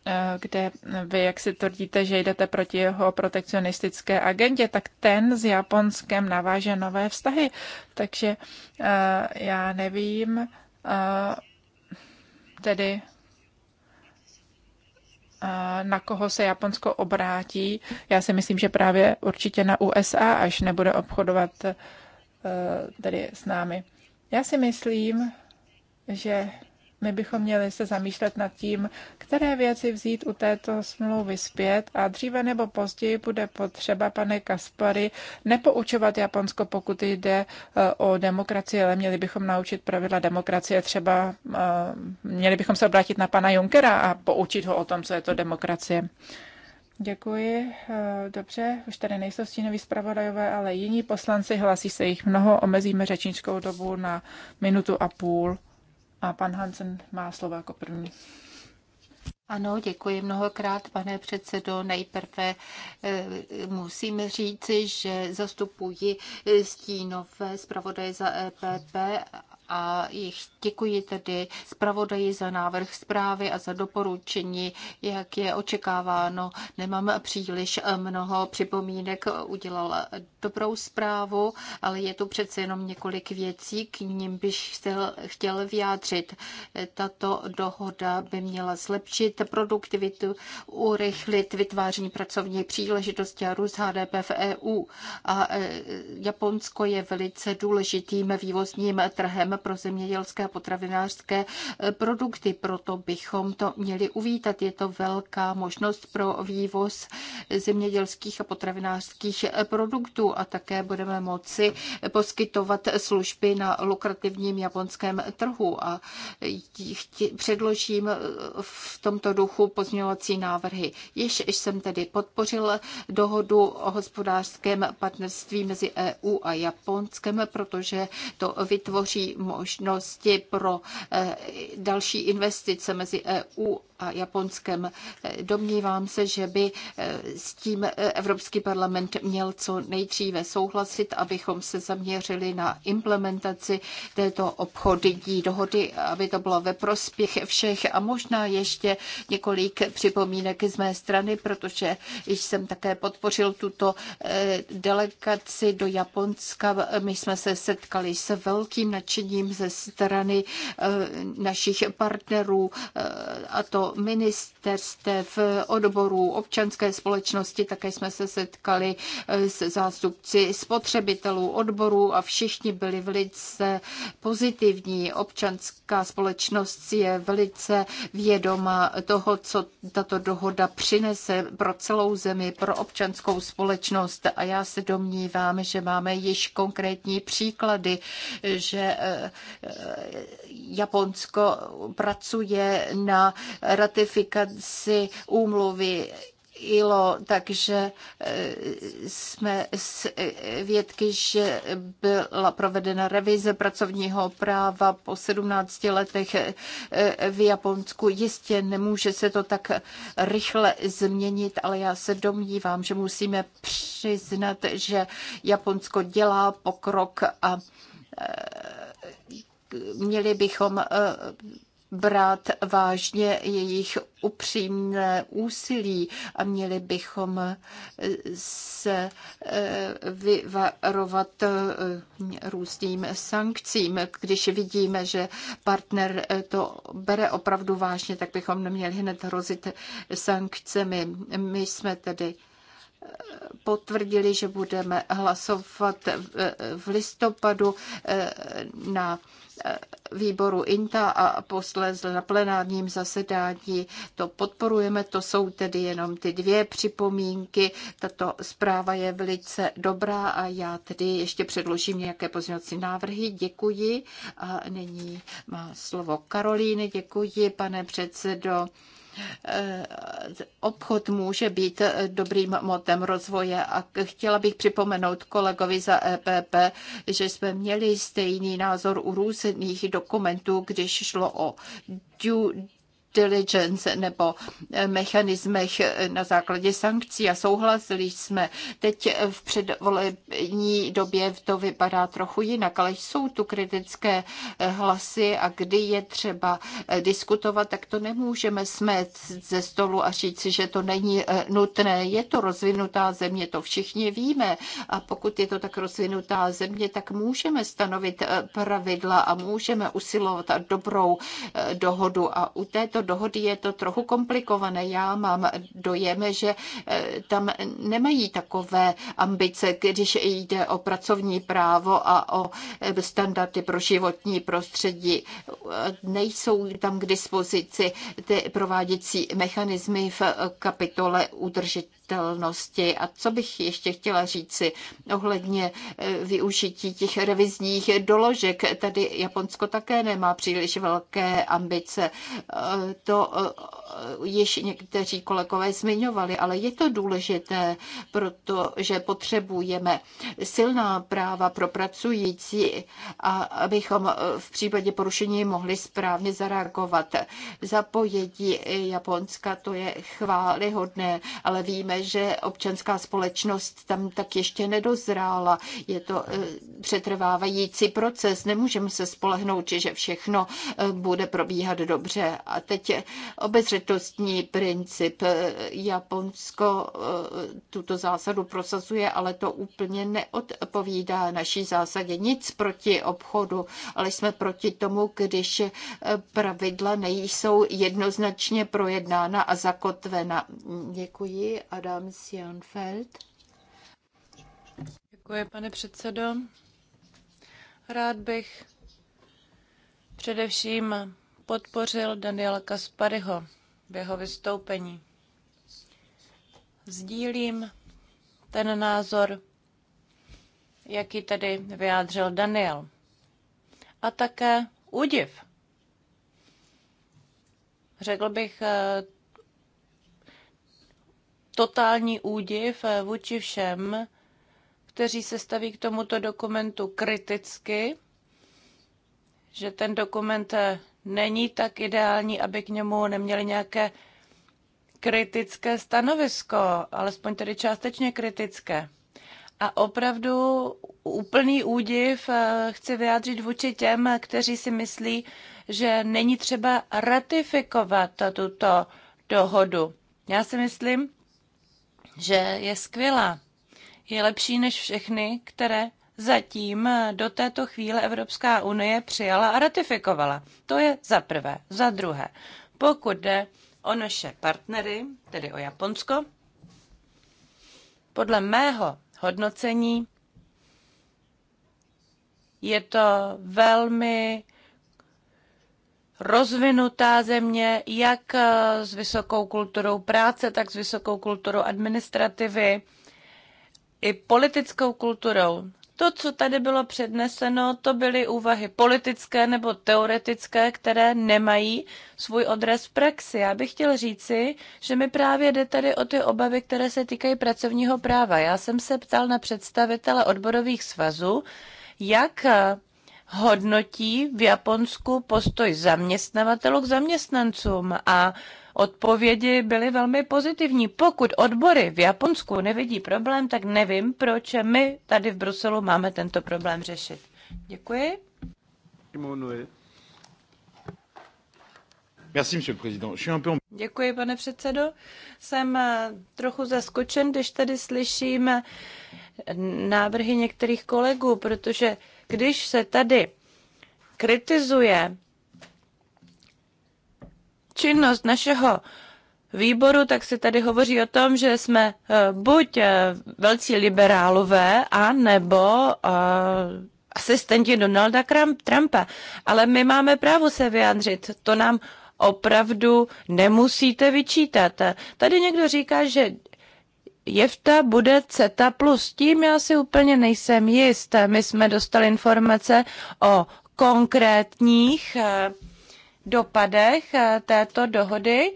Eh, kde vy, jak si tvrdíte, že jdete proti jeho protekcionistické agendě, tak ten s Japonskem naváže nové vztahy. Takže eh, já nevím, eh, tedy na koho se Japonsko obrátí. Já si myslím, že právě určitě na USA, až nebude obchodovat tedy s námi. Já si myslím, že my bychom měli se zamýšlet nad tím, které věci vzít u této smlouvy zpět a dříve nebo později bude potřeba, pane Kaspary, nepoučovat Japonsko, pokud jde eh, o demokracii, ale měli bychom naučit pravidla demokracie. Třeba eh, měli bychom se obrátit na pana Junkera a poučit ho o tom, co je to demokracie. Děkuji. Eh, dobře, už tady nejsou stínoví zpravodajové, ale jiní poslanci, hlasí se jich mnoho, omezíme řečnickou dobu na minutu a půl. A pan Hansen má slovo jako první. Ano, děkuji mnohokrát, pane předsedo. Nejprve eh, musím říci, že zastupuji stínové zpravodaje za EPP a jich děkuji tedy zpravodaji za návrh zprávy a za doporučení, jak je očekáváno. Nemám příliš eh, mnoho připomínek, eh, udělal dobrou zprávu, ale je tu přece jenom několik věcí, k ním bych chtěl, chtěl vyjádřit. Tato dohoda by měla zlepšit produktivitu, urychlit vytváření pracovní příležitosti a růst HDP v EU. A eh, Japonsko je velice důležitým vývozním trhem pro zemědělské a potravinářské eh, produkty. Proto bychom to měli uvítat. Je to velká možnost pro vývoz zemědělských a potravinářských eh, produktů a také budeme moci poskytovat služby na lukrativním japonském trhu a eh, předložím v tomto duchu pozměňovací návrhy. Již jsem tedy podpořil dohodu o hospodářském partnerství mezi EU a Japonskem, protože to vytvoří možnosti pro eh, další investice mezi EU a Japonskem. Domnívám se, že by eh, s tím eh, Evropský parlament měl co nejdříve souhlasit, abychom se zaměřili na implementaci této obchodní dohody, aby to bylo ve prospěch všech a možná ještě několik připomínek z mé strany, protože jsem také podpořil tuto eh, delegaci do Japonska. My jsme se setkali s velkým nadšením ze strany našich partnerů a to ministerstev, odborů, občanské společnosti. Také jsme se setkali eh, s zástupci spotřebitelů, odborů a všichni byli velice pozitivní. Občanská společnost je velice vědoma toho, co tato dohoda přinese pro celou zemi, pro občanskou společnost. A já se domnívám, že máme již konkrétní příklady, že eh, eh, Japonsko pracuje na ratifikaci úmluvy ILO, takže e, jsme vědky, že byla provedena revize pracovního práva po 17 letech e, v Japonsku. Jistě nemůže se to tak rychle změnit, ale já se domnívám, že musíme přiznat, že Japonsko dělá pokrok a e, měli bychom brát vážně jejich upřímné úsilí a měli bychom se eh, vyvarovat eh, různým sankcím. Když vidíme, že partner eh, to bere opravdu vážně, tak bychom neměli hned hrozit sankcemi. My jsme tedy potvrdili, že budeme hlasovat v listopadu na Eh, výboru INTA a posléze na plenárním zasedání. To podporujeme, to jsou tedy jenom ty dvě připomínky. Tato zpráva je velice dobrá a já tedy ještě předložím nějaké pozměňovací návrhy. Děkuji. A nyní má slovo Karolíny. Děkuji, pane předsedo. Obchod může být dobrým motem rozvoje a chtěla bych připomenout kolegovi za EPP, že jsme měli stejný názor u různých dokumentů, když šlo o due diligence nebo eh, mechanismech eh, na základě sankcí a souhlasili jsme. Teď eh, v předvolební době to vypadá trochu jinak, ale jsou tu kritické hlasy a kdy je třeba diskutovat, tak to nemůžeme smet ze stolu a říct, že to není nutné. Je to rozvinutá země, to všichni víme a pokud je to tak rozvinutá země, tak můžeme stanovit pravidla a můžeme usilovat a dobrou dohodu a u této dohody je to trochu komplikované. Já mám dojem, že eh, tam nemají takové ambice, když jde o pracovní právo a o eh, standardy pro životní prostředí. Nejsou tam k dispozici ty prováděcí mechanismy v kapitole udržitelnosti. A co bych ještě chtěla říci ohledně eh, využití těch revizních doložek. Tady Japonsko také nemá příliš velké ambice to eh, eh, již někteří kolegové zmiňovali, ale je to důležité, protože potřebujeme silná práva pro pracující, a abychom eh, v případě porušení mohli správně zareagovat. Zapojení Japonska to je chválihodné, ale víme, že občanská společnost tam tak ještě nedozrála. Je to přetrvávající proces. Nemůžeme se spolehnout, že všechno bude probíhat dobře. A teď světě. obezřetnostní princip. Japonsko eh, tuto zásadu prosazuje, ale to úplně neodpovídá naší zásadě. Nic proti obchodu, ale jsme proti tomu, když eh, pravidla nejsou jednoznačně projednána a zakotvena. Děkuji, Adam Sianfeld. Děkuji, pane předsedo. Rád bych především podpořil Daniela Kaspariho v jeho vystoupení. Sdílím ten názor, jaký tady vyjádřil Daniel. A také údiv. Řekl bych eh, totální údiv eh, vůči všem, kteří se staví k tomuto dokumentu kriticky, že ten dokument eh, není tak ideální, aby k němu neměli nějaké kritické stanovisko, alespoň tedy částečně kritické. A opravdu úplný údiv eh, chci vyjádřit vůči těm, kteří si myslí, že není třeba ratifikovat tuto dohodu. Já si myslím, že je skvělá. Je lepší než všechny, které zatím do této chvíle Evropská unie přijala a ratifikovala. To je za prvé. Za druhé, pokud jde o naše partnery, tedy o Japonsko, podle mého hodnocení je to velmi rozvinutá země, jak s vysokou kulturou práce, tak s vysokou kulturou administrativy i politickou kulturou. To, co tady bylo předneseno, to byly úvahy politické nebo teoretické, které nemají svůj odraz v praxi. Já bych chtěl říci, že mi právě jde tady o ty obavy, které se týkají pracovního práva. Já jsem se ptal na představitele odborových svazů, jak hodnotí v Japonsku postoj zaměstnavatelů k zaměstnancům a odpovědi byly velmi pozitivní. Pokud odbory v Japonsku nevidí problém, tak nevím, proč my tady v Bruselu máme tento problém řešit. Děkuji. Děkuji, pane předsedo. Jsem eh, trochu zaskočen, když tady slyším eh, návrhy některých kolegů, protože když se tady kritizuje činnost našeho výboru, tak se tady hovoří o tom, že jsme eh, buď eh, velcí liberálové, a nebo eh, asistenti Donalda Trumpa. Ale my máme právo se vyjádřit. To nám opravdu nemusíte vyčítat. Tady někdo říká, že Jefta bude CETA plus. Tím já si úplně nejsem jist. My jsme dostali informace o konkrétních dopadech eh, této dohody.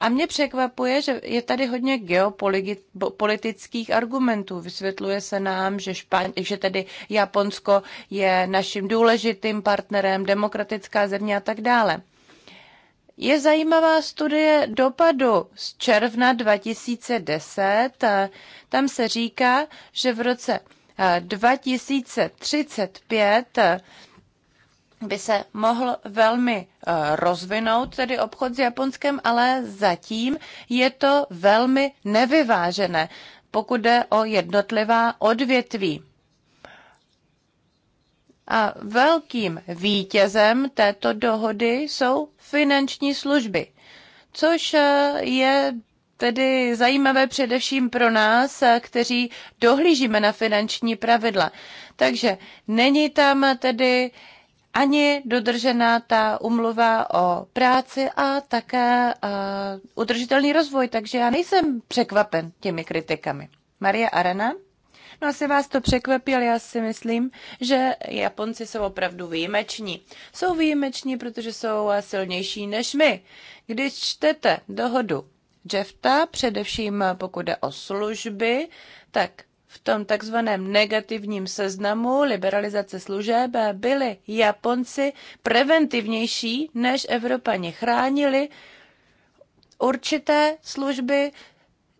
A mě překvapuje, že je tady hodně geopolitických argumentů. Vysvětluje se nám, že, Špán, že tedy Japonsko je naším důležitým partnerem, demokratická země a tak dále. Je zajímavá studie dopadu z června 2010. Eh, tam se říká, že v roce 2035 eh, by se mohl velmi eh, rozvinout, tedy obchod s Japonskem, ale zatím je to velmi nevyvážené, pokud jde o jednotlivá odvětví. A velkým vítězem této dohody jsou finanční služby, což eh, je tedy zajímavé především pro nás, eh, kteří dohlížíme na finanční pravidla. Takže není tam tedy ani dodržená ta umluva o práci a také uh, udržitelný rozvoj, takže já nejsem překvapen těmi kritikami. Maria Arena? No asi vás to překvapil, já si myslím, že Japonci jsou opravdu výjimeční. Jsou výjimeční, protože jsou eh, silnější než my. Když čtete dohodu Jeffta, především eh, pokud jde o služby, tak v tom takzvaném negativním seznamu liberalizace služeb byli Japonci preventivnější než Evropani. Chránili určité služby,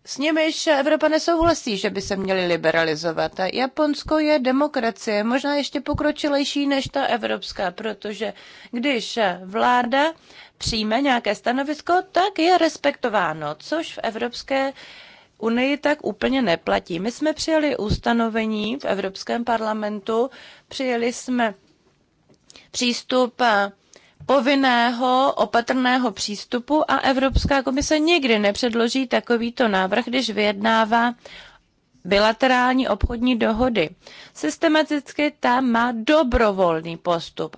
s nimiž Evropa nesouhlasí, že by se měly liberalizovat. A Japonsko je demokracie, možná ještě pokročilejší než ta evropská, protože když vláda přijme nějaké stanovisko, tak je respektováno, což v Evropské unii, tak úplně neplatí. My jsme přijali ustanovení v Evropském parlamentu, přijali jsme přístup eh, povinného opatrného přístupu a Evropská komise nikdy nepředloží takovýto návrh, když vyjednává bilaterální obchodní dohody. Systematicky tam má dobrovolný postup.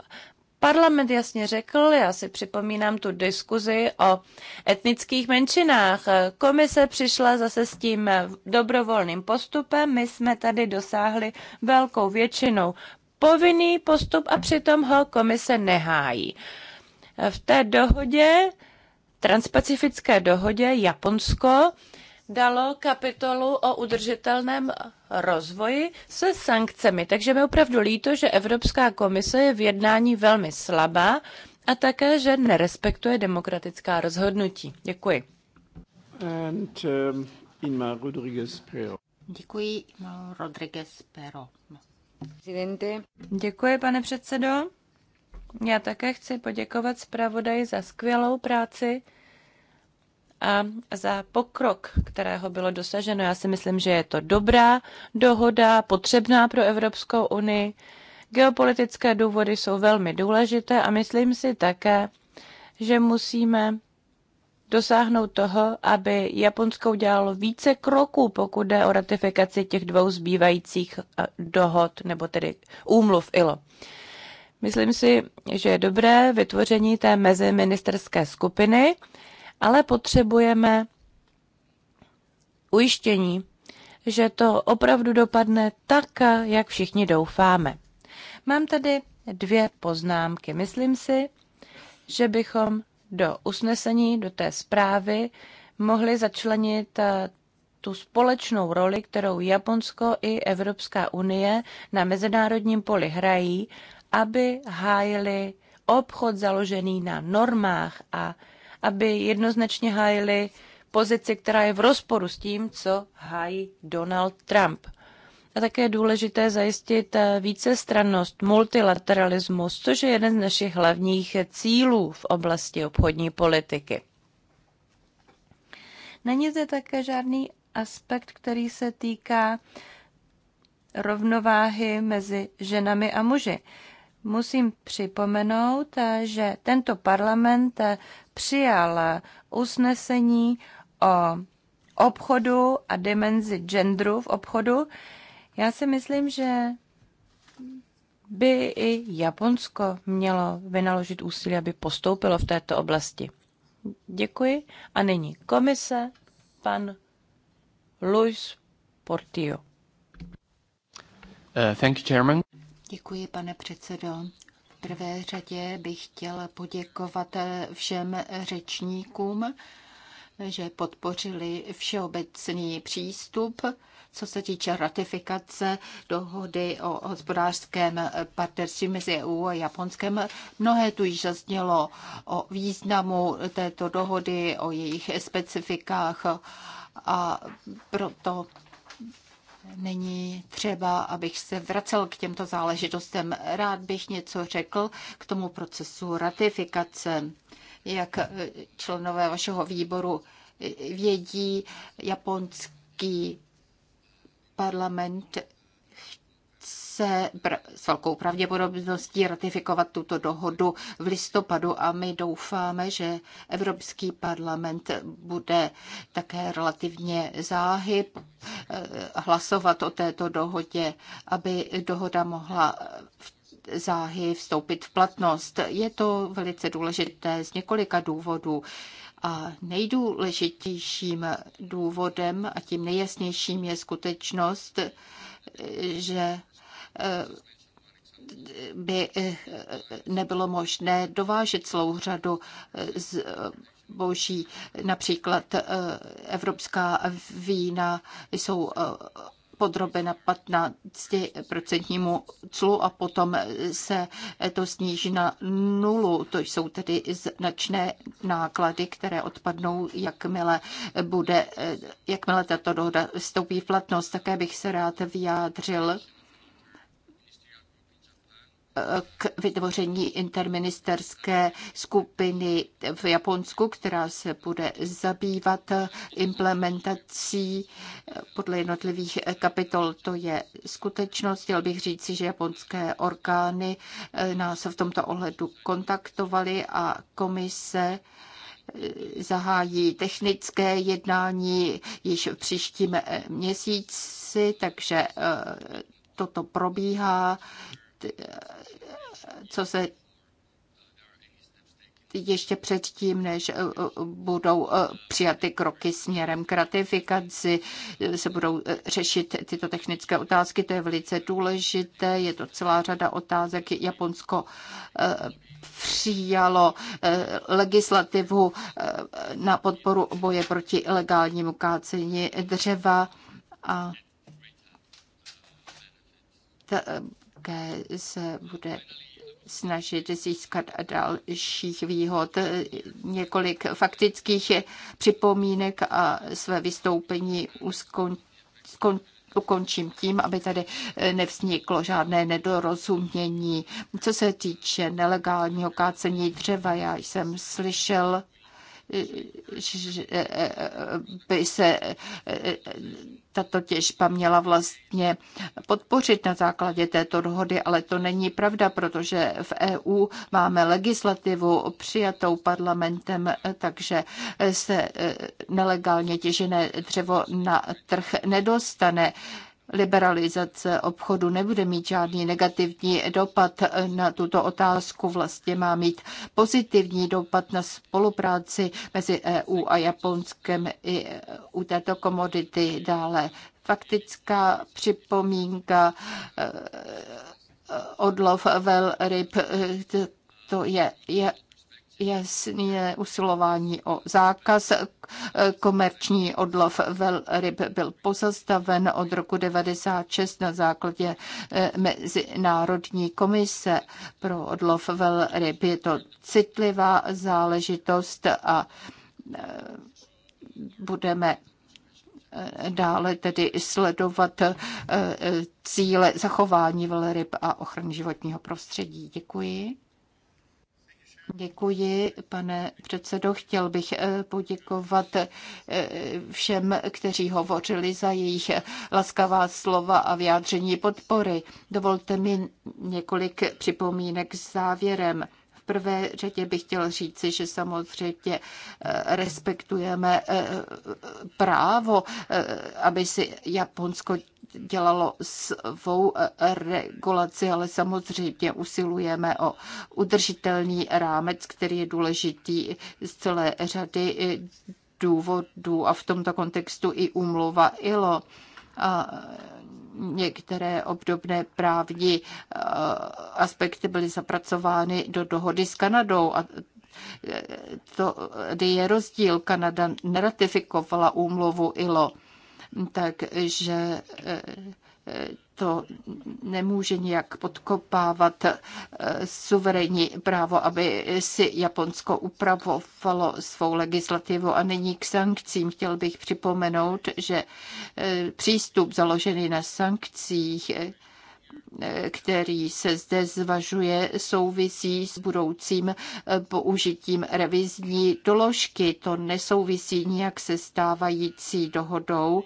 Parlament jasně řekl, já si připomínám tu diskuzi o etnických menšinách. Komise přišla zase s tím dobrovolným postupem, my jsme tady dosáhli velkou většinou povinný postup a přitom ho komise nehájí. V té dohodě, transpacifické dohodě, Japonsko dalo kapitolu o udržitelném rozvoji se sankcemi. Takže mi opravdu líto, že Evropská komise je v jednání velmi slabá a také, že nerespektuje demokratická rozhodnutí. Děkuji. And, um, Inma Rodriguez Pero. Děkuji, Inma Rodriguez Pero. Děkuji, pane předsedo. Já také chci poděkovat zpravodaji za skvělou práci a za pokrok, kterého bylo dosaženo. Já si myslím, že je to dobrá dohoda, potřebná pro Evropskou unii. Geopolitické důvody jsou velmi důležité a myslím si také, že musíme dosáhnout toho, aby Japonsko udělalo více kroků, pokud jde o ratifikaci těch dvou zbývajících eh, dohod, nebo tedy úmluv ILO. Myslím si, že je dobré vytvoření té meziministerské skupiny, ale potřebujeme ujištění, že to opravdu dopadne tak, jak všichni doufáme. Mám tady dvě poznámky. Myslím si, že bychom do usnesení, do té zprávy mohli začlenit eh, tu společnou roli, kterou Japonsko i Evropská unie na mezinárodním poli hrají, aby hájili obchod založený na normách a aby jednoznačně hájili pozici, která je v rozporu s tím, co hájí Donald Trump. A také je důležité zajistit eh, vícestrannost, multilateralismus, což je jeden z našich hlavních cílů v oblasti obchodní politiky. Není zde také žádný aspekt, který se týká rovnováhy mezi ženami a muži musím připomenout, že tento parlament přijal usnesení o obchodu a dimenzi genderu v obchodu. Já si myslím, že by i Japonsko mělo vynaložit úsilí, aby postoupilo v této oblasti. Děkuji. A nyní komise, pan Luis Portillo. Uh, thank you, Chairman. Děkuji, pane předsedo. V prvé řadě bych chtěla poděkovat všem řečníkům, že podpořili všeobecný přístup, co se týče ratifikace dohody o hospodářském partnerství mezi EU a Japonskem. Mnohé tu již zaznělo o významu této dohody, o jejich specifikách a proto Není třeba, abych se vracel k těmto záležitostem. Rád bych něco řekl k tomu procesu ratifikace. Jak e, členové vašeho výboru e, vědí, japonský parlament se s velkou pravděpodobností ratifikovat tuto dohodu v listopadu a my doufáme, že Evropský parlament bude také relativně záhy eh, hlasovat o této dohodě, aby dohoda mohla v záhy vstoupit v platnost. Je to velice důležité z několika důvodů. A nejdůležitějším důvodem a tím nejjasnějším je skutečnost, že Eh, by eh, nebylo možné dovážet celou řadu eh, z boží. Například evropská vína jsou podrobena 15% clu a potom se to sníží na nulu. To jsou tedy značné náklady, které odpadnou, jakmile, bude, jakmile tato dohoda vstoupí v platnost. Také bych se rád vyjádřil k vytvoření interministerské skupiny v Japonsku, která se bude zabývat implementací podle jednotlivých kapitol. To je skutečnost. Chtěl bych říci, že japonské orgány nás v tomto ohledu kontaktovaly a komise zahájí technické jednání již v příštím měsíci, takže eh, toto probíhá co se ještě předtím, než eh, budou eh, přijaty kroky směrem k ratifikaci, eh, se budou řešit tyto technické otázky. To je velice důležité. Je to celá řada otázek. Japonsko přijalo legislativu na podporu boje proti ilegálnímu kácení dřeva a také se bude snažit získat dalších výhod. Několik faktických připomínek a své vystoupení ukončím tím, aby tady nevzniklo žádné nedorozumění. Co se týče nelegálního kácení dřeva, já jsem slyšel že by se tato těžba měla vlastně podpořit na základě této dohody, ale to není pravda, protože v EU máme legislativu přijatou parlamentem, takže se nelegálně těžené dřevo na trh nedostane liberalizace obchodu nebude mít žádný negativní dopad na tuto otázku, vlastně má mít pozitivní dopad na spolupráci mezi EU a Japonskem i u této komodity dále. Faktická připomínka eh, eh, odlov velryb, eh, to je, je jasně usilování o zákaz. Komerční odlov velryb byl pozastaven od roku 1996 na základě eh, Mezinárodní komise pro odlov velryb. Je to citlivá záležitost a eh, budeme eh, dále tedy sledovat cíle zachování velryb a ochrany životního prostředí. Děkuji. Děkuji, pane předsedo. Chtěl bych eh, poděkovat eh, všem, kteří hovořili za jejich eh, laskavá slova a vyjádření podpory. Dovolte mi několik připomínek s závěrem prvé řadě bych chtěl říci, že samozřejmě respektujeme právo, aby si Japonsko dělalo svou e, regulaci, ale samozřejmě usilujeme o udržitelný rámec, který je důležitý z celé řady e, důvodů a v tomto kontextu i umluva ILO. A některé obdobné právní e, aspekty byly zapracovány do dohody s Kanadou a to, je rozdíl. Kanada neratifikovala úmluvu ILO takže eh, to nemůže nijak podkopávat eh, suverénní právo, aby si Japonsko upravovalo svou legislativu a nyní k sankcím. Chtěl bych připomenout, že eh, přístup založený na sankcích který se zde zvažuje, souvisí s budoucím eh, použitím revizní doložky. To nesouvisí nijak se stávající dohodou.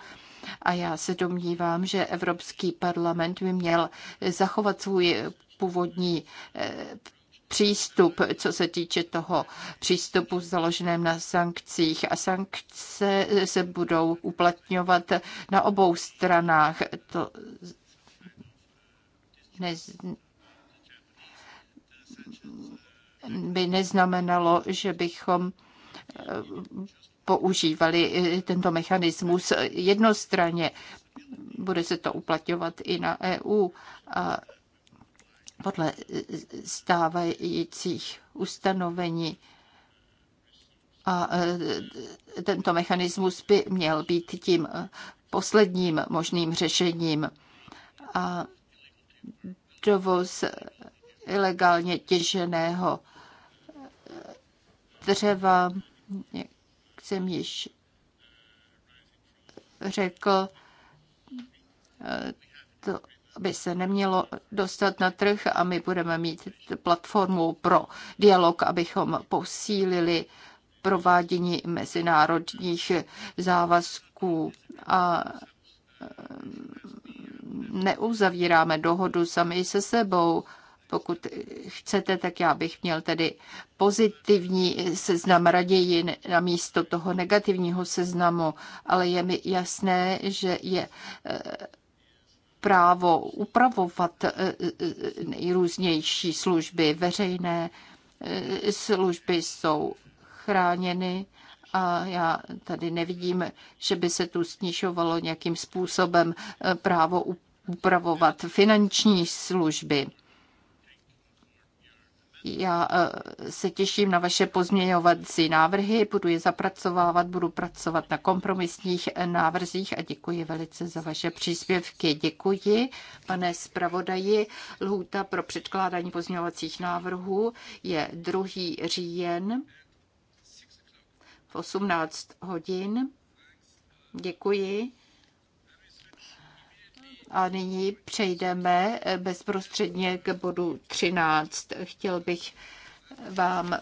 A já se domnívám, že Evropský parlament by měl zachovat svůj původní eh, přístup, co se týče toho přístupu založeném na sankcích. A sankce se budou uplatňovat na obou stranách. To nez, by neznamenalo, že bychom eh, používali eh, tento mechanismus jednostranně. Bude se to uplatňovat i na EU. A podle eh, stávajících ustanovení a tento mechanismus by měl být tím posledním možným řešením. A dovoz ilegálně těženého dřeva, jak jsem již řekl, to by se nemělo dostat na trh a my budeme mít platformu pro dialog, abychom posílili provádění mezinárodních závazků a neuzavíráme dohodu sami se sebou. Pokud chcete, tak já bych měl tedy pozitivní seznam raději na místo toho negativního seznamu, ale je mi jasné, že je eh, právo upravovat eh, eh, nejrůznější služby veřejné. Služby jsou chráněny a já tady nevidím, že by se tu snižovalo nějakým způsobem eh, právo upravovat finanční služby. Já eh, se těším na vaše pozměňovací návrhy, budu je zapracovávat, budu pracovat na kompromisních eh, návrzích a děkuji velice za vaše příspěvky. Děkuji, pane zpravodaji. Lhůta pro předkládání pozměňovacích návrhů je 2. říjen v 18 hodin. Děkuji. A nyní přejdeme bezprostředně k bodu 13. Chtěl bych vám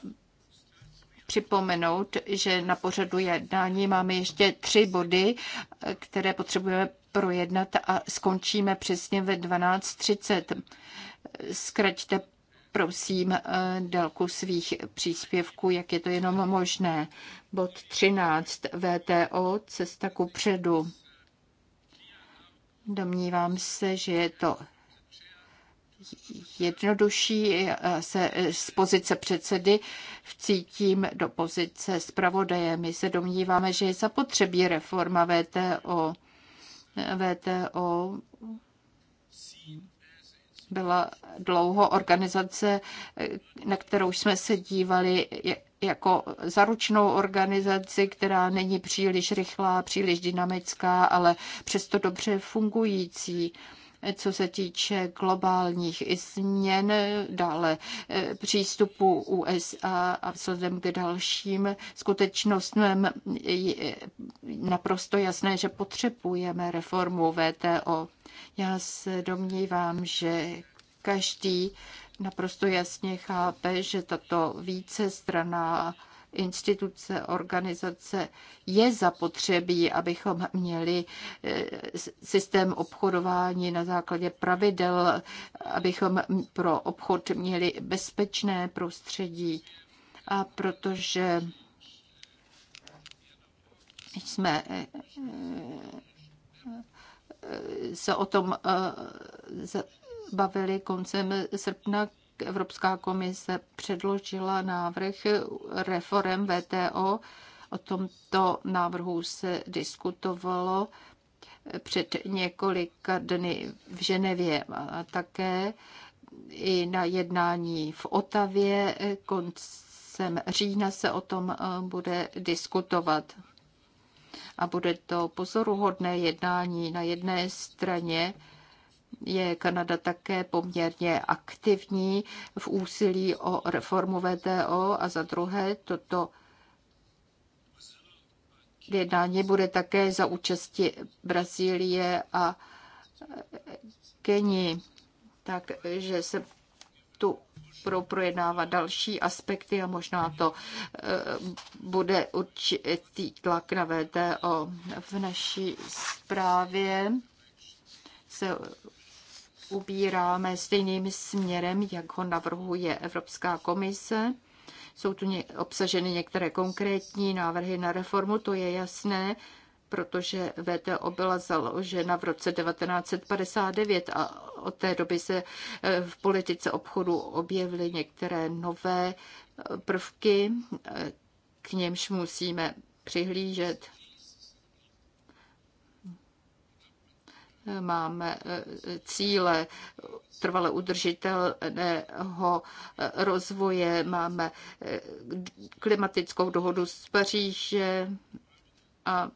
připomenout, že na pořadu jednání máme ještě tři body, které potřebujeme projednat a skončíme přesně ve 12.30. Zkraťte prosím eh, délku svých příspěvků, jak je to jenom možné. Bod 13 VTO, cesta ku předu. Domnívám se, že je to jednodušší eh, se eh, z pozice předsedy vcítím do pozice zpravodaje. My se domníváme, že je zapotřebí reforma VTO. VTO byla dlouho organizace, na kterou jsme se dívali jako zaručnou organizaci, která není příliš rychlá, příliš dynamická, ale přesto dobře fungující co se týče globálních změn, dále eh, přístupu USA a vzhledem k dalším skutečnostem je eh, naprosto jasné, že potřebujeme reformu VTO. Já se domnívám, že každý naprosto jasně chápe, že tato vícestraná instituce, organizace je zapotřebí, abychom měli eh, systém obchodování na základě pravidel, abychom pro obchod měli bezpečné prostředí. A protože jsme eh, eh, se o tom bavili koncem srpna, Evropská komise předložila návrh reform VTO. O tomto návrhu se diskutovalo před několika dny v Ženevě a také i na jednání v Otavě koncem října se o tom eh, bude diskutovat. A bude to pozoruhodné jednání na jedné straně je Kanada také poměrně aktivní v úsilí o reformu VTO a za druhé toto jednání bude také za účasti Brazílie a Keni. Takže se tu pro projednávat další aspekty a možná to eh, bude určitý tlak na VTO. V naší zprávě se ubíráme stejným směrem, jak ho navrhuje Evropská komise. Jsou tu obsaženy některé konkrétní návrhy na reformu, to je jasné, protože VTO byla založena v roce 1959 a od té doby se eh, v politice obchodu objevily některé nové eh, prvky, eh, k němž musíme přihlížet. máme e, e, cíle trvale udržitelného e, rozvoje, máme klimatickou dohodu z Paříže a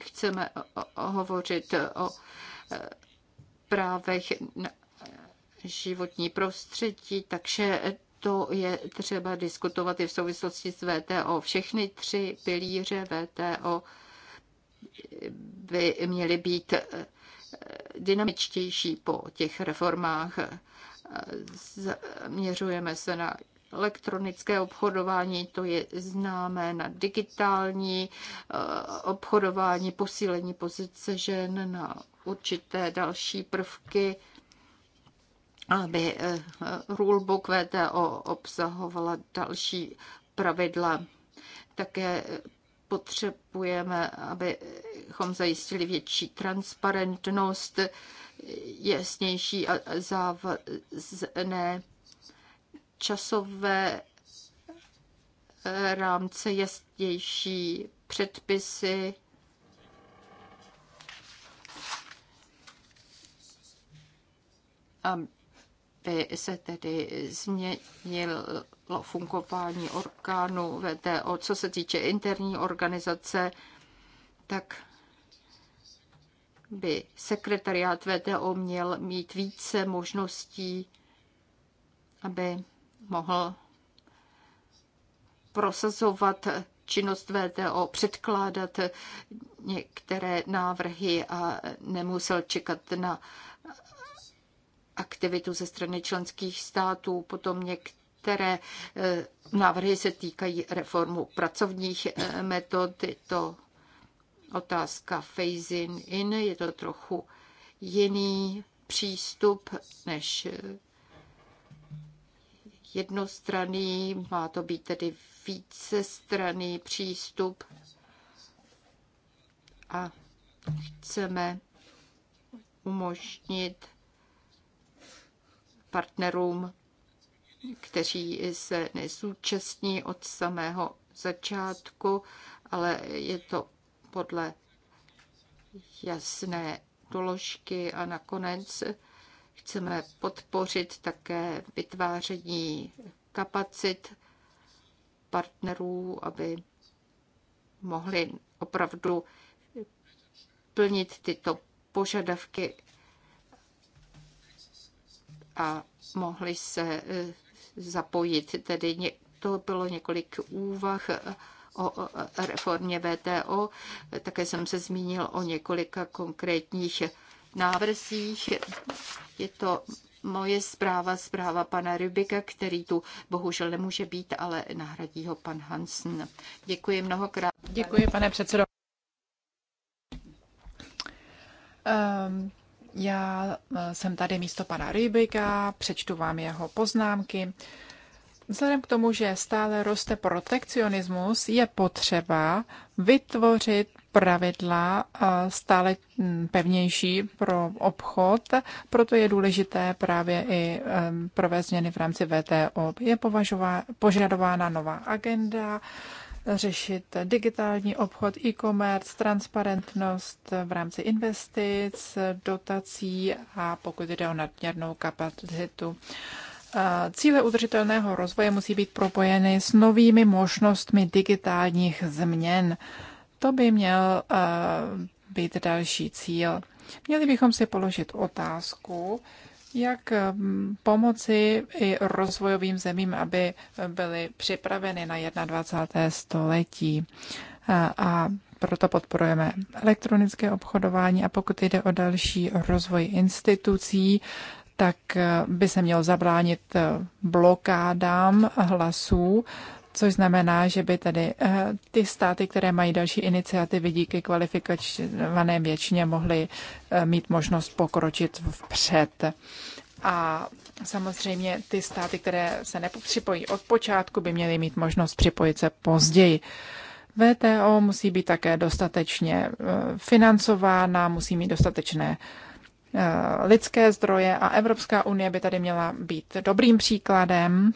chceme hovořit o právech na životní prostředí, takže to je třeba diskutovat i v souvislosti s VTO. Všechny tři pilíře VTO by měly být eh, dynamičtější po těch reformách. Zaměřujeme se na elektronické obchodování, to je známé, na digitální eh, obchodování, posílení pozice žen, na určité další prvky, aby eh, rulebook VTO obsahovala další pravidla. Také potřebujeme, abychom zajistili větší transparentnost, jasnější a závazné časové rámce, jasnější předpisy. A aby se tedy změnilo fungování orgánu VTO. Co se týče interní organizace, tak by sekretariát VTO měl mít více možností, aby mohl prosazovat činnost VTO, předkládat některé návrhy a nemusel čekat na aktivitu ze strany členských států, potom některé eh, návrhy se týkají reformu pracovních eh, metod, je to otázka phasing in, je to trochu jiný přístup než eh, jednostranný, má to být tedy vícestranný přístup a chceme umožnit partnerům, kteří se nezúčastní od samého začátku, ale je to podle jasné doložky a nakonec chceme podpořit také vytváření kapacit partnerů, aby mohli opravdu plnit tyto požadavky a mohli se eh, zapojit. Tedy to bylo několik úvah o reformě VTO. Také jsem se zmínil o několika konkrétních návrzích. Je to moje zpráva, zpráva pana Rybika, který tu bohužel nemůže být, ale nahradí ho pan Hansen. Děkuji mnohokrát. Děkuji, pane předsedo. Um, já e, jsem tady místo pana Rybika, přečtu vám jeho poznámky. Vzhledem k tomu, že stále roste protekcionismus, je potřeba vytvořit pravidla e, stále mm, pevnější pro obchod, proto je důležité právě i e, provést změny v rámci VTO. Je považová, požadována nová agenda, řešit digitální obchod, e-commerce, transparentnost v rámci investic, dotací a pokud jde o nadměrnou kapacitu. Cíle udržitelného rozvoje musí být propojeny s novými možnostmi digitálních změn. To by měl být další cíl. Měli bychom si položit otázku, jak mm, pomoci i rozvojovým zemím, aby byly připraveny na 21. století. A proto podporujeme elektronické obchodování a pokud jde o další rozvoj institucí, tak eh, by se měl zabránit eh, blokádám hlasů což znamená, že by tady eh, ty státy, které mají další iniciativy díky kvalifikované většině, mohly eh, mít možnost pokročit vpřed. A samozřejmě ty státy, které se nepřipojí od počátku, by měly mít možnost připojit se později. VTO musí být také dostatečně eh, financována, musí mít dostatečné lidské zdroje a Evropská unie by tady měla být dobrým příkladem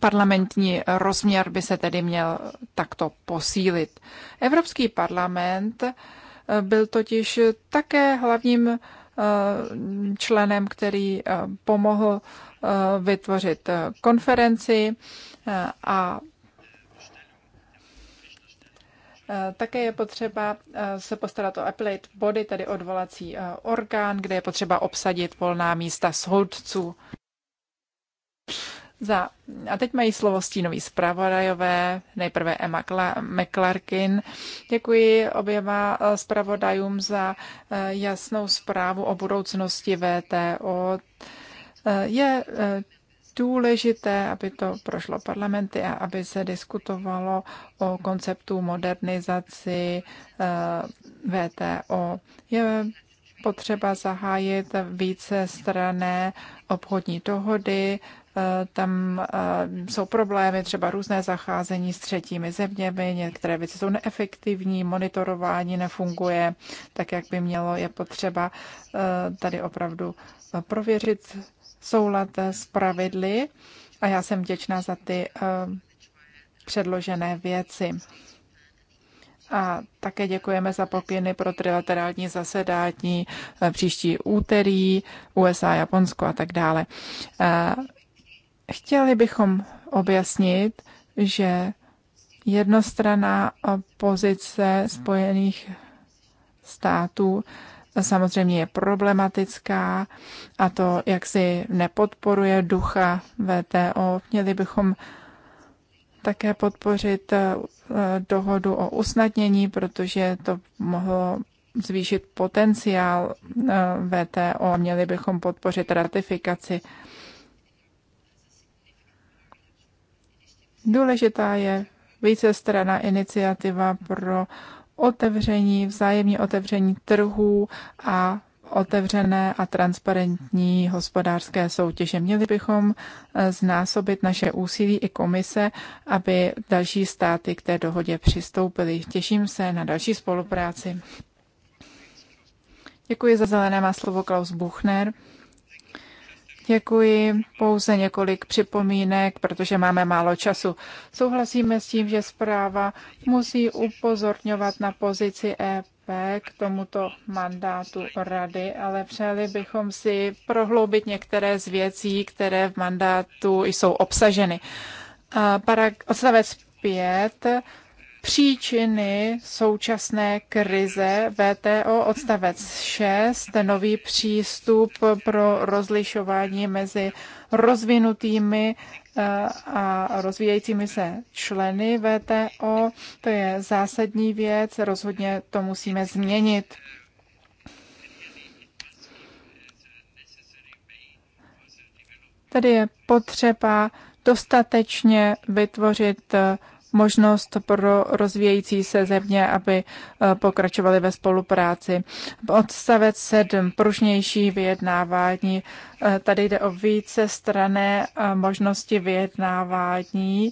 Parlamentní rozměr by se tedy měl takto posílit. Evropský parlament eh, byl totiž také hlavním eh, členem, který eh, pomohl vytvořit konferenci a také je potřeba se postarat o appellate body, tedy odvolací orgán, kde je potřeba obsadit volná místa soudců. Za, a teď mají slovo stínový zpravodajové, nejprve Emma McClarkin. Děkuji oběma eh, zpravodajům za eh, jasnou zprávu o budoucnosti VTO. Eh, je důležité, aby to prošlo parlamenty a aby se diskutovalo o konceptu modernizaci VTO. Je potřeba zahájit více strané obchodní dohody tam eh, jsou problémy, třeba různé zacházení s třetími zeměmi, některé věci jsou neefektivní, monitorování nefunguje tak, jak by mělo. Je potřeba eh, tady opravdu eh, prověřit soulad s pravidly a já jsem vděčná za ty předložené věci. A také děkujeme za pokyny pro trilaterální zasedání příští úterý, USA, Japonsko a tak dále. Chtěli bychom objasnit, že jednostranná pozice Spojených států samozřejmě je problematická a to, jak si nepodporuje ducha VTO. Měli bychom také podpořit eh, dohodu o usnadnění, protože to mohlo zvýšit potenciál eh, VTO. Měli bychom podpořit ratifikaci Důležitá je strana iniciativa pro otevření, vzájemní otevření trhů a otevřené a transparentní hospodářské soutěže. Měli bychom eh, znásobit naše úsilí i komise, aby další státy k té dohodě přistoupily. Těším se na další spolupráci. Děkuji za zelené má slovo Klaus Buchner. Děkuji. Pouze několik připomínek, protože máme málo času. Souhlasíme s tím, že zpráva musí upozorňovat na pozici EP k tomuto mandátu rady, ale přáli bychom si prohloubit některé z věcí, které v mandátu jsou obsaženy. Parag- odstavec 5 Příčiny současné krize VTO odstavec 6, nový přístup pro rozlišování mezi rozvinutými eh, a rozvíjejícími se členy VTO, to je zásadní věc, rozhodně to musíme změnit. Tady je potřeba dostatečně vytvořit eh, možnost pro rozvíjející se země, aby eh, pokračovali ve spolupráci. Odstavec 7. Pružnější vyjednávání. Eh, tady jde o více strané eh, možnosti vyjednávání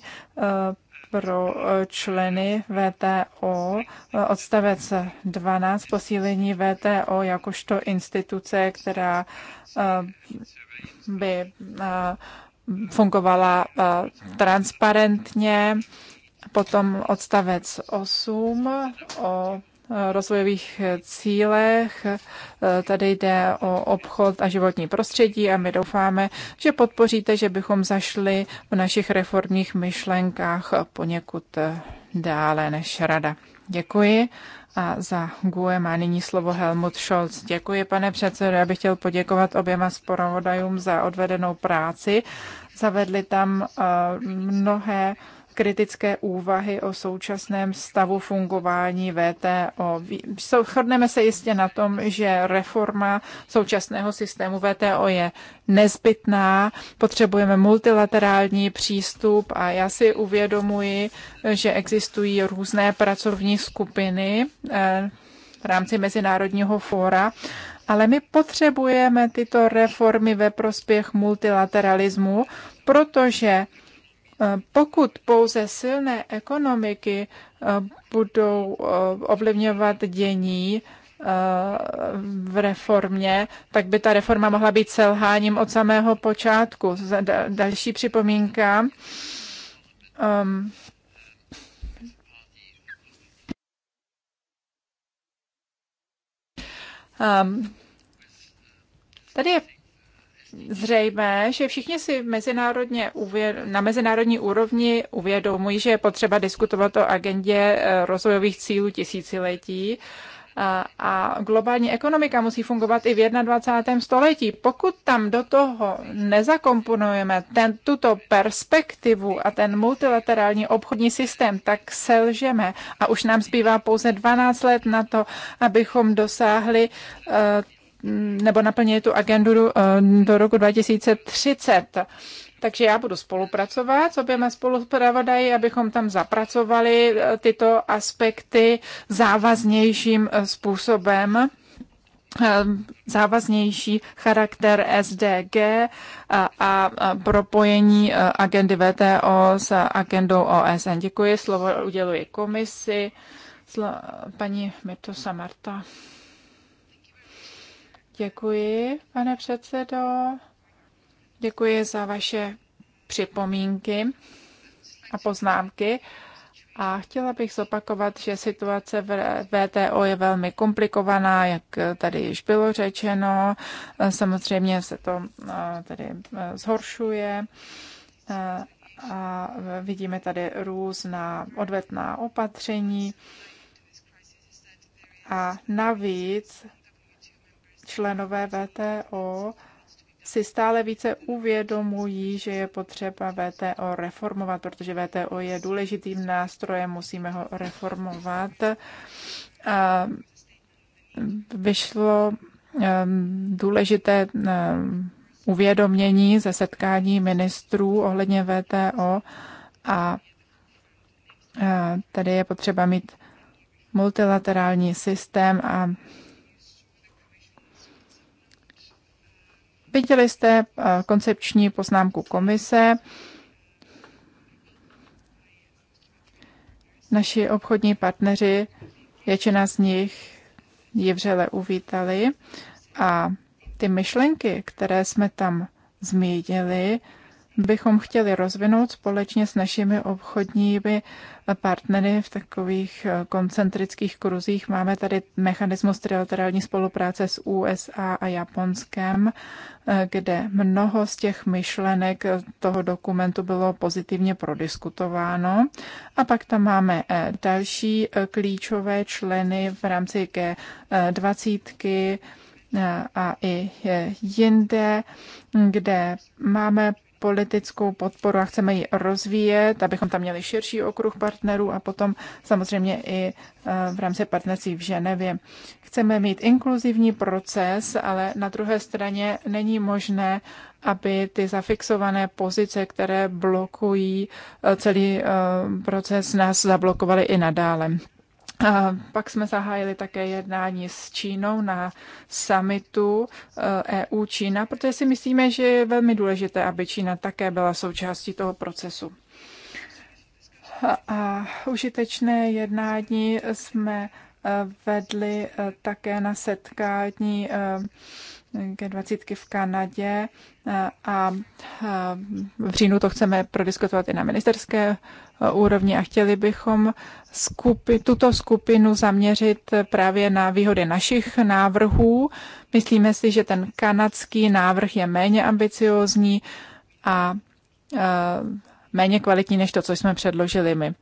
pro členy VTO. Odstavec 12. Posílení VTO jakožto instituce, která by fungovala transparentně Potom odstavec 8 o e, rozvojových cílech. E, tady jde o obchod a životní prostředí a my doufáme, že podpoříte, že bychom zašli v našich reformních myšlenkách poněkud e, dále než rada. Děkuji. A za GUE má nyní slovo Helmut Scholz. Děkuji, pane předsedo. Já bych chtěl poděkovat oběma sporovodajům za odvedenou práci. Zavedli tam mnohé kritické úvahy o současném stavu fungování VTO. Shodneme se jistě na tom, že reforma současného systému VTO je nezbytná, potřebujeme multilaterální přístup a já si uvědomuji, že existují různé pracovní skupiny eh, v rámci Mezinárodního fóra, ale my potřebujeme tyto reformy ve prospěch multilateralismu, protože Eh, pokud pouze silné ekonomiky eh, budou eh, ovlivňovat dění v reformě, tak by ta reforma mohla být selháním od samého počátku. Další připomínka. Ehm, ehm, tady je zřejmé, že všichni si mezinárodně na mezinárodní úrovni uvědomují, že je potřeba diskutovat o agendě eh, rozvojových cílů tisíciletí a globální ekonomika musí fungovat i v 21. století. Pokud tam do toho nezakomponujeme ten, tuto perspektivu a ten multilaterální obchodní systém, tak selžeme. A už nám zbývá pouze 12 let na to, abychom dosáhli eh, Mm, nebo naplnili tu agendu eh, do roku 2030. Takže já budu spolupracovat s oběma spolupravodají, abychom tam zapracovali eh, tyto aspekty závaznějším eh, způsobem závaznější charakter SDG a, a propojení agendy VTO s agendou OSN. Děkuji, slovo uděluji komisi, paní Mirtosa Marta. Děkuji, pane předsedo. Děkuji za vaše připomínky a poznámky. A chtěla bych zopakovat, že situace v VTO je velmi komplikovaná, jak tady již bylo řečeno. Samozřejmě se to eh, tady eh, zhoršuje eh, a vidíme tady různá odvetná opatření. A navíc členové VTO si stále více uvědomují, že je potřeba VTO reformovat, protože VTO je důležitým nástrojem, musíme ho reformovat. A vyšlo ehm, důležité ehm, uvědomění ze setkání ministrů ohledně VTO a eh, tady je potřeba mít multilaterální systém a Viděli jste eh, koncepční poznámku komise. Naši obchodní partneři, většina z nich ji vřele uvítali a ty myšlenky, které jsme tam zmínili, bychom chtěli rozvinout společně s našimi obchodními partnery v takových eh, koncentrických kruzích. Máme tady mechanismus trilaterální spolupráce s USA a Japonskem, eh, kde mnoho z těch myšlenek toho dokumentu bylo pozitivně prodiskutováno. A pak tam máme eh, další klíčové členy v rámci G20 a i jinde, kde máme politickou podporu a chceme ji rozvíjet, abychom tam měli širší okruh partnerů a potom samozřejmě i e, v rámci partnerství v Ženevě. Chceme mít inkluzivní proces, ale na druhé straně není možné, aby ty zafixované pozice, které blokují e, celý e, proces, nás zablokovaly i nadále. Pak jsme zahájili také jednání s Čínou na summitu EU-Čína, eh, e protože si myslíme, že je velmi důležité, aby Čína také byla součástí toho procesu. A užitečné jednání jsme eh, vedli eh, také na setkání G20 v Kanadě eh, a eh, v říjnu to chceme prodiskutovat i na ministerské eh, úrovni a chtěli bychom skupi, tuto skupinu zaměřit právě na výhody našich návrhů. Myslíme si, že ten kanadský návrh je méně ambiciozní a méně kvalitní než to, co jsme předložili my.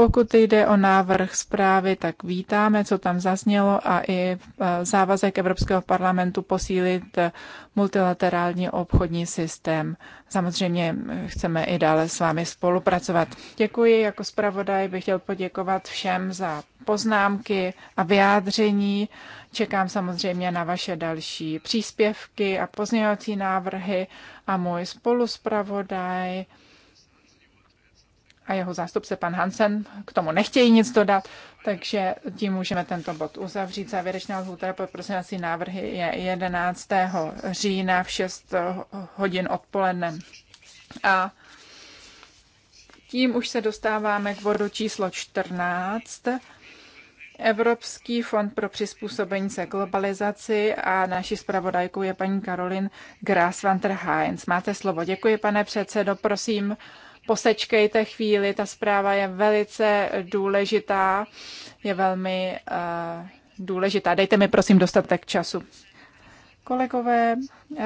Pokud jde o návrh zprávy, tak vítáme, co tam zaznělo a i e, závazek Evropského parlamentu posílit e, multilaterální obchodní systém. Samozřejmě chceme i dále s vámi spolupracovat. Děkuji jako zpravodaj, bych chtěl poděkovat všem za poznámky a vyjádření. Čekám samozřejmě na vaše další příspěvky a pozměňovací návrhy a můj spoluspravodaj a jeho zástupce pan Hansen k tomu nechtějí nic dodat, takže tím můžeme tento bod uzavřít. Závěrečná lhůta pro prosinací návrhy je 11. října v 6 hodin odpoledne. A tím už se dostáváme k bodu číslo 14. Evropský fond pro přizpůsobení se globalizaci a naší zpravodajkou je paní Karolin Grasvanter Heinz. Máte slovo. Děkuji, pane předsedo. Prosím, posečkejte chvíli, ta zpráva je velice důležitá, je velmi uh, důležitá. Dejte mi prosím dostatek času. Kolegové, uh,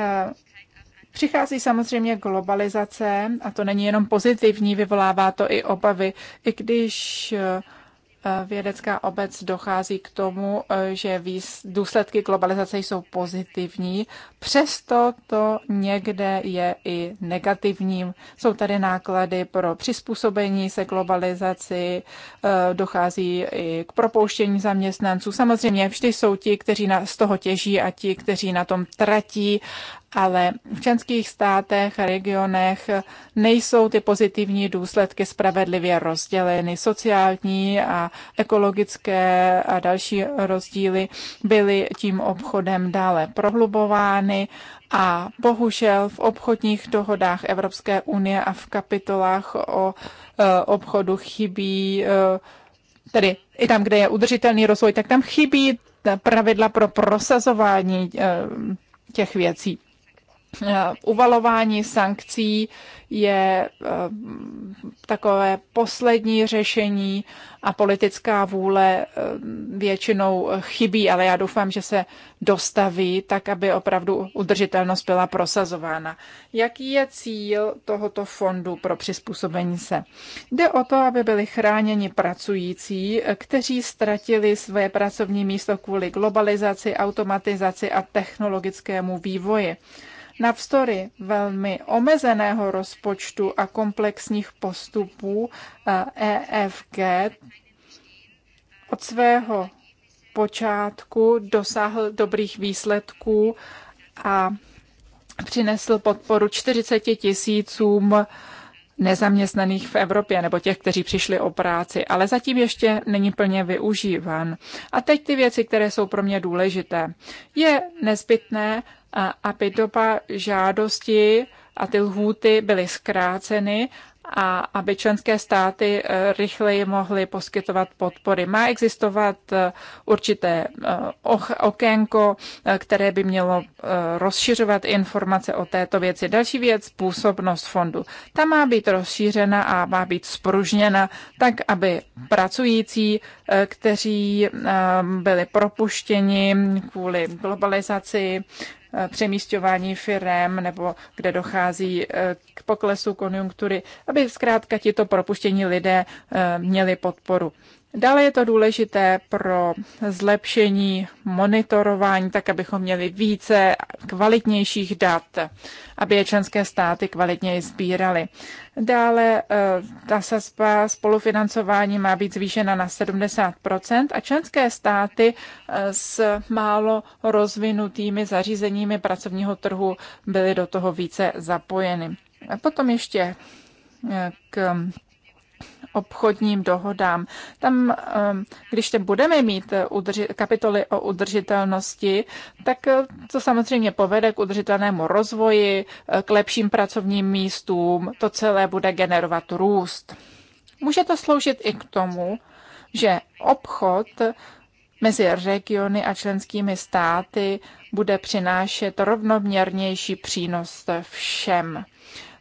Přichází samozřejmě globalizace a to není jenom pozitivní, vyvolává to i obavy. I když eh, Eh, vědecká obec dochází k tomu, eh, že důsledky globalizace jsou pozitivní, přesto to někde je i negativním. Jsou tady náklady pro přizpůsobení se globalizaci, eh, dochází i k propouštění zaměstnanců. Samozřejmě vždy jsou ti, kteří z toho těží a ti, kteří na tom tratí ale v členských státech a regionech nejsou ty pozitivní důsledky spravedlivě rozděleny. Sociální a ekologické a další rozdíly byly tím obchodem dále prohlubovány a bohužel v obchodních dohodách Evropské unie a v kapitolách o e, obchodu chybí e, tedy i tam, kde je udržitelný rozvoj, tak tam chybí pravidla pro prosazování e, těch věcí. Eh, uvalování sankcí je eh, takové poslední řešení a politická vůle eh, většinou chybí, ale já doufám, že se dostaví tak, aby opravdu udržitelnost byla prosazována. Jaký je cíl tohoto fondu pro přizpůsobení se? Jde o to, aby byli chráněni pracující, kteří ztratili své pracovní místo kvůli globalizaci, automatizaci a technologickému vývoji. Navzdory velmi omezeného rozpočtu a komplexních postupů EFG eh, e od svého počátku dosáhl dobrých výsledků a přinesl podporu 40 tisícům nezaměstnaných v Evropě nebo těch, kteří přišli o práci, ale zatím ještě není plně využívan. A teď ty věci, které jsou pro mě důležité. Je nezbytné, a doba žádosti a ty lhůty byly zkráceny a aby členské státy eh, rychleji mohly poskytovat podpory. Má existovat eh, určité eh, okénko, které by mělo rozšiřovat informace o této věci. Další věc, působnost fondu. Ta má být rozšířena a má být spružněna tak, aby pracující, kteří byli propuštěni kvůli globalizaci, přemístování firem nebo kde dochází eh, k poklesu konjunktury, aby zkrátka tito propuštění lidé eh, měli podporu. Dále je to důležité pro zlepšení monitorování, tak abychom měli více kvalitnějších dat, aby je členské státy kvalitněji sbíraly. Dále eh, ta sazba spolufinancování má být zvýšena na 70 a členské státy eh, s málo rozvinutými zařízeními pracovního trhu byly do toho více zapojeny. A potom ještě eh, k obchodním dohodám. Tam, um, když te budeme mít eh, kapitoly o udržitelnosti, tak eh, to samozřejmě povede k udržitelnému rozvoji, eh, k lepším pracovním místům, to celé bude generovat růst. Může to sloužit i k tomu, že obchod mezi regiony a členskými státy bude přinášet rovnoměrnější přínos všem.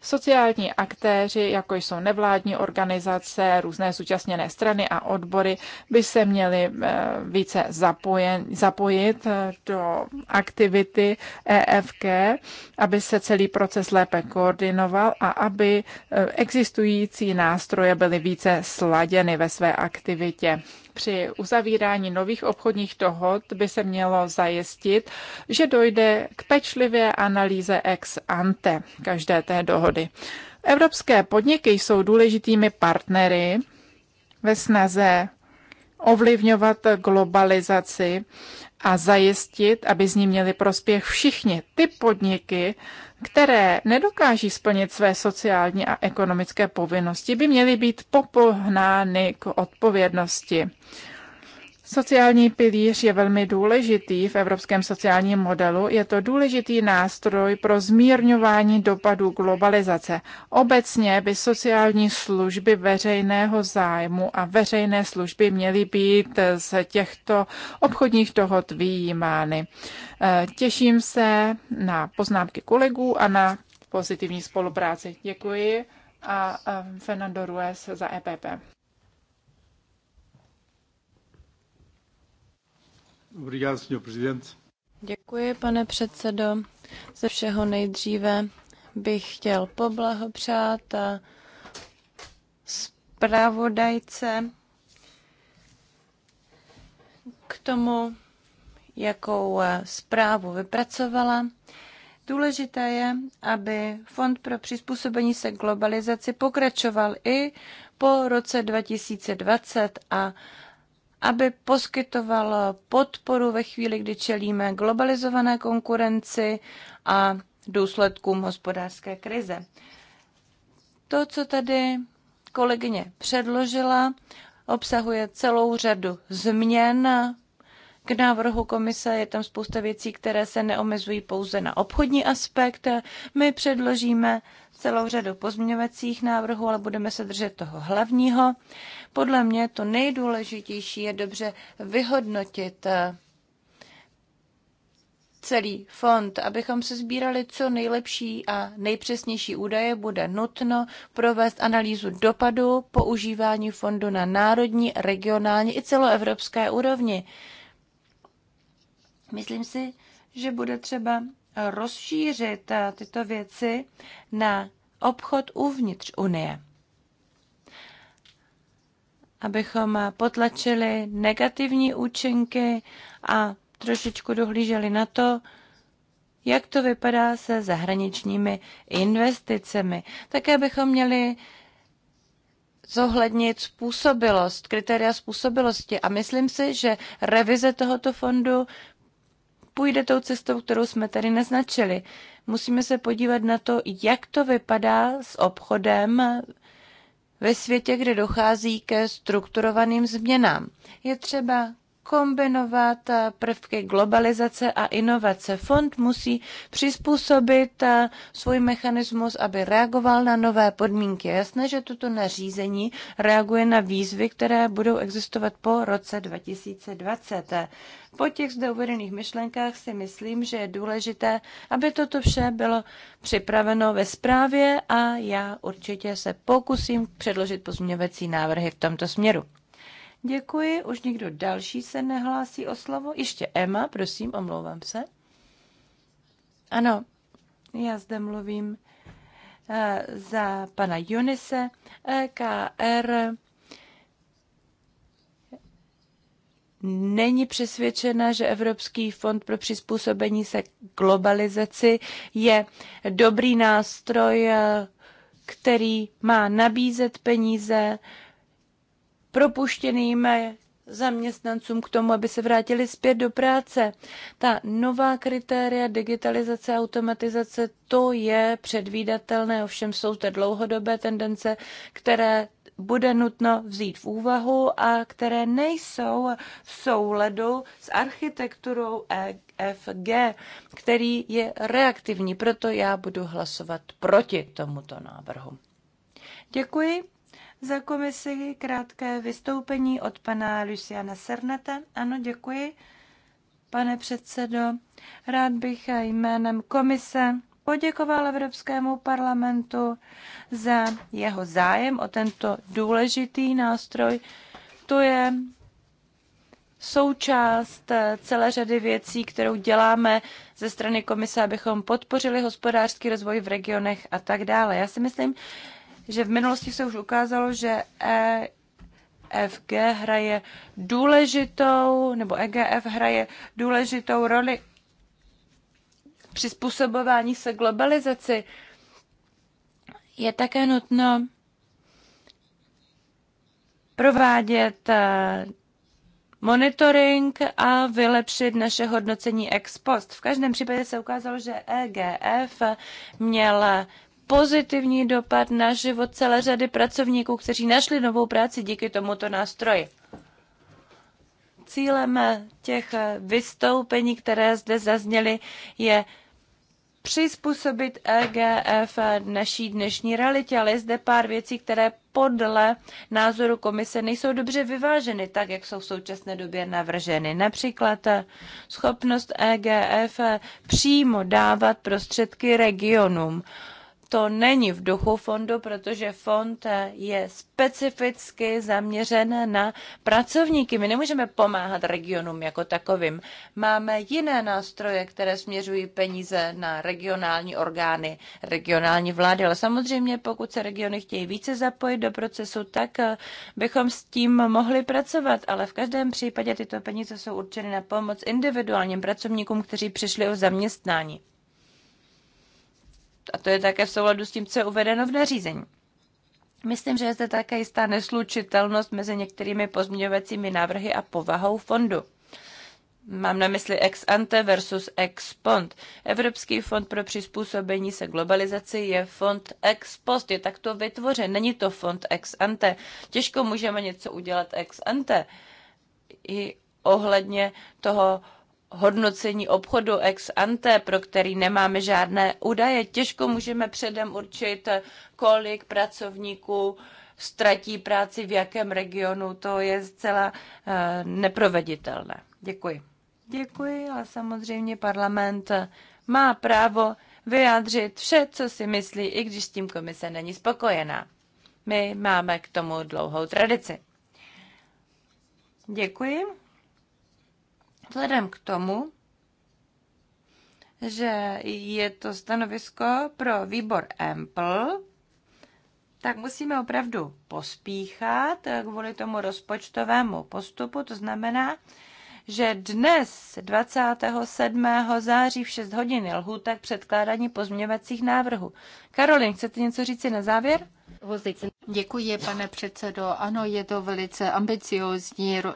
Sociální aktéři, jako jsou nevládní organizace, různé zúčastněné strany a odbory, by se měli eh, více zapojen, zapojit eh, do aktivity EFK, aby se celý proces lépe koordinoval a aby eh, existující nástroje byly více sladěny ve své aktivitě. Při uzavírání nových obchodních dohod by se mělo zajistit, že dojde k pečlivé analýze ex ante každé té dohody. Evropské podniky jsou důležitými partnery ve snaze ovlivňovat globalizaci a zajistit, aby z ní měli prospěch všichni ty podniky, které nedokáží splnit své sociální a ekonomické povinnosti, by měly být popohnány k odpovědnosti. Sociální pilíř je velmi důležitý v evropském sociálním modelu. Je to důležitý nástroj pro zmírňování dopadů globalizace. Obecně by sociální služby veřejného zájmu a veřejné služby měly být z těchto obchodních dohod vyjímány. Eh, těším se na poznámky kolegů a na pozitivní spolupráci. Děkuji a eh, Fernando Ruiz za EPP. Děkuji, pane předsedo. Ze všeho nejdříve bych chtěl poblahopřát a zpravodajce k tomu, jakou zprávu vypracovala. Důležité je, aby Fond pro přizpůsobení se globalizaci pokračoval i po roce 2020 a aby poskytoval podporu ve chvíli, kdy čelíme globalizované konkurenci a důsledkům hospodářské krize. To, co tady kolegyně předložila, obsahuje celou řadu změn k návrhu komise je tam spousta věcí, které se neomezují pouze na obchodní aspekt. My předložíme celou řadu pozměňovacích návrhů, ale budeme se držet toho hlavního. Podle mě to nejdůležitější je dobře vyhodnotit eh, celý fond, abychom se sbírali co nejlepší a nejpřesnější údaje, bude nutno provést analýzu dopadu používání fondu na národní, regionální i celoevropské úrovni. Myslím si, že bude třeba rozšířit eh, tyto věci na obchod uvnitř Unie, abychom eh, potlačili negativní účinky a trošičku dohlíželi na to, jak to vypadá se zahraničními investicemi. Také bychom měli zohlednit způsobilost, kritéria způsobilosti. A myslím si, že revize tohoto fondu půjde tou cestou, kterou jsme tady naznačili. Musíme se podívat na to, jak to vypadá s obchodem ve světě, kde dochází ke strukturovaným změnám. Je třeba kombinovat eh, prvky globalizace a inovace. Fond musí přizpůsobit eh, svůj mechanismus, aby reagoval na nové podmínky. Jasné, že toto nařízení reaguje na výzvy, které budou existovat po roce 2020. Po těch zde uvedených myšlenkách si myslím, že je důležité, aby toto vše bylo připraveno ve zprávě a já určitě se pokusím předložit pozměňovací návrhy v tomto směru. Děkuji. Už někdo další se nehlásí o slovo? Ještě Emma, prosím, omlouvám se. Ano, já zde mluvím eh, za pana Junise, EKR není přesvědčena, že Evropský fond pro přizpůsobení se globalizaci je dobrý nástroj, eh, který má nabízet peníze propuštěným zaměstnancům k tomu, aby se vrátili zpět do práce. Ta nová kritéria digitalizace a automatizace, to je předvídatelné, ovšem jsou zde dlouhodobé tendence, které bude nutno vzít v úvahu a které nejsou v souladu s architekturou EFG, který je reaktivní. Proto já budu hlasovat proti tomuto návrhu. Děkuji za komisi krátké vystoupení od pana Luciana Serneta. Ano, děkuji. Pane předsedo, rád bych jménem komise poděkoval Evropskému parlamentu za jeho zájem o tento důležitý nástroj. To je součást celé řady věcí, kterou děláme ze strany komise, abychom podpořili hospodářský rozvoj v regionech a tak dále. Já si myslím, že v minulosti se už ukázalo, že EFG hraje důležitou, nebo EGF hraje důležitou roli při způsobování se globalizaci. Je také nutno provádět eh, monitoring a vylepšit naše hodnocení ex post. V každém případě se ukázalo, že EGF měl pozitivní dopad na život celé řady pracovníků, kteří našli novou práci díky tomuto nástroji. Cílem těch vystoupení, které zde zazněly, je přizpůsobit EGF naší dnešní realitě, ale je zde pár věcí, které podle názoru komise nejsou dobře vyváženy, tak jak jsou v současné době navrženy. Například schopnost EGF přímo dávat prostředky regionům to není v duchu fondu, protože fond je specificky zaměřen na pracovníky. My nemůžeme pomáhat regionům jako takovým. Máme jiné nástroje, které směřují peníze na regionální orgány, regionální vlády, ale samozřejmě pokud se regiony chtějí více zapojit do procesu, tak eh, bychom s tím mohli pracovat, ale v každém případě tyto peníze jsou určeny na pomoc individuálním pracovníkům, kteří přišli o zaměstnání a to je také v souladu s tím, co je uvedeno v nařízení. Myslím, že je zde také jistá neslučitelnost mezi některými pozměňovacími návrhy a povahou fondu. Mám na mysli ex ante versus ex pont. Evropský fond pro přizpůsobení se globalizaci je fond ex post, je takto vytvořen, není to fond ex ante. Těžko můžeme něco udělat ex ante i ohledně toho hodnocení obchodu ex ante, pro který nemáme žádné údaje, těžko můžeme předem určit, kolik pracovníků ztratí práci v jakém regionu. To je zcela eh, neproveditelné. Děkuji. Děkuji, ale samozřejmě parlament eh, má právo vyjádřit vše, co si myslí, i když s tím komise není spokojená. My máme k tomu dlouhou tradici. Děkuji. Vzhledem k tomu, že je to stanovisko pro výbor EMPL, tak musíme opravdu pospíchat kvůli tomu rozpočtovému postupu. To znamená, že dnes 27. září v 6 hodin je tak předkládání pozměňovacích návrhů. Karolin, chcete něco říci na závěr? Děkuji, pane předsedo. Ano, je to velice ambiciózní eh,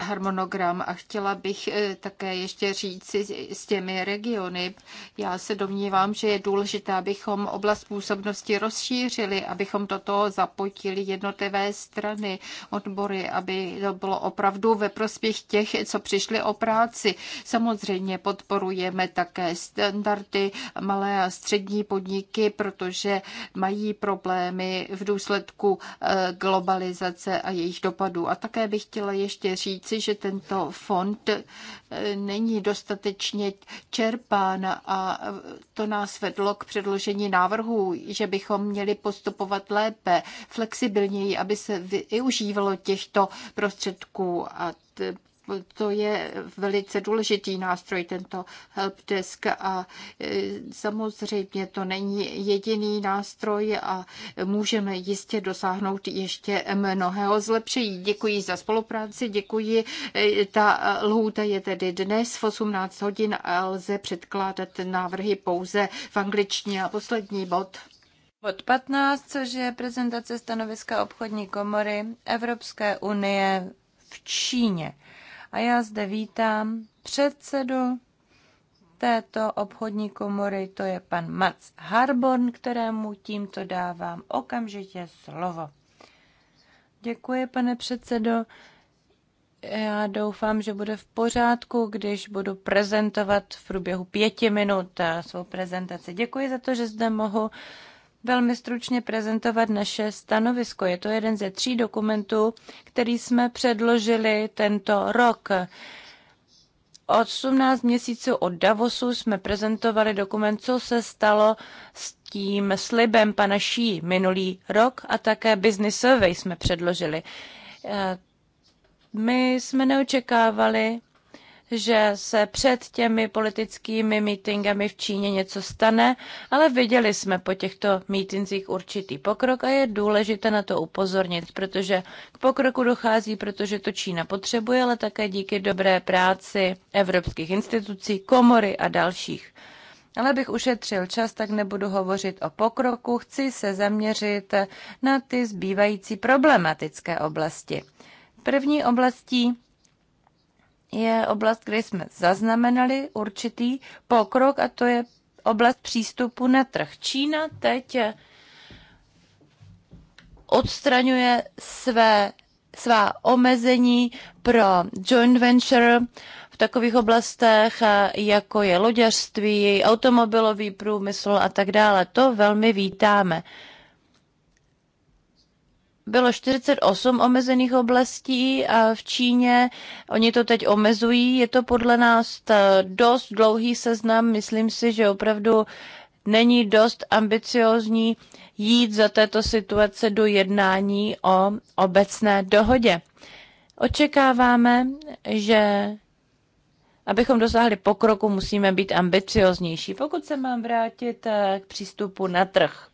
harmonogram a chtěla bych eh, také ještě říct s těmi regiony. Já se domnívám, že je důležité, abychom oblast působnosti rozšířili, abychom do toho zapotili jednotlivé strany, odbory, aby to bylo opravdu ve prospěch těch, co přišli o práci. Samozřejmě podporujeme také standardy malé a střední podniky, podniky, protože mají problémy v důsledku eh, globalizace a jejich dopadů. A také bych chtěla ještě říci, že tento fond eh, není dostatečně čerpán a eh, to nás vedlo k předložení návrhů, že bychom měli postupovat lépe, flexibilněji, aby se využívalo těchto prostředků a to je velice důležitý nástroj, tento helpdesk a e, samozřejmě to není jediný nástroj a můžeme jistě dosáhnout ještě mnohého zlepšení. Děkuji za spolupráci, děkuji. E, ta lhůta je tedy dnes v 18 hodin a lze předkládat návrhy pouze v angličtině. A poslední bod. Bod 15, což je prezentace stanoviska obchodní komory Evropské unie v Číně. A já zde vítám předsedu této obchodní komory, to je pan Mac Harborn, kterému tímto dávám okamžitě slovo. Děkuji, pane předsedo. Já doufám, že bude v pořádku, když budu prezentovat v průběhu pěti minut eh, svou prezentaci. Děkuji za to, že zde mohu velmi stručně prezentovat naše stanovisko. Je to jeden ze tří dokumentů, který jsme předložili tento rok. Od 18 měsíců od Davosu jsme prezentovali dokument, co se stalo s tím slibem pana Ší minulý rok a také business survey jsme předložili. Eh, my jsme neočekávali, že se před těmi politickými mítingami v Číně něco stane, ale viděli jsme po těchto mítincích určitý pokrok a je důležité na to upozornit, protože k pokroku dochází, protože to Čína potřebuje, ale také díky dobré práci evropských institucí, komory a dalších. Ale bych ušetřil čas, tak nebudu hovořit o pokroku, chci se zaměřit na ty zbývající problematické oblasti. První oblastí je oblast, kde jsme zaznamenali určitý pokrok a to je oblast přístupu na trh. Čína teď odstraňuje své, svá omezení pro joint venture v takových oblastech, jako je loďařství, automobilový průmysl a tak dále. To velmi vítáme bylo 48 omezených oblastí a v Číně. Oni to teď omezují. Je to podle nás eh, dost dlouhý seznam. Myslím si, že opravdu není dost ambiciozní jít za této situace do jednání o obecné dohodě. Očekáváme, že abychom dosáhli pokroku, musíme být ambicioznější. Pokud se mám vrátit eh, k přístupu na trh.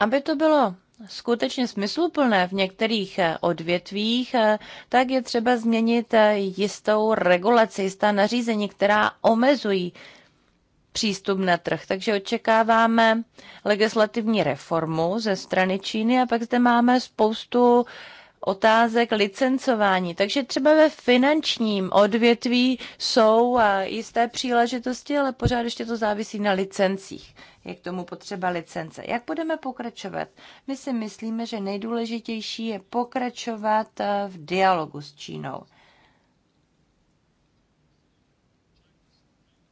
Aby to bylo skutečně smysluplné v některých eh, odvětvích, eh, tak je třeba změnit eh, jistou regulaci, jistá nařízení, která omezují přístup na trh. Takže očekáváme legislativní reformu ze strany Číny a pak zde máme spoustu otázek licencování. Takže třeba ve finančním odvětví jsou jisté příležitosti, ale pořád ještě to závisí na licencích je k tomu potřeba licence. Jak budeme pokračovat? My si myslíme, že nejdůležitější je pokračovat eh, v dialogu s Čínou.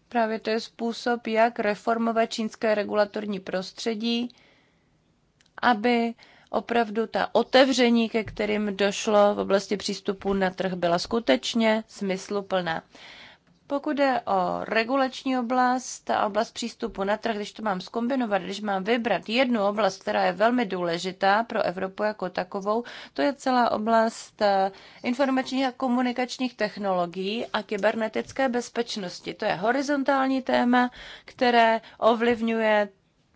Právě to je způsob, jak reformovat čínské regulatorní prostředí, aby opravdu ta otevření, ke kterým došlo v oblasti přístupu na trh, byla skutečně smysluplná. Pokud jde o regulační oblast a oblast přístupu na trh, když to mám skombinovat, když mám vybrat jednu oblast, která je velmi důležitá pro Evropu jako takovou, to je celá oblast eh, informačních a komunikačních technologií a kybernetické bezpečnosti. To je horizontální téma, které ovlivňuje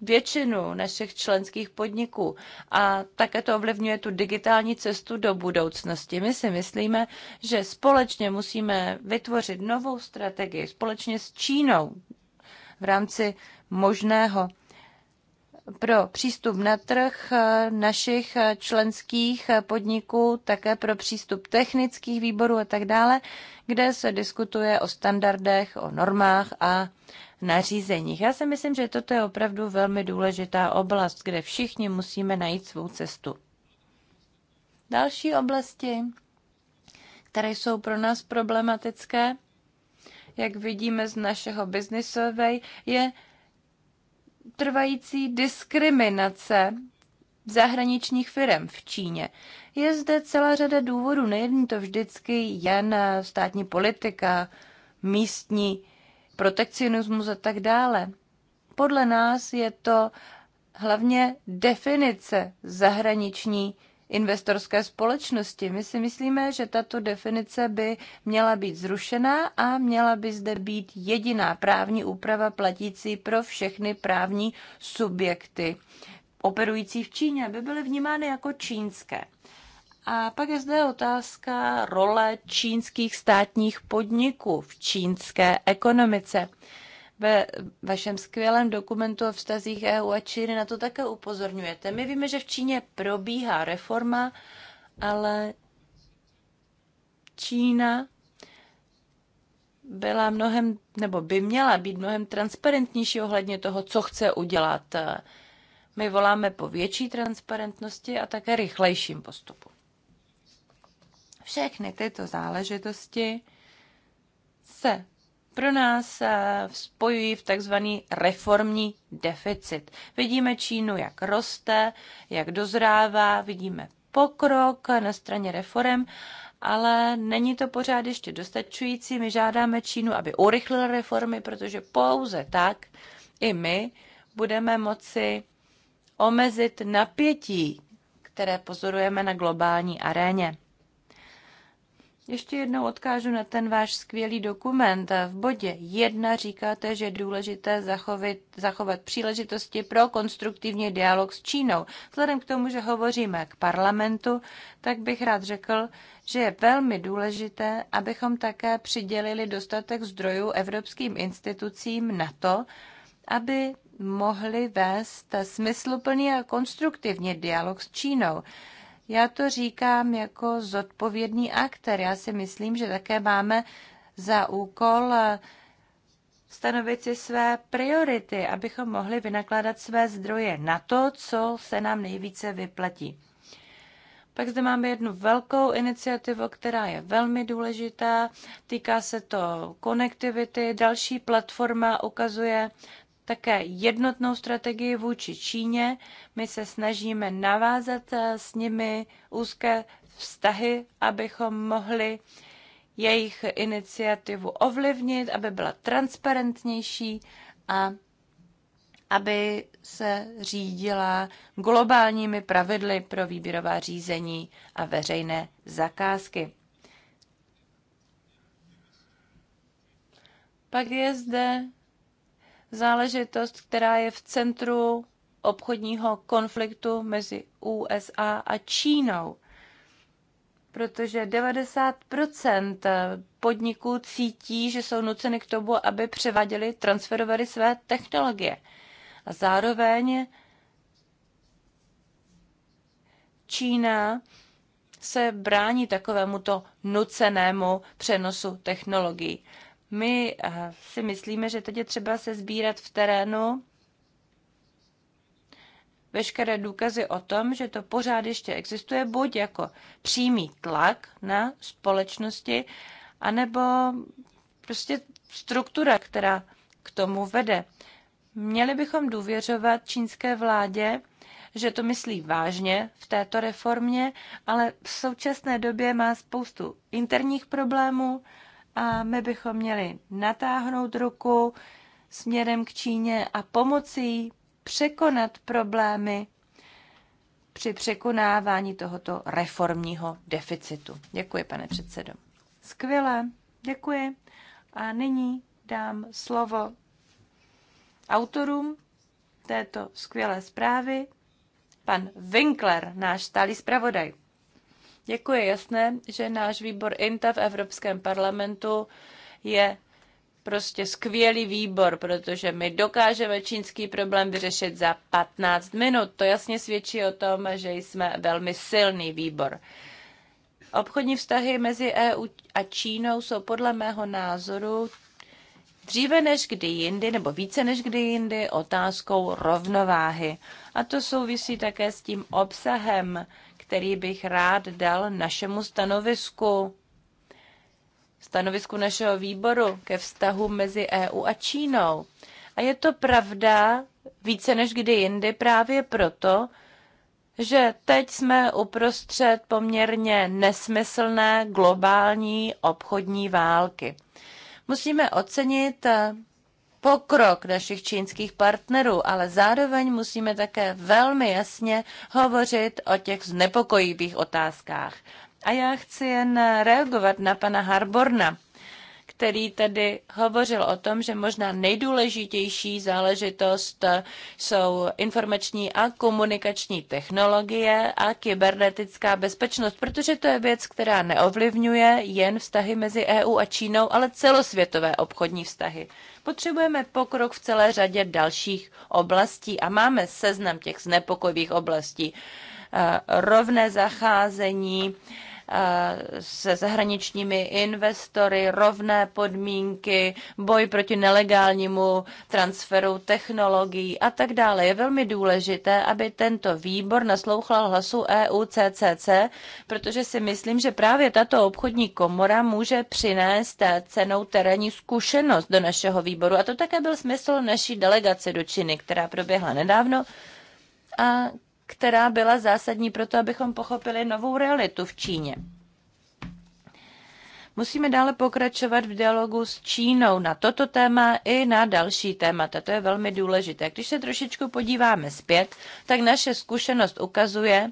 většinu našich členských podniků a také to ovlivňuje tu digitální cestu do budoucnosti. My si myslíme, že společně musíme vytvořit novou strategii společně s Čínou v rámci možného pro přístup na trh našich členských podniků, také pro přístup technických výborů a tak dále, kde se diskutuje o standardech, o normách a nařízeních. Já si myslím, že toto je opravdu velmi důležitá oblast, kde všichni musíme najít svou cestu. Další oblasti, které jsou pro nás problematické, jak vidíme z našeho business je trvající diskriminace zahraničních firm v Číně. Je zde celá řada důvodů, nejen to vždycky jen státní politika, místní protekcionismus a tak dále. Podle nás je to hlavně definice zahraniční investorské společnosti. My si myslíme, že tato definice by měla být zrušená a měla by zde být jediná právní úprava platící pro všechny právní subjekty operující v Číně, aby byly vnímány jako čínské. A pak je zde otázka role čínských státních podniků v čínské ekonomice. Ve vašem skvělém dokumentu o vztazích EU a Číny na to také upozorňujete. My víme, že v Číně probíhá reforma, ale Čína byla mnohem, nebo by měla být mnohem transparentnější ohledně toho, co chce udělat. My voláme po větší transparentnosti a také rychlejším postupu. Všechny tyto záležitosti se pro nás eh, spojují v takzvaný reformní deficit. Vidíme Čínu, jak roste, jak dozrává, vidíme pokrok na straně reform, ale není to pořád ještě dostačující. My žádáme Čínu, aby urychlila reformy, protože pouze tak i my budeme moci omezit napětí, které pozorujeme na globální aréně. Ještě jednou odkážu na ten váš skvělý dokument. V bodě 1 říkáte, že je důležité zachovit, zachovat příležitosti pro konstruktivní dialog s Čínou. Vzhledem k tomu, že hovoříme k parlamentu, tak bych rád řekl, že je velmi důležité, abychom také přidělili dostatek zdrojů evropským institucím na to, aby mohli vést smysluplný a konstruktivní dialog s Čínou. Já to říkám jako zodpovědný aktor. Já si myslím, že také máme za úkol eh, stanovit si své priority, abychom mohli vynakládat své zdroje na to, co se nám nejvíce vyplatí. Pak zde máme jednu velkou iniciativu, která je velmi důležitá. Týká se to konektivity. Další platforma ukazuje také jednotnou strategii vůči Číně. My se snažíme navázat eh, s nimi úzké vztahy, abychom mohli jejich iniciativu ovlivnit, aby byla transparentnější a aby se řídila globálními pravidly pro výběrová řízení a veřejné zakázky. Pak je zde záležitost, která je v centru obchodního konfliktu mezi USA a Čínou. Protože 90 podniků cítí, že jsou nuceny k tomu, aby převáděli, transferovali své technologie. A zároveň Čína se brání takovémuto nucenému přenosu technologií. My eh, si myslíme, že teď je třeba se sbírat v terénu veškeré důkazy o tom, že to pořád ještě existuje, buď jako přímý tlak na společnosti, anebo prostě struktura, která k tomu vede. Měli bychom důvěřovat čínské vládě, že to myslí vážně v této reformě, ale v současné době má spoustu interních problémů a my bychom měli natáhnout ruku směrem k Číně a pomocí překonat problémy při překonávání tohoto reformního deficitu. Děkuji, pane předsedo. Skvěle, děkuji. A nyní dám slovo autorům této skvělé zprávy. Pan Winkler, náš stálý zpravodaj. Jako je jasné, že náš výbor INTA v Evropském parlamentu je prostě skvělý výbor, protože my dokážeme čínský problém vyřešit za 15 minut. To jasně svědčí o tom, že jsme velmi silný výbor. Obchodní vztahy mezi EU a Čínou jsou podle mého názoru dříve než kdy jindy, nebo více než kdy jindy, otázkou rovnováhy. A to souvisí také s tím obsahem který bych rád dal našemu stanovisku, stanovisku našeho výboru ke vztahu mezi EU a Čínou. A je to pravda více než kdy jindy právě proto, že teď jsme uprostřed poměrně nesmyslné globální obchodní války. Musíme ocenit pokrok našich čínských partnerů, ale zároveň musíme také velmi jasně hovořit o těch znepokojivých otázkách. A já chci jen reagovat na pana Harborna, který tedy hovořil o tom, že možná nejdůležitější záležitost jsou informační a komunikační technologie a kybernetická bezpečnost, protože to je věc, která neovlivňuje jen vztahy mezi EU a Čínou, ale celosvětové obchodní vztahy. Potřebujeme pokrok v celé řadě dalších oblastí a máme seznam těch znepokojivých oblastí. Eh, rovné zacházení, se zahraničními investory, rovné podmínky, boj proti nelegálnímu transferu technologií a tak dále. Je velmi důležité, aby tento výbor naslouchal hlasu EUCCC, protože si myslím, že právě tato obchodní komora může přinést cenou terénní zkušenost do našeho výboru. A to také byl smysl naší delegace do Číny, která proběhla nedávno a která byla zásadní pro to, abychom pochopili novou realitu v Číně. Musíme dále pokračovat v dialogu s Čínou na toto téma i na další témata. To je velmi důležité. Když se trošičku podíváme zpět, tak naše zkušenost ukazuje,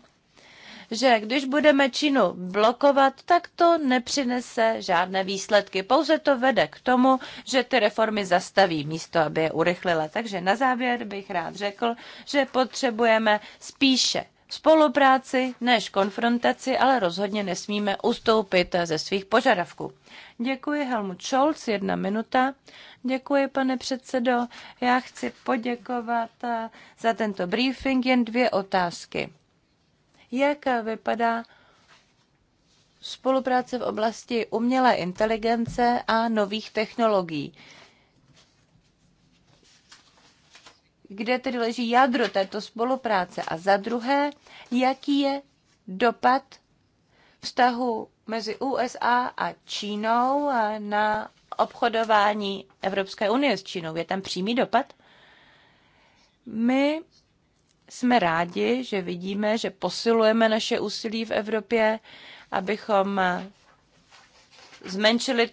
že když budeme Čínu blokovat, tak to nepřinese žádné výsledky. Pouze to vede k tomu, že ty reformy zastaví místo, aby je urychlila. Takže na závěr bych rád řekl, že potřebujeme spíše spolupráci než konfrontaci, ale rozhodně nesmíme ustoupit ze svých požadavků. Děkuji Helmut Scholz, jedna minuta. Děkuji, pane předsedo. Já chci poděkovat eh, za tento briefing. Jen dvě otázky jak vypadá spolupráce v oblasti umělé inteligence a nových technologií. Kde tedy leží jádro této spolupráce? A za druhé, jaký je dopad vztahu mezi USA a Čínou na obchodování Evropské unie s Čínou? Je tam přímý dopad? My jsme rádi, že vidíme, že posilujeme naše úsilí v Evropě, abychom eh, zmenšili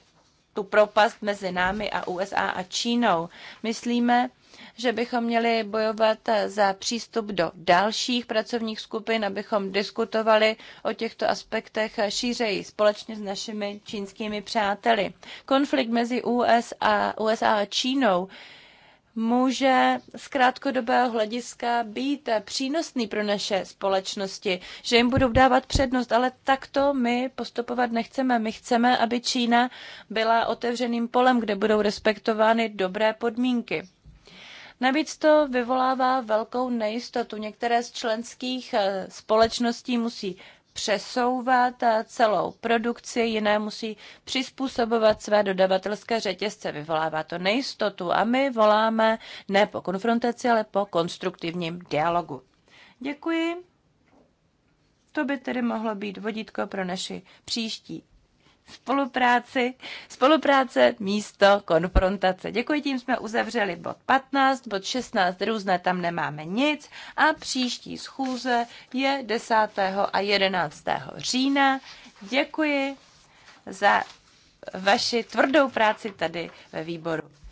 tu propast mezi námi a USA a Čínou. Myslíme, že bychom měli bojovat eh, za přístup do dalších pracovních skupin, abychom diskutovali o těchto aspektech eh, šířeji společně s našimi čínskými přáteli. Konflikt mezi USA, USA a Čínou může z krátkodobého hlediska být přínosný pro naše společnosti, že jim budou dávat přednost, ale takto my postupovat nechceme. My chceme, aby Čína byla otevřeným polem, kde budou respektovány dobré podmínky. Navíc to vyvolává velkou nejistotu. Některé z členských eh, společností musí přesouvat eh, celou produkci, jiné musí přizpůsobovat své dodavatelské řetězce. Vyvolává to nejistotu a my voláme ne po konfrontaci, ale po konstruktivním dialogu. Děkuji. To by tedy mohlo být vodítko pro naši příští spolupráci, spolupráce místo konfrontace. Děkuji, tím jsme uzavřeli bod 15, bod 16 různé, tam nemáme nic a příští schůze je 10. a 11. října. Děkuji za vaši tvrdou práci tady ve výboru.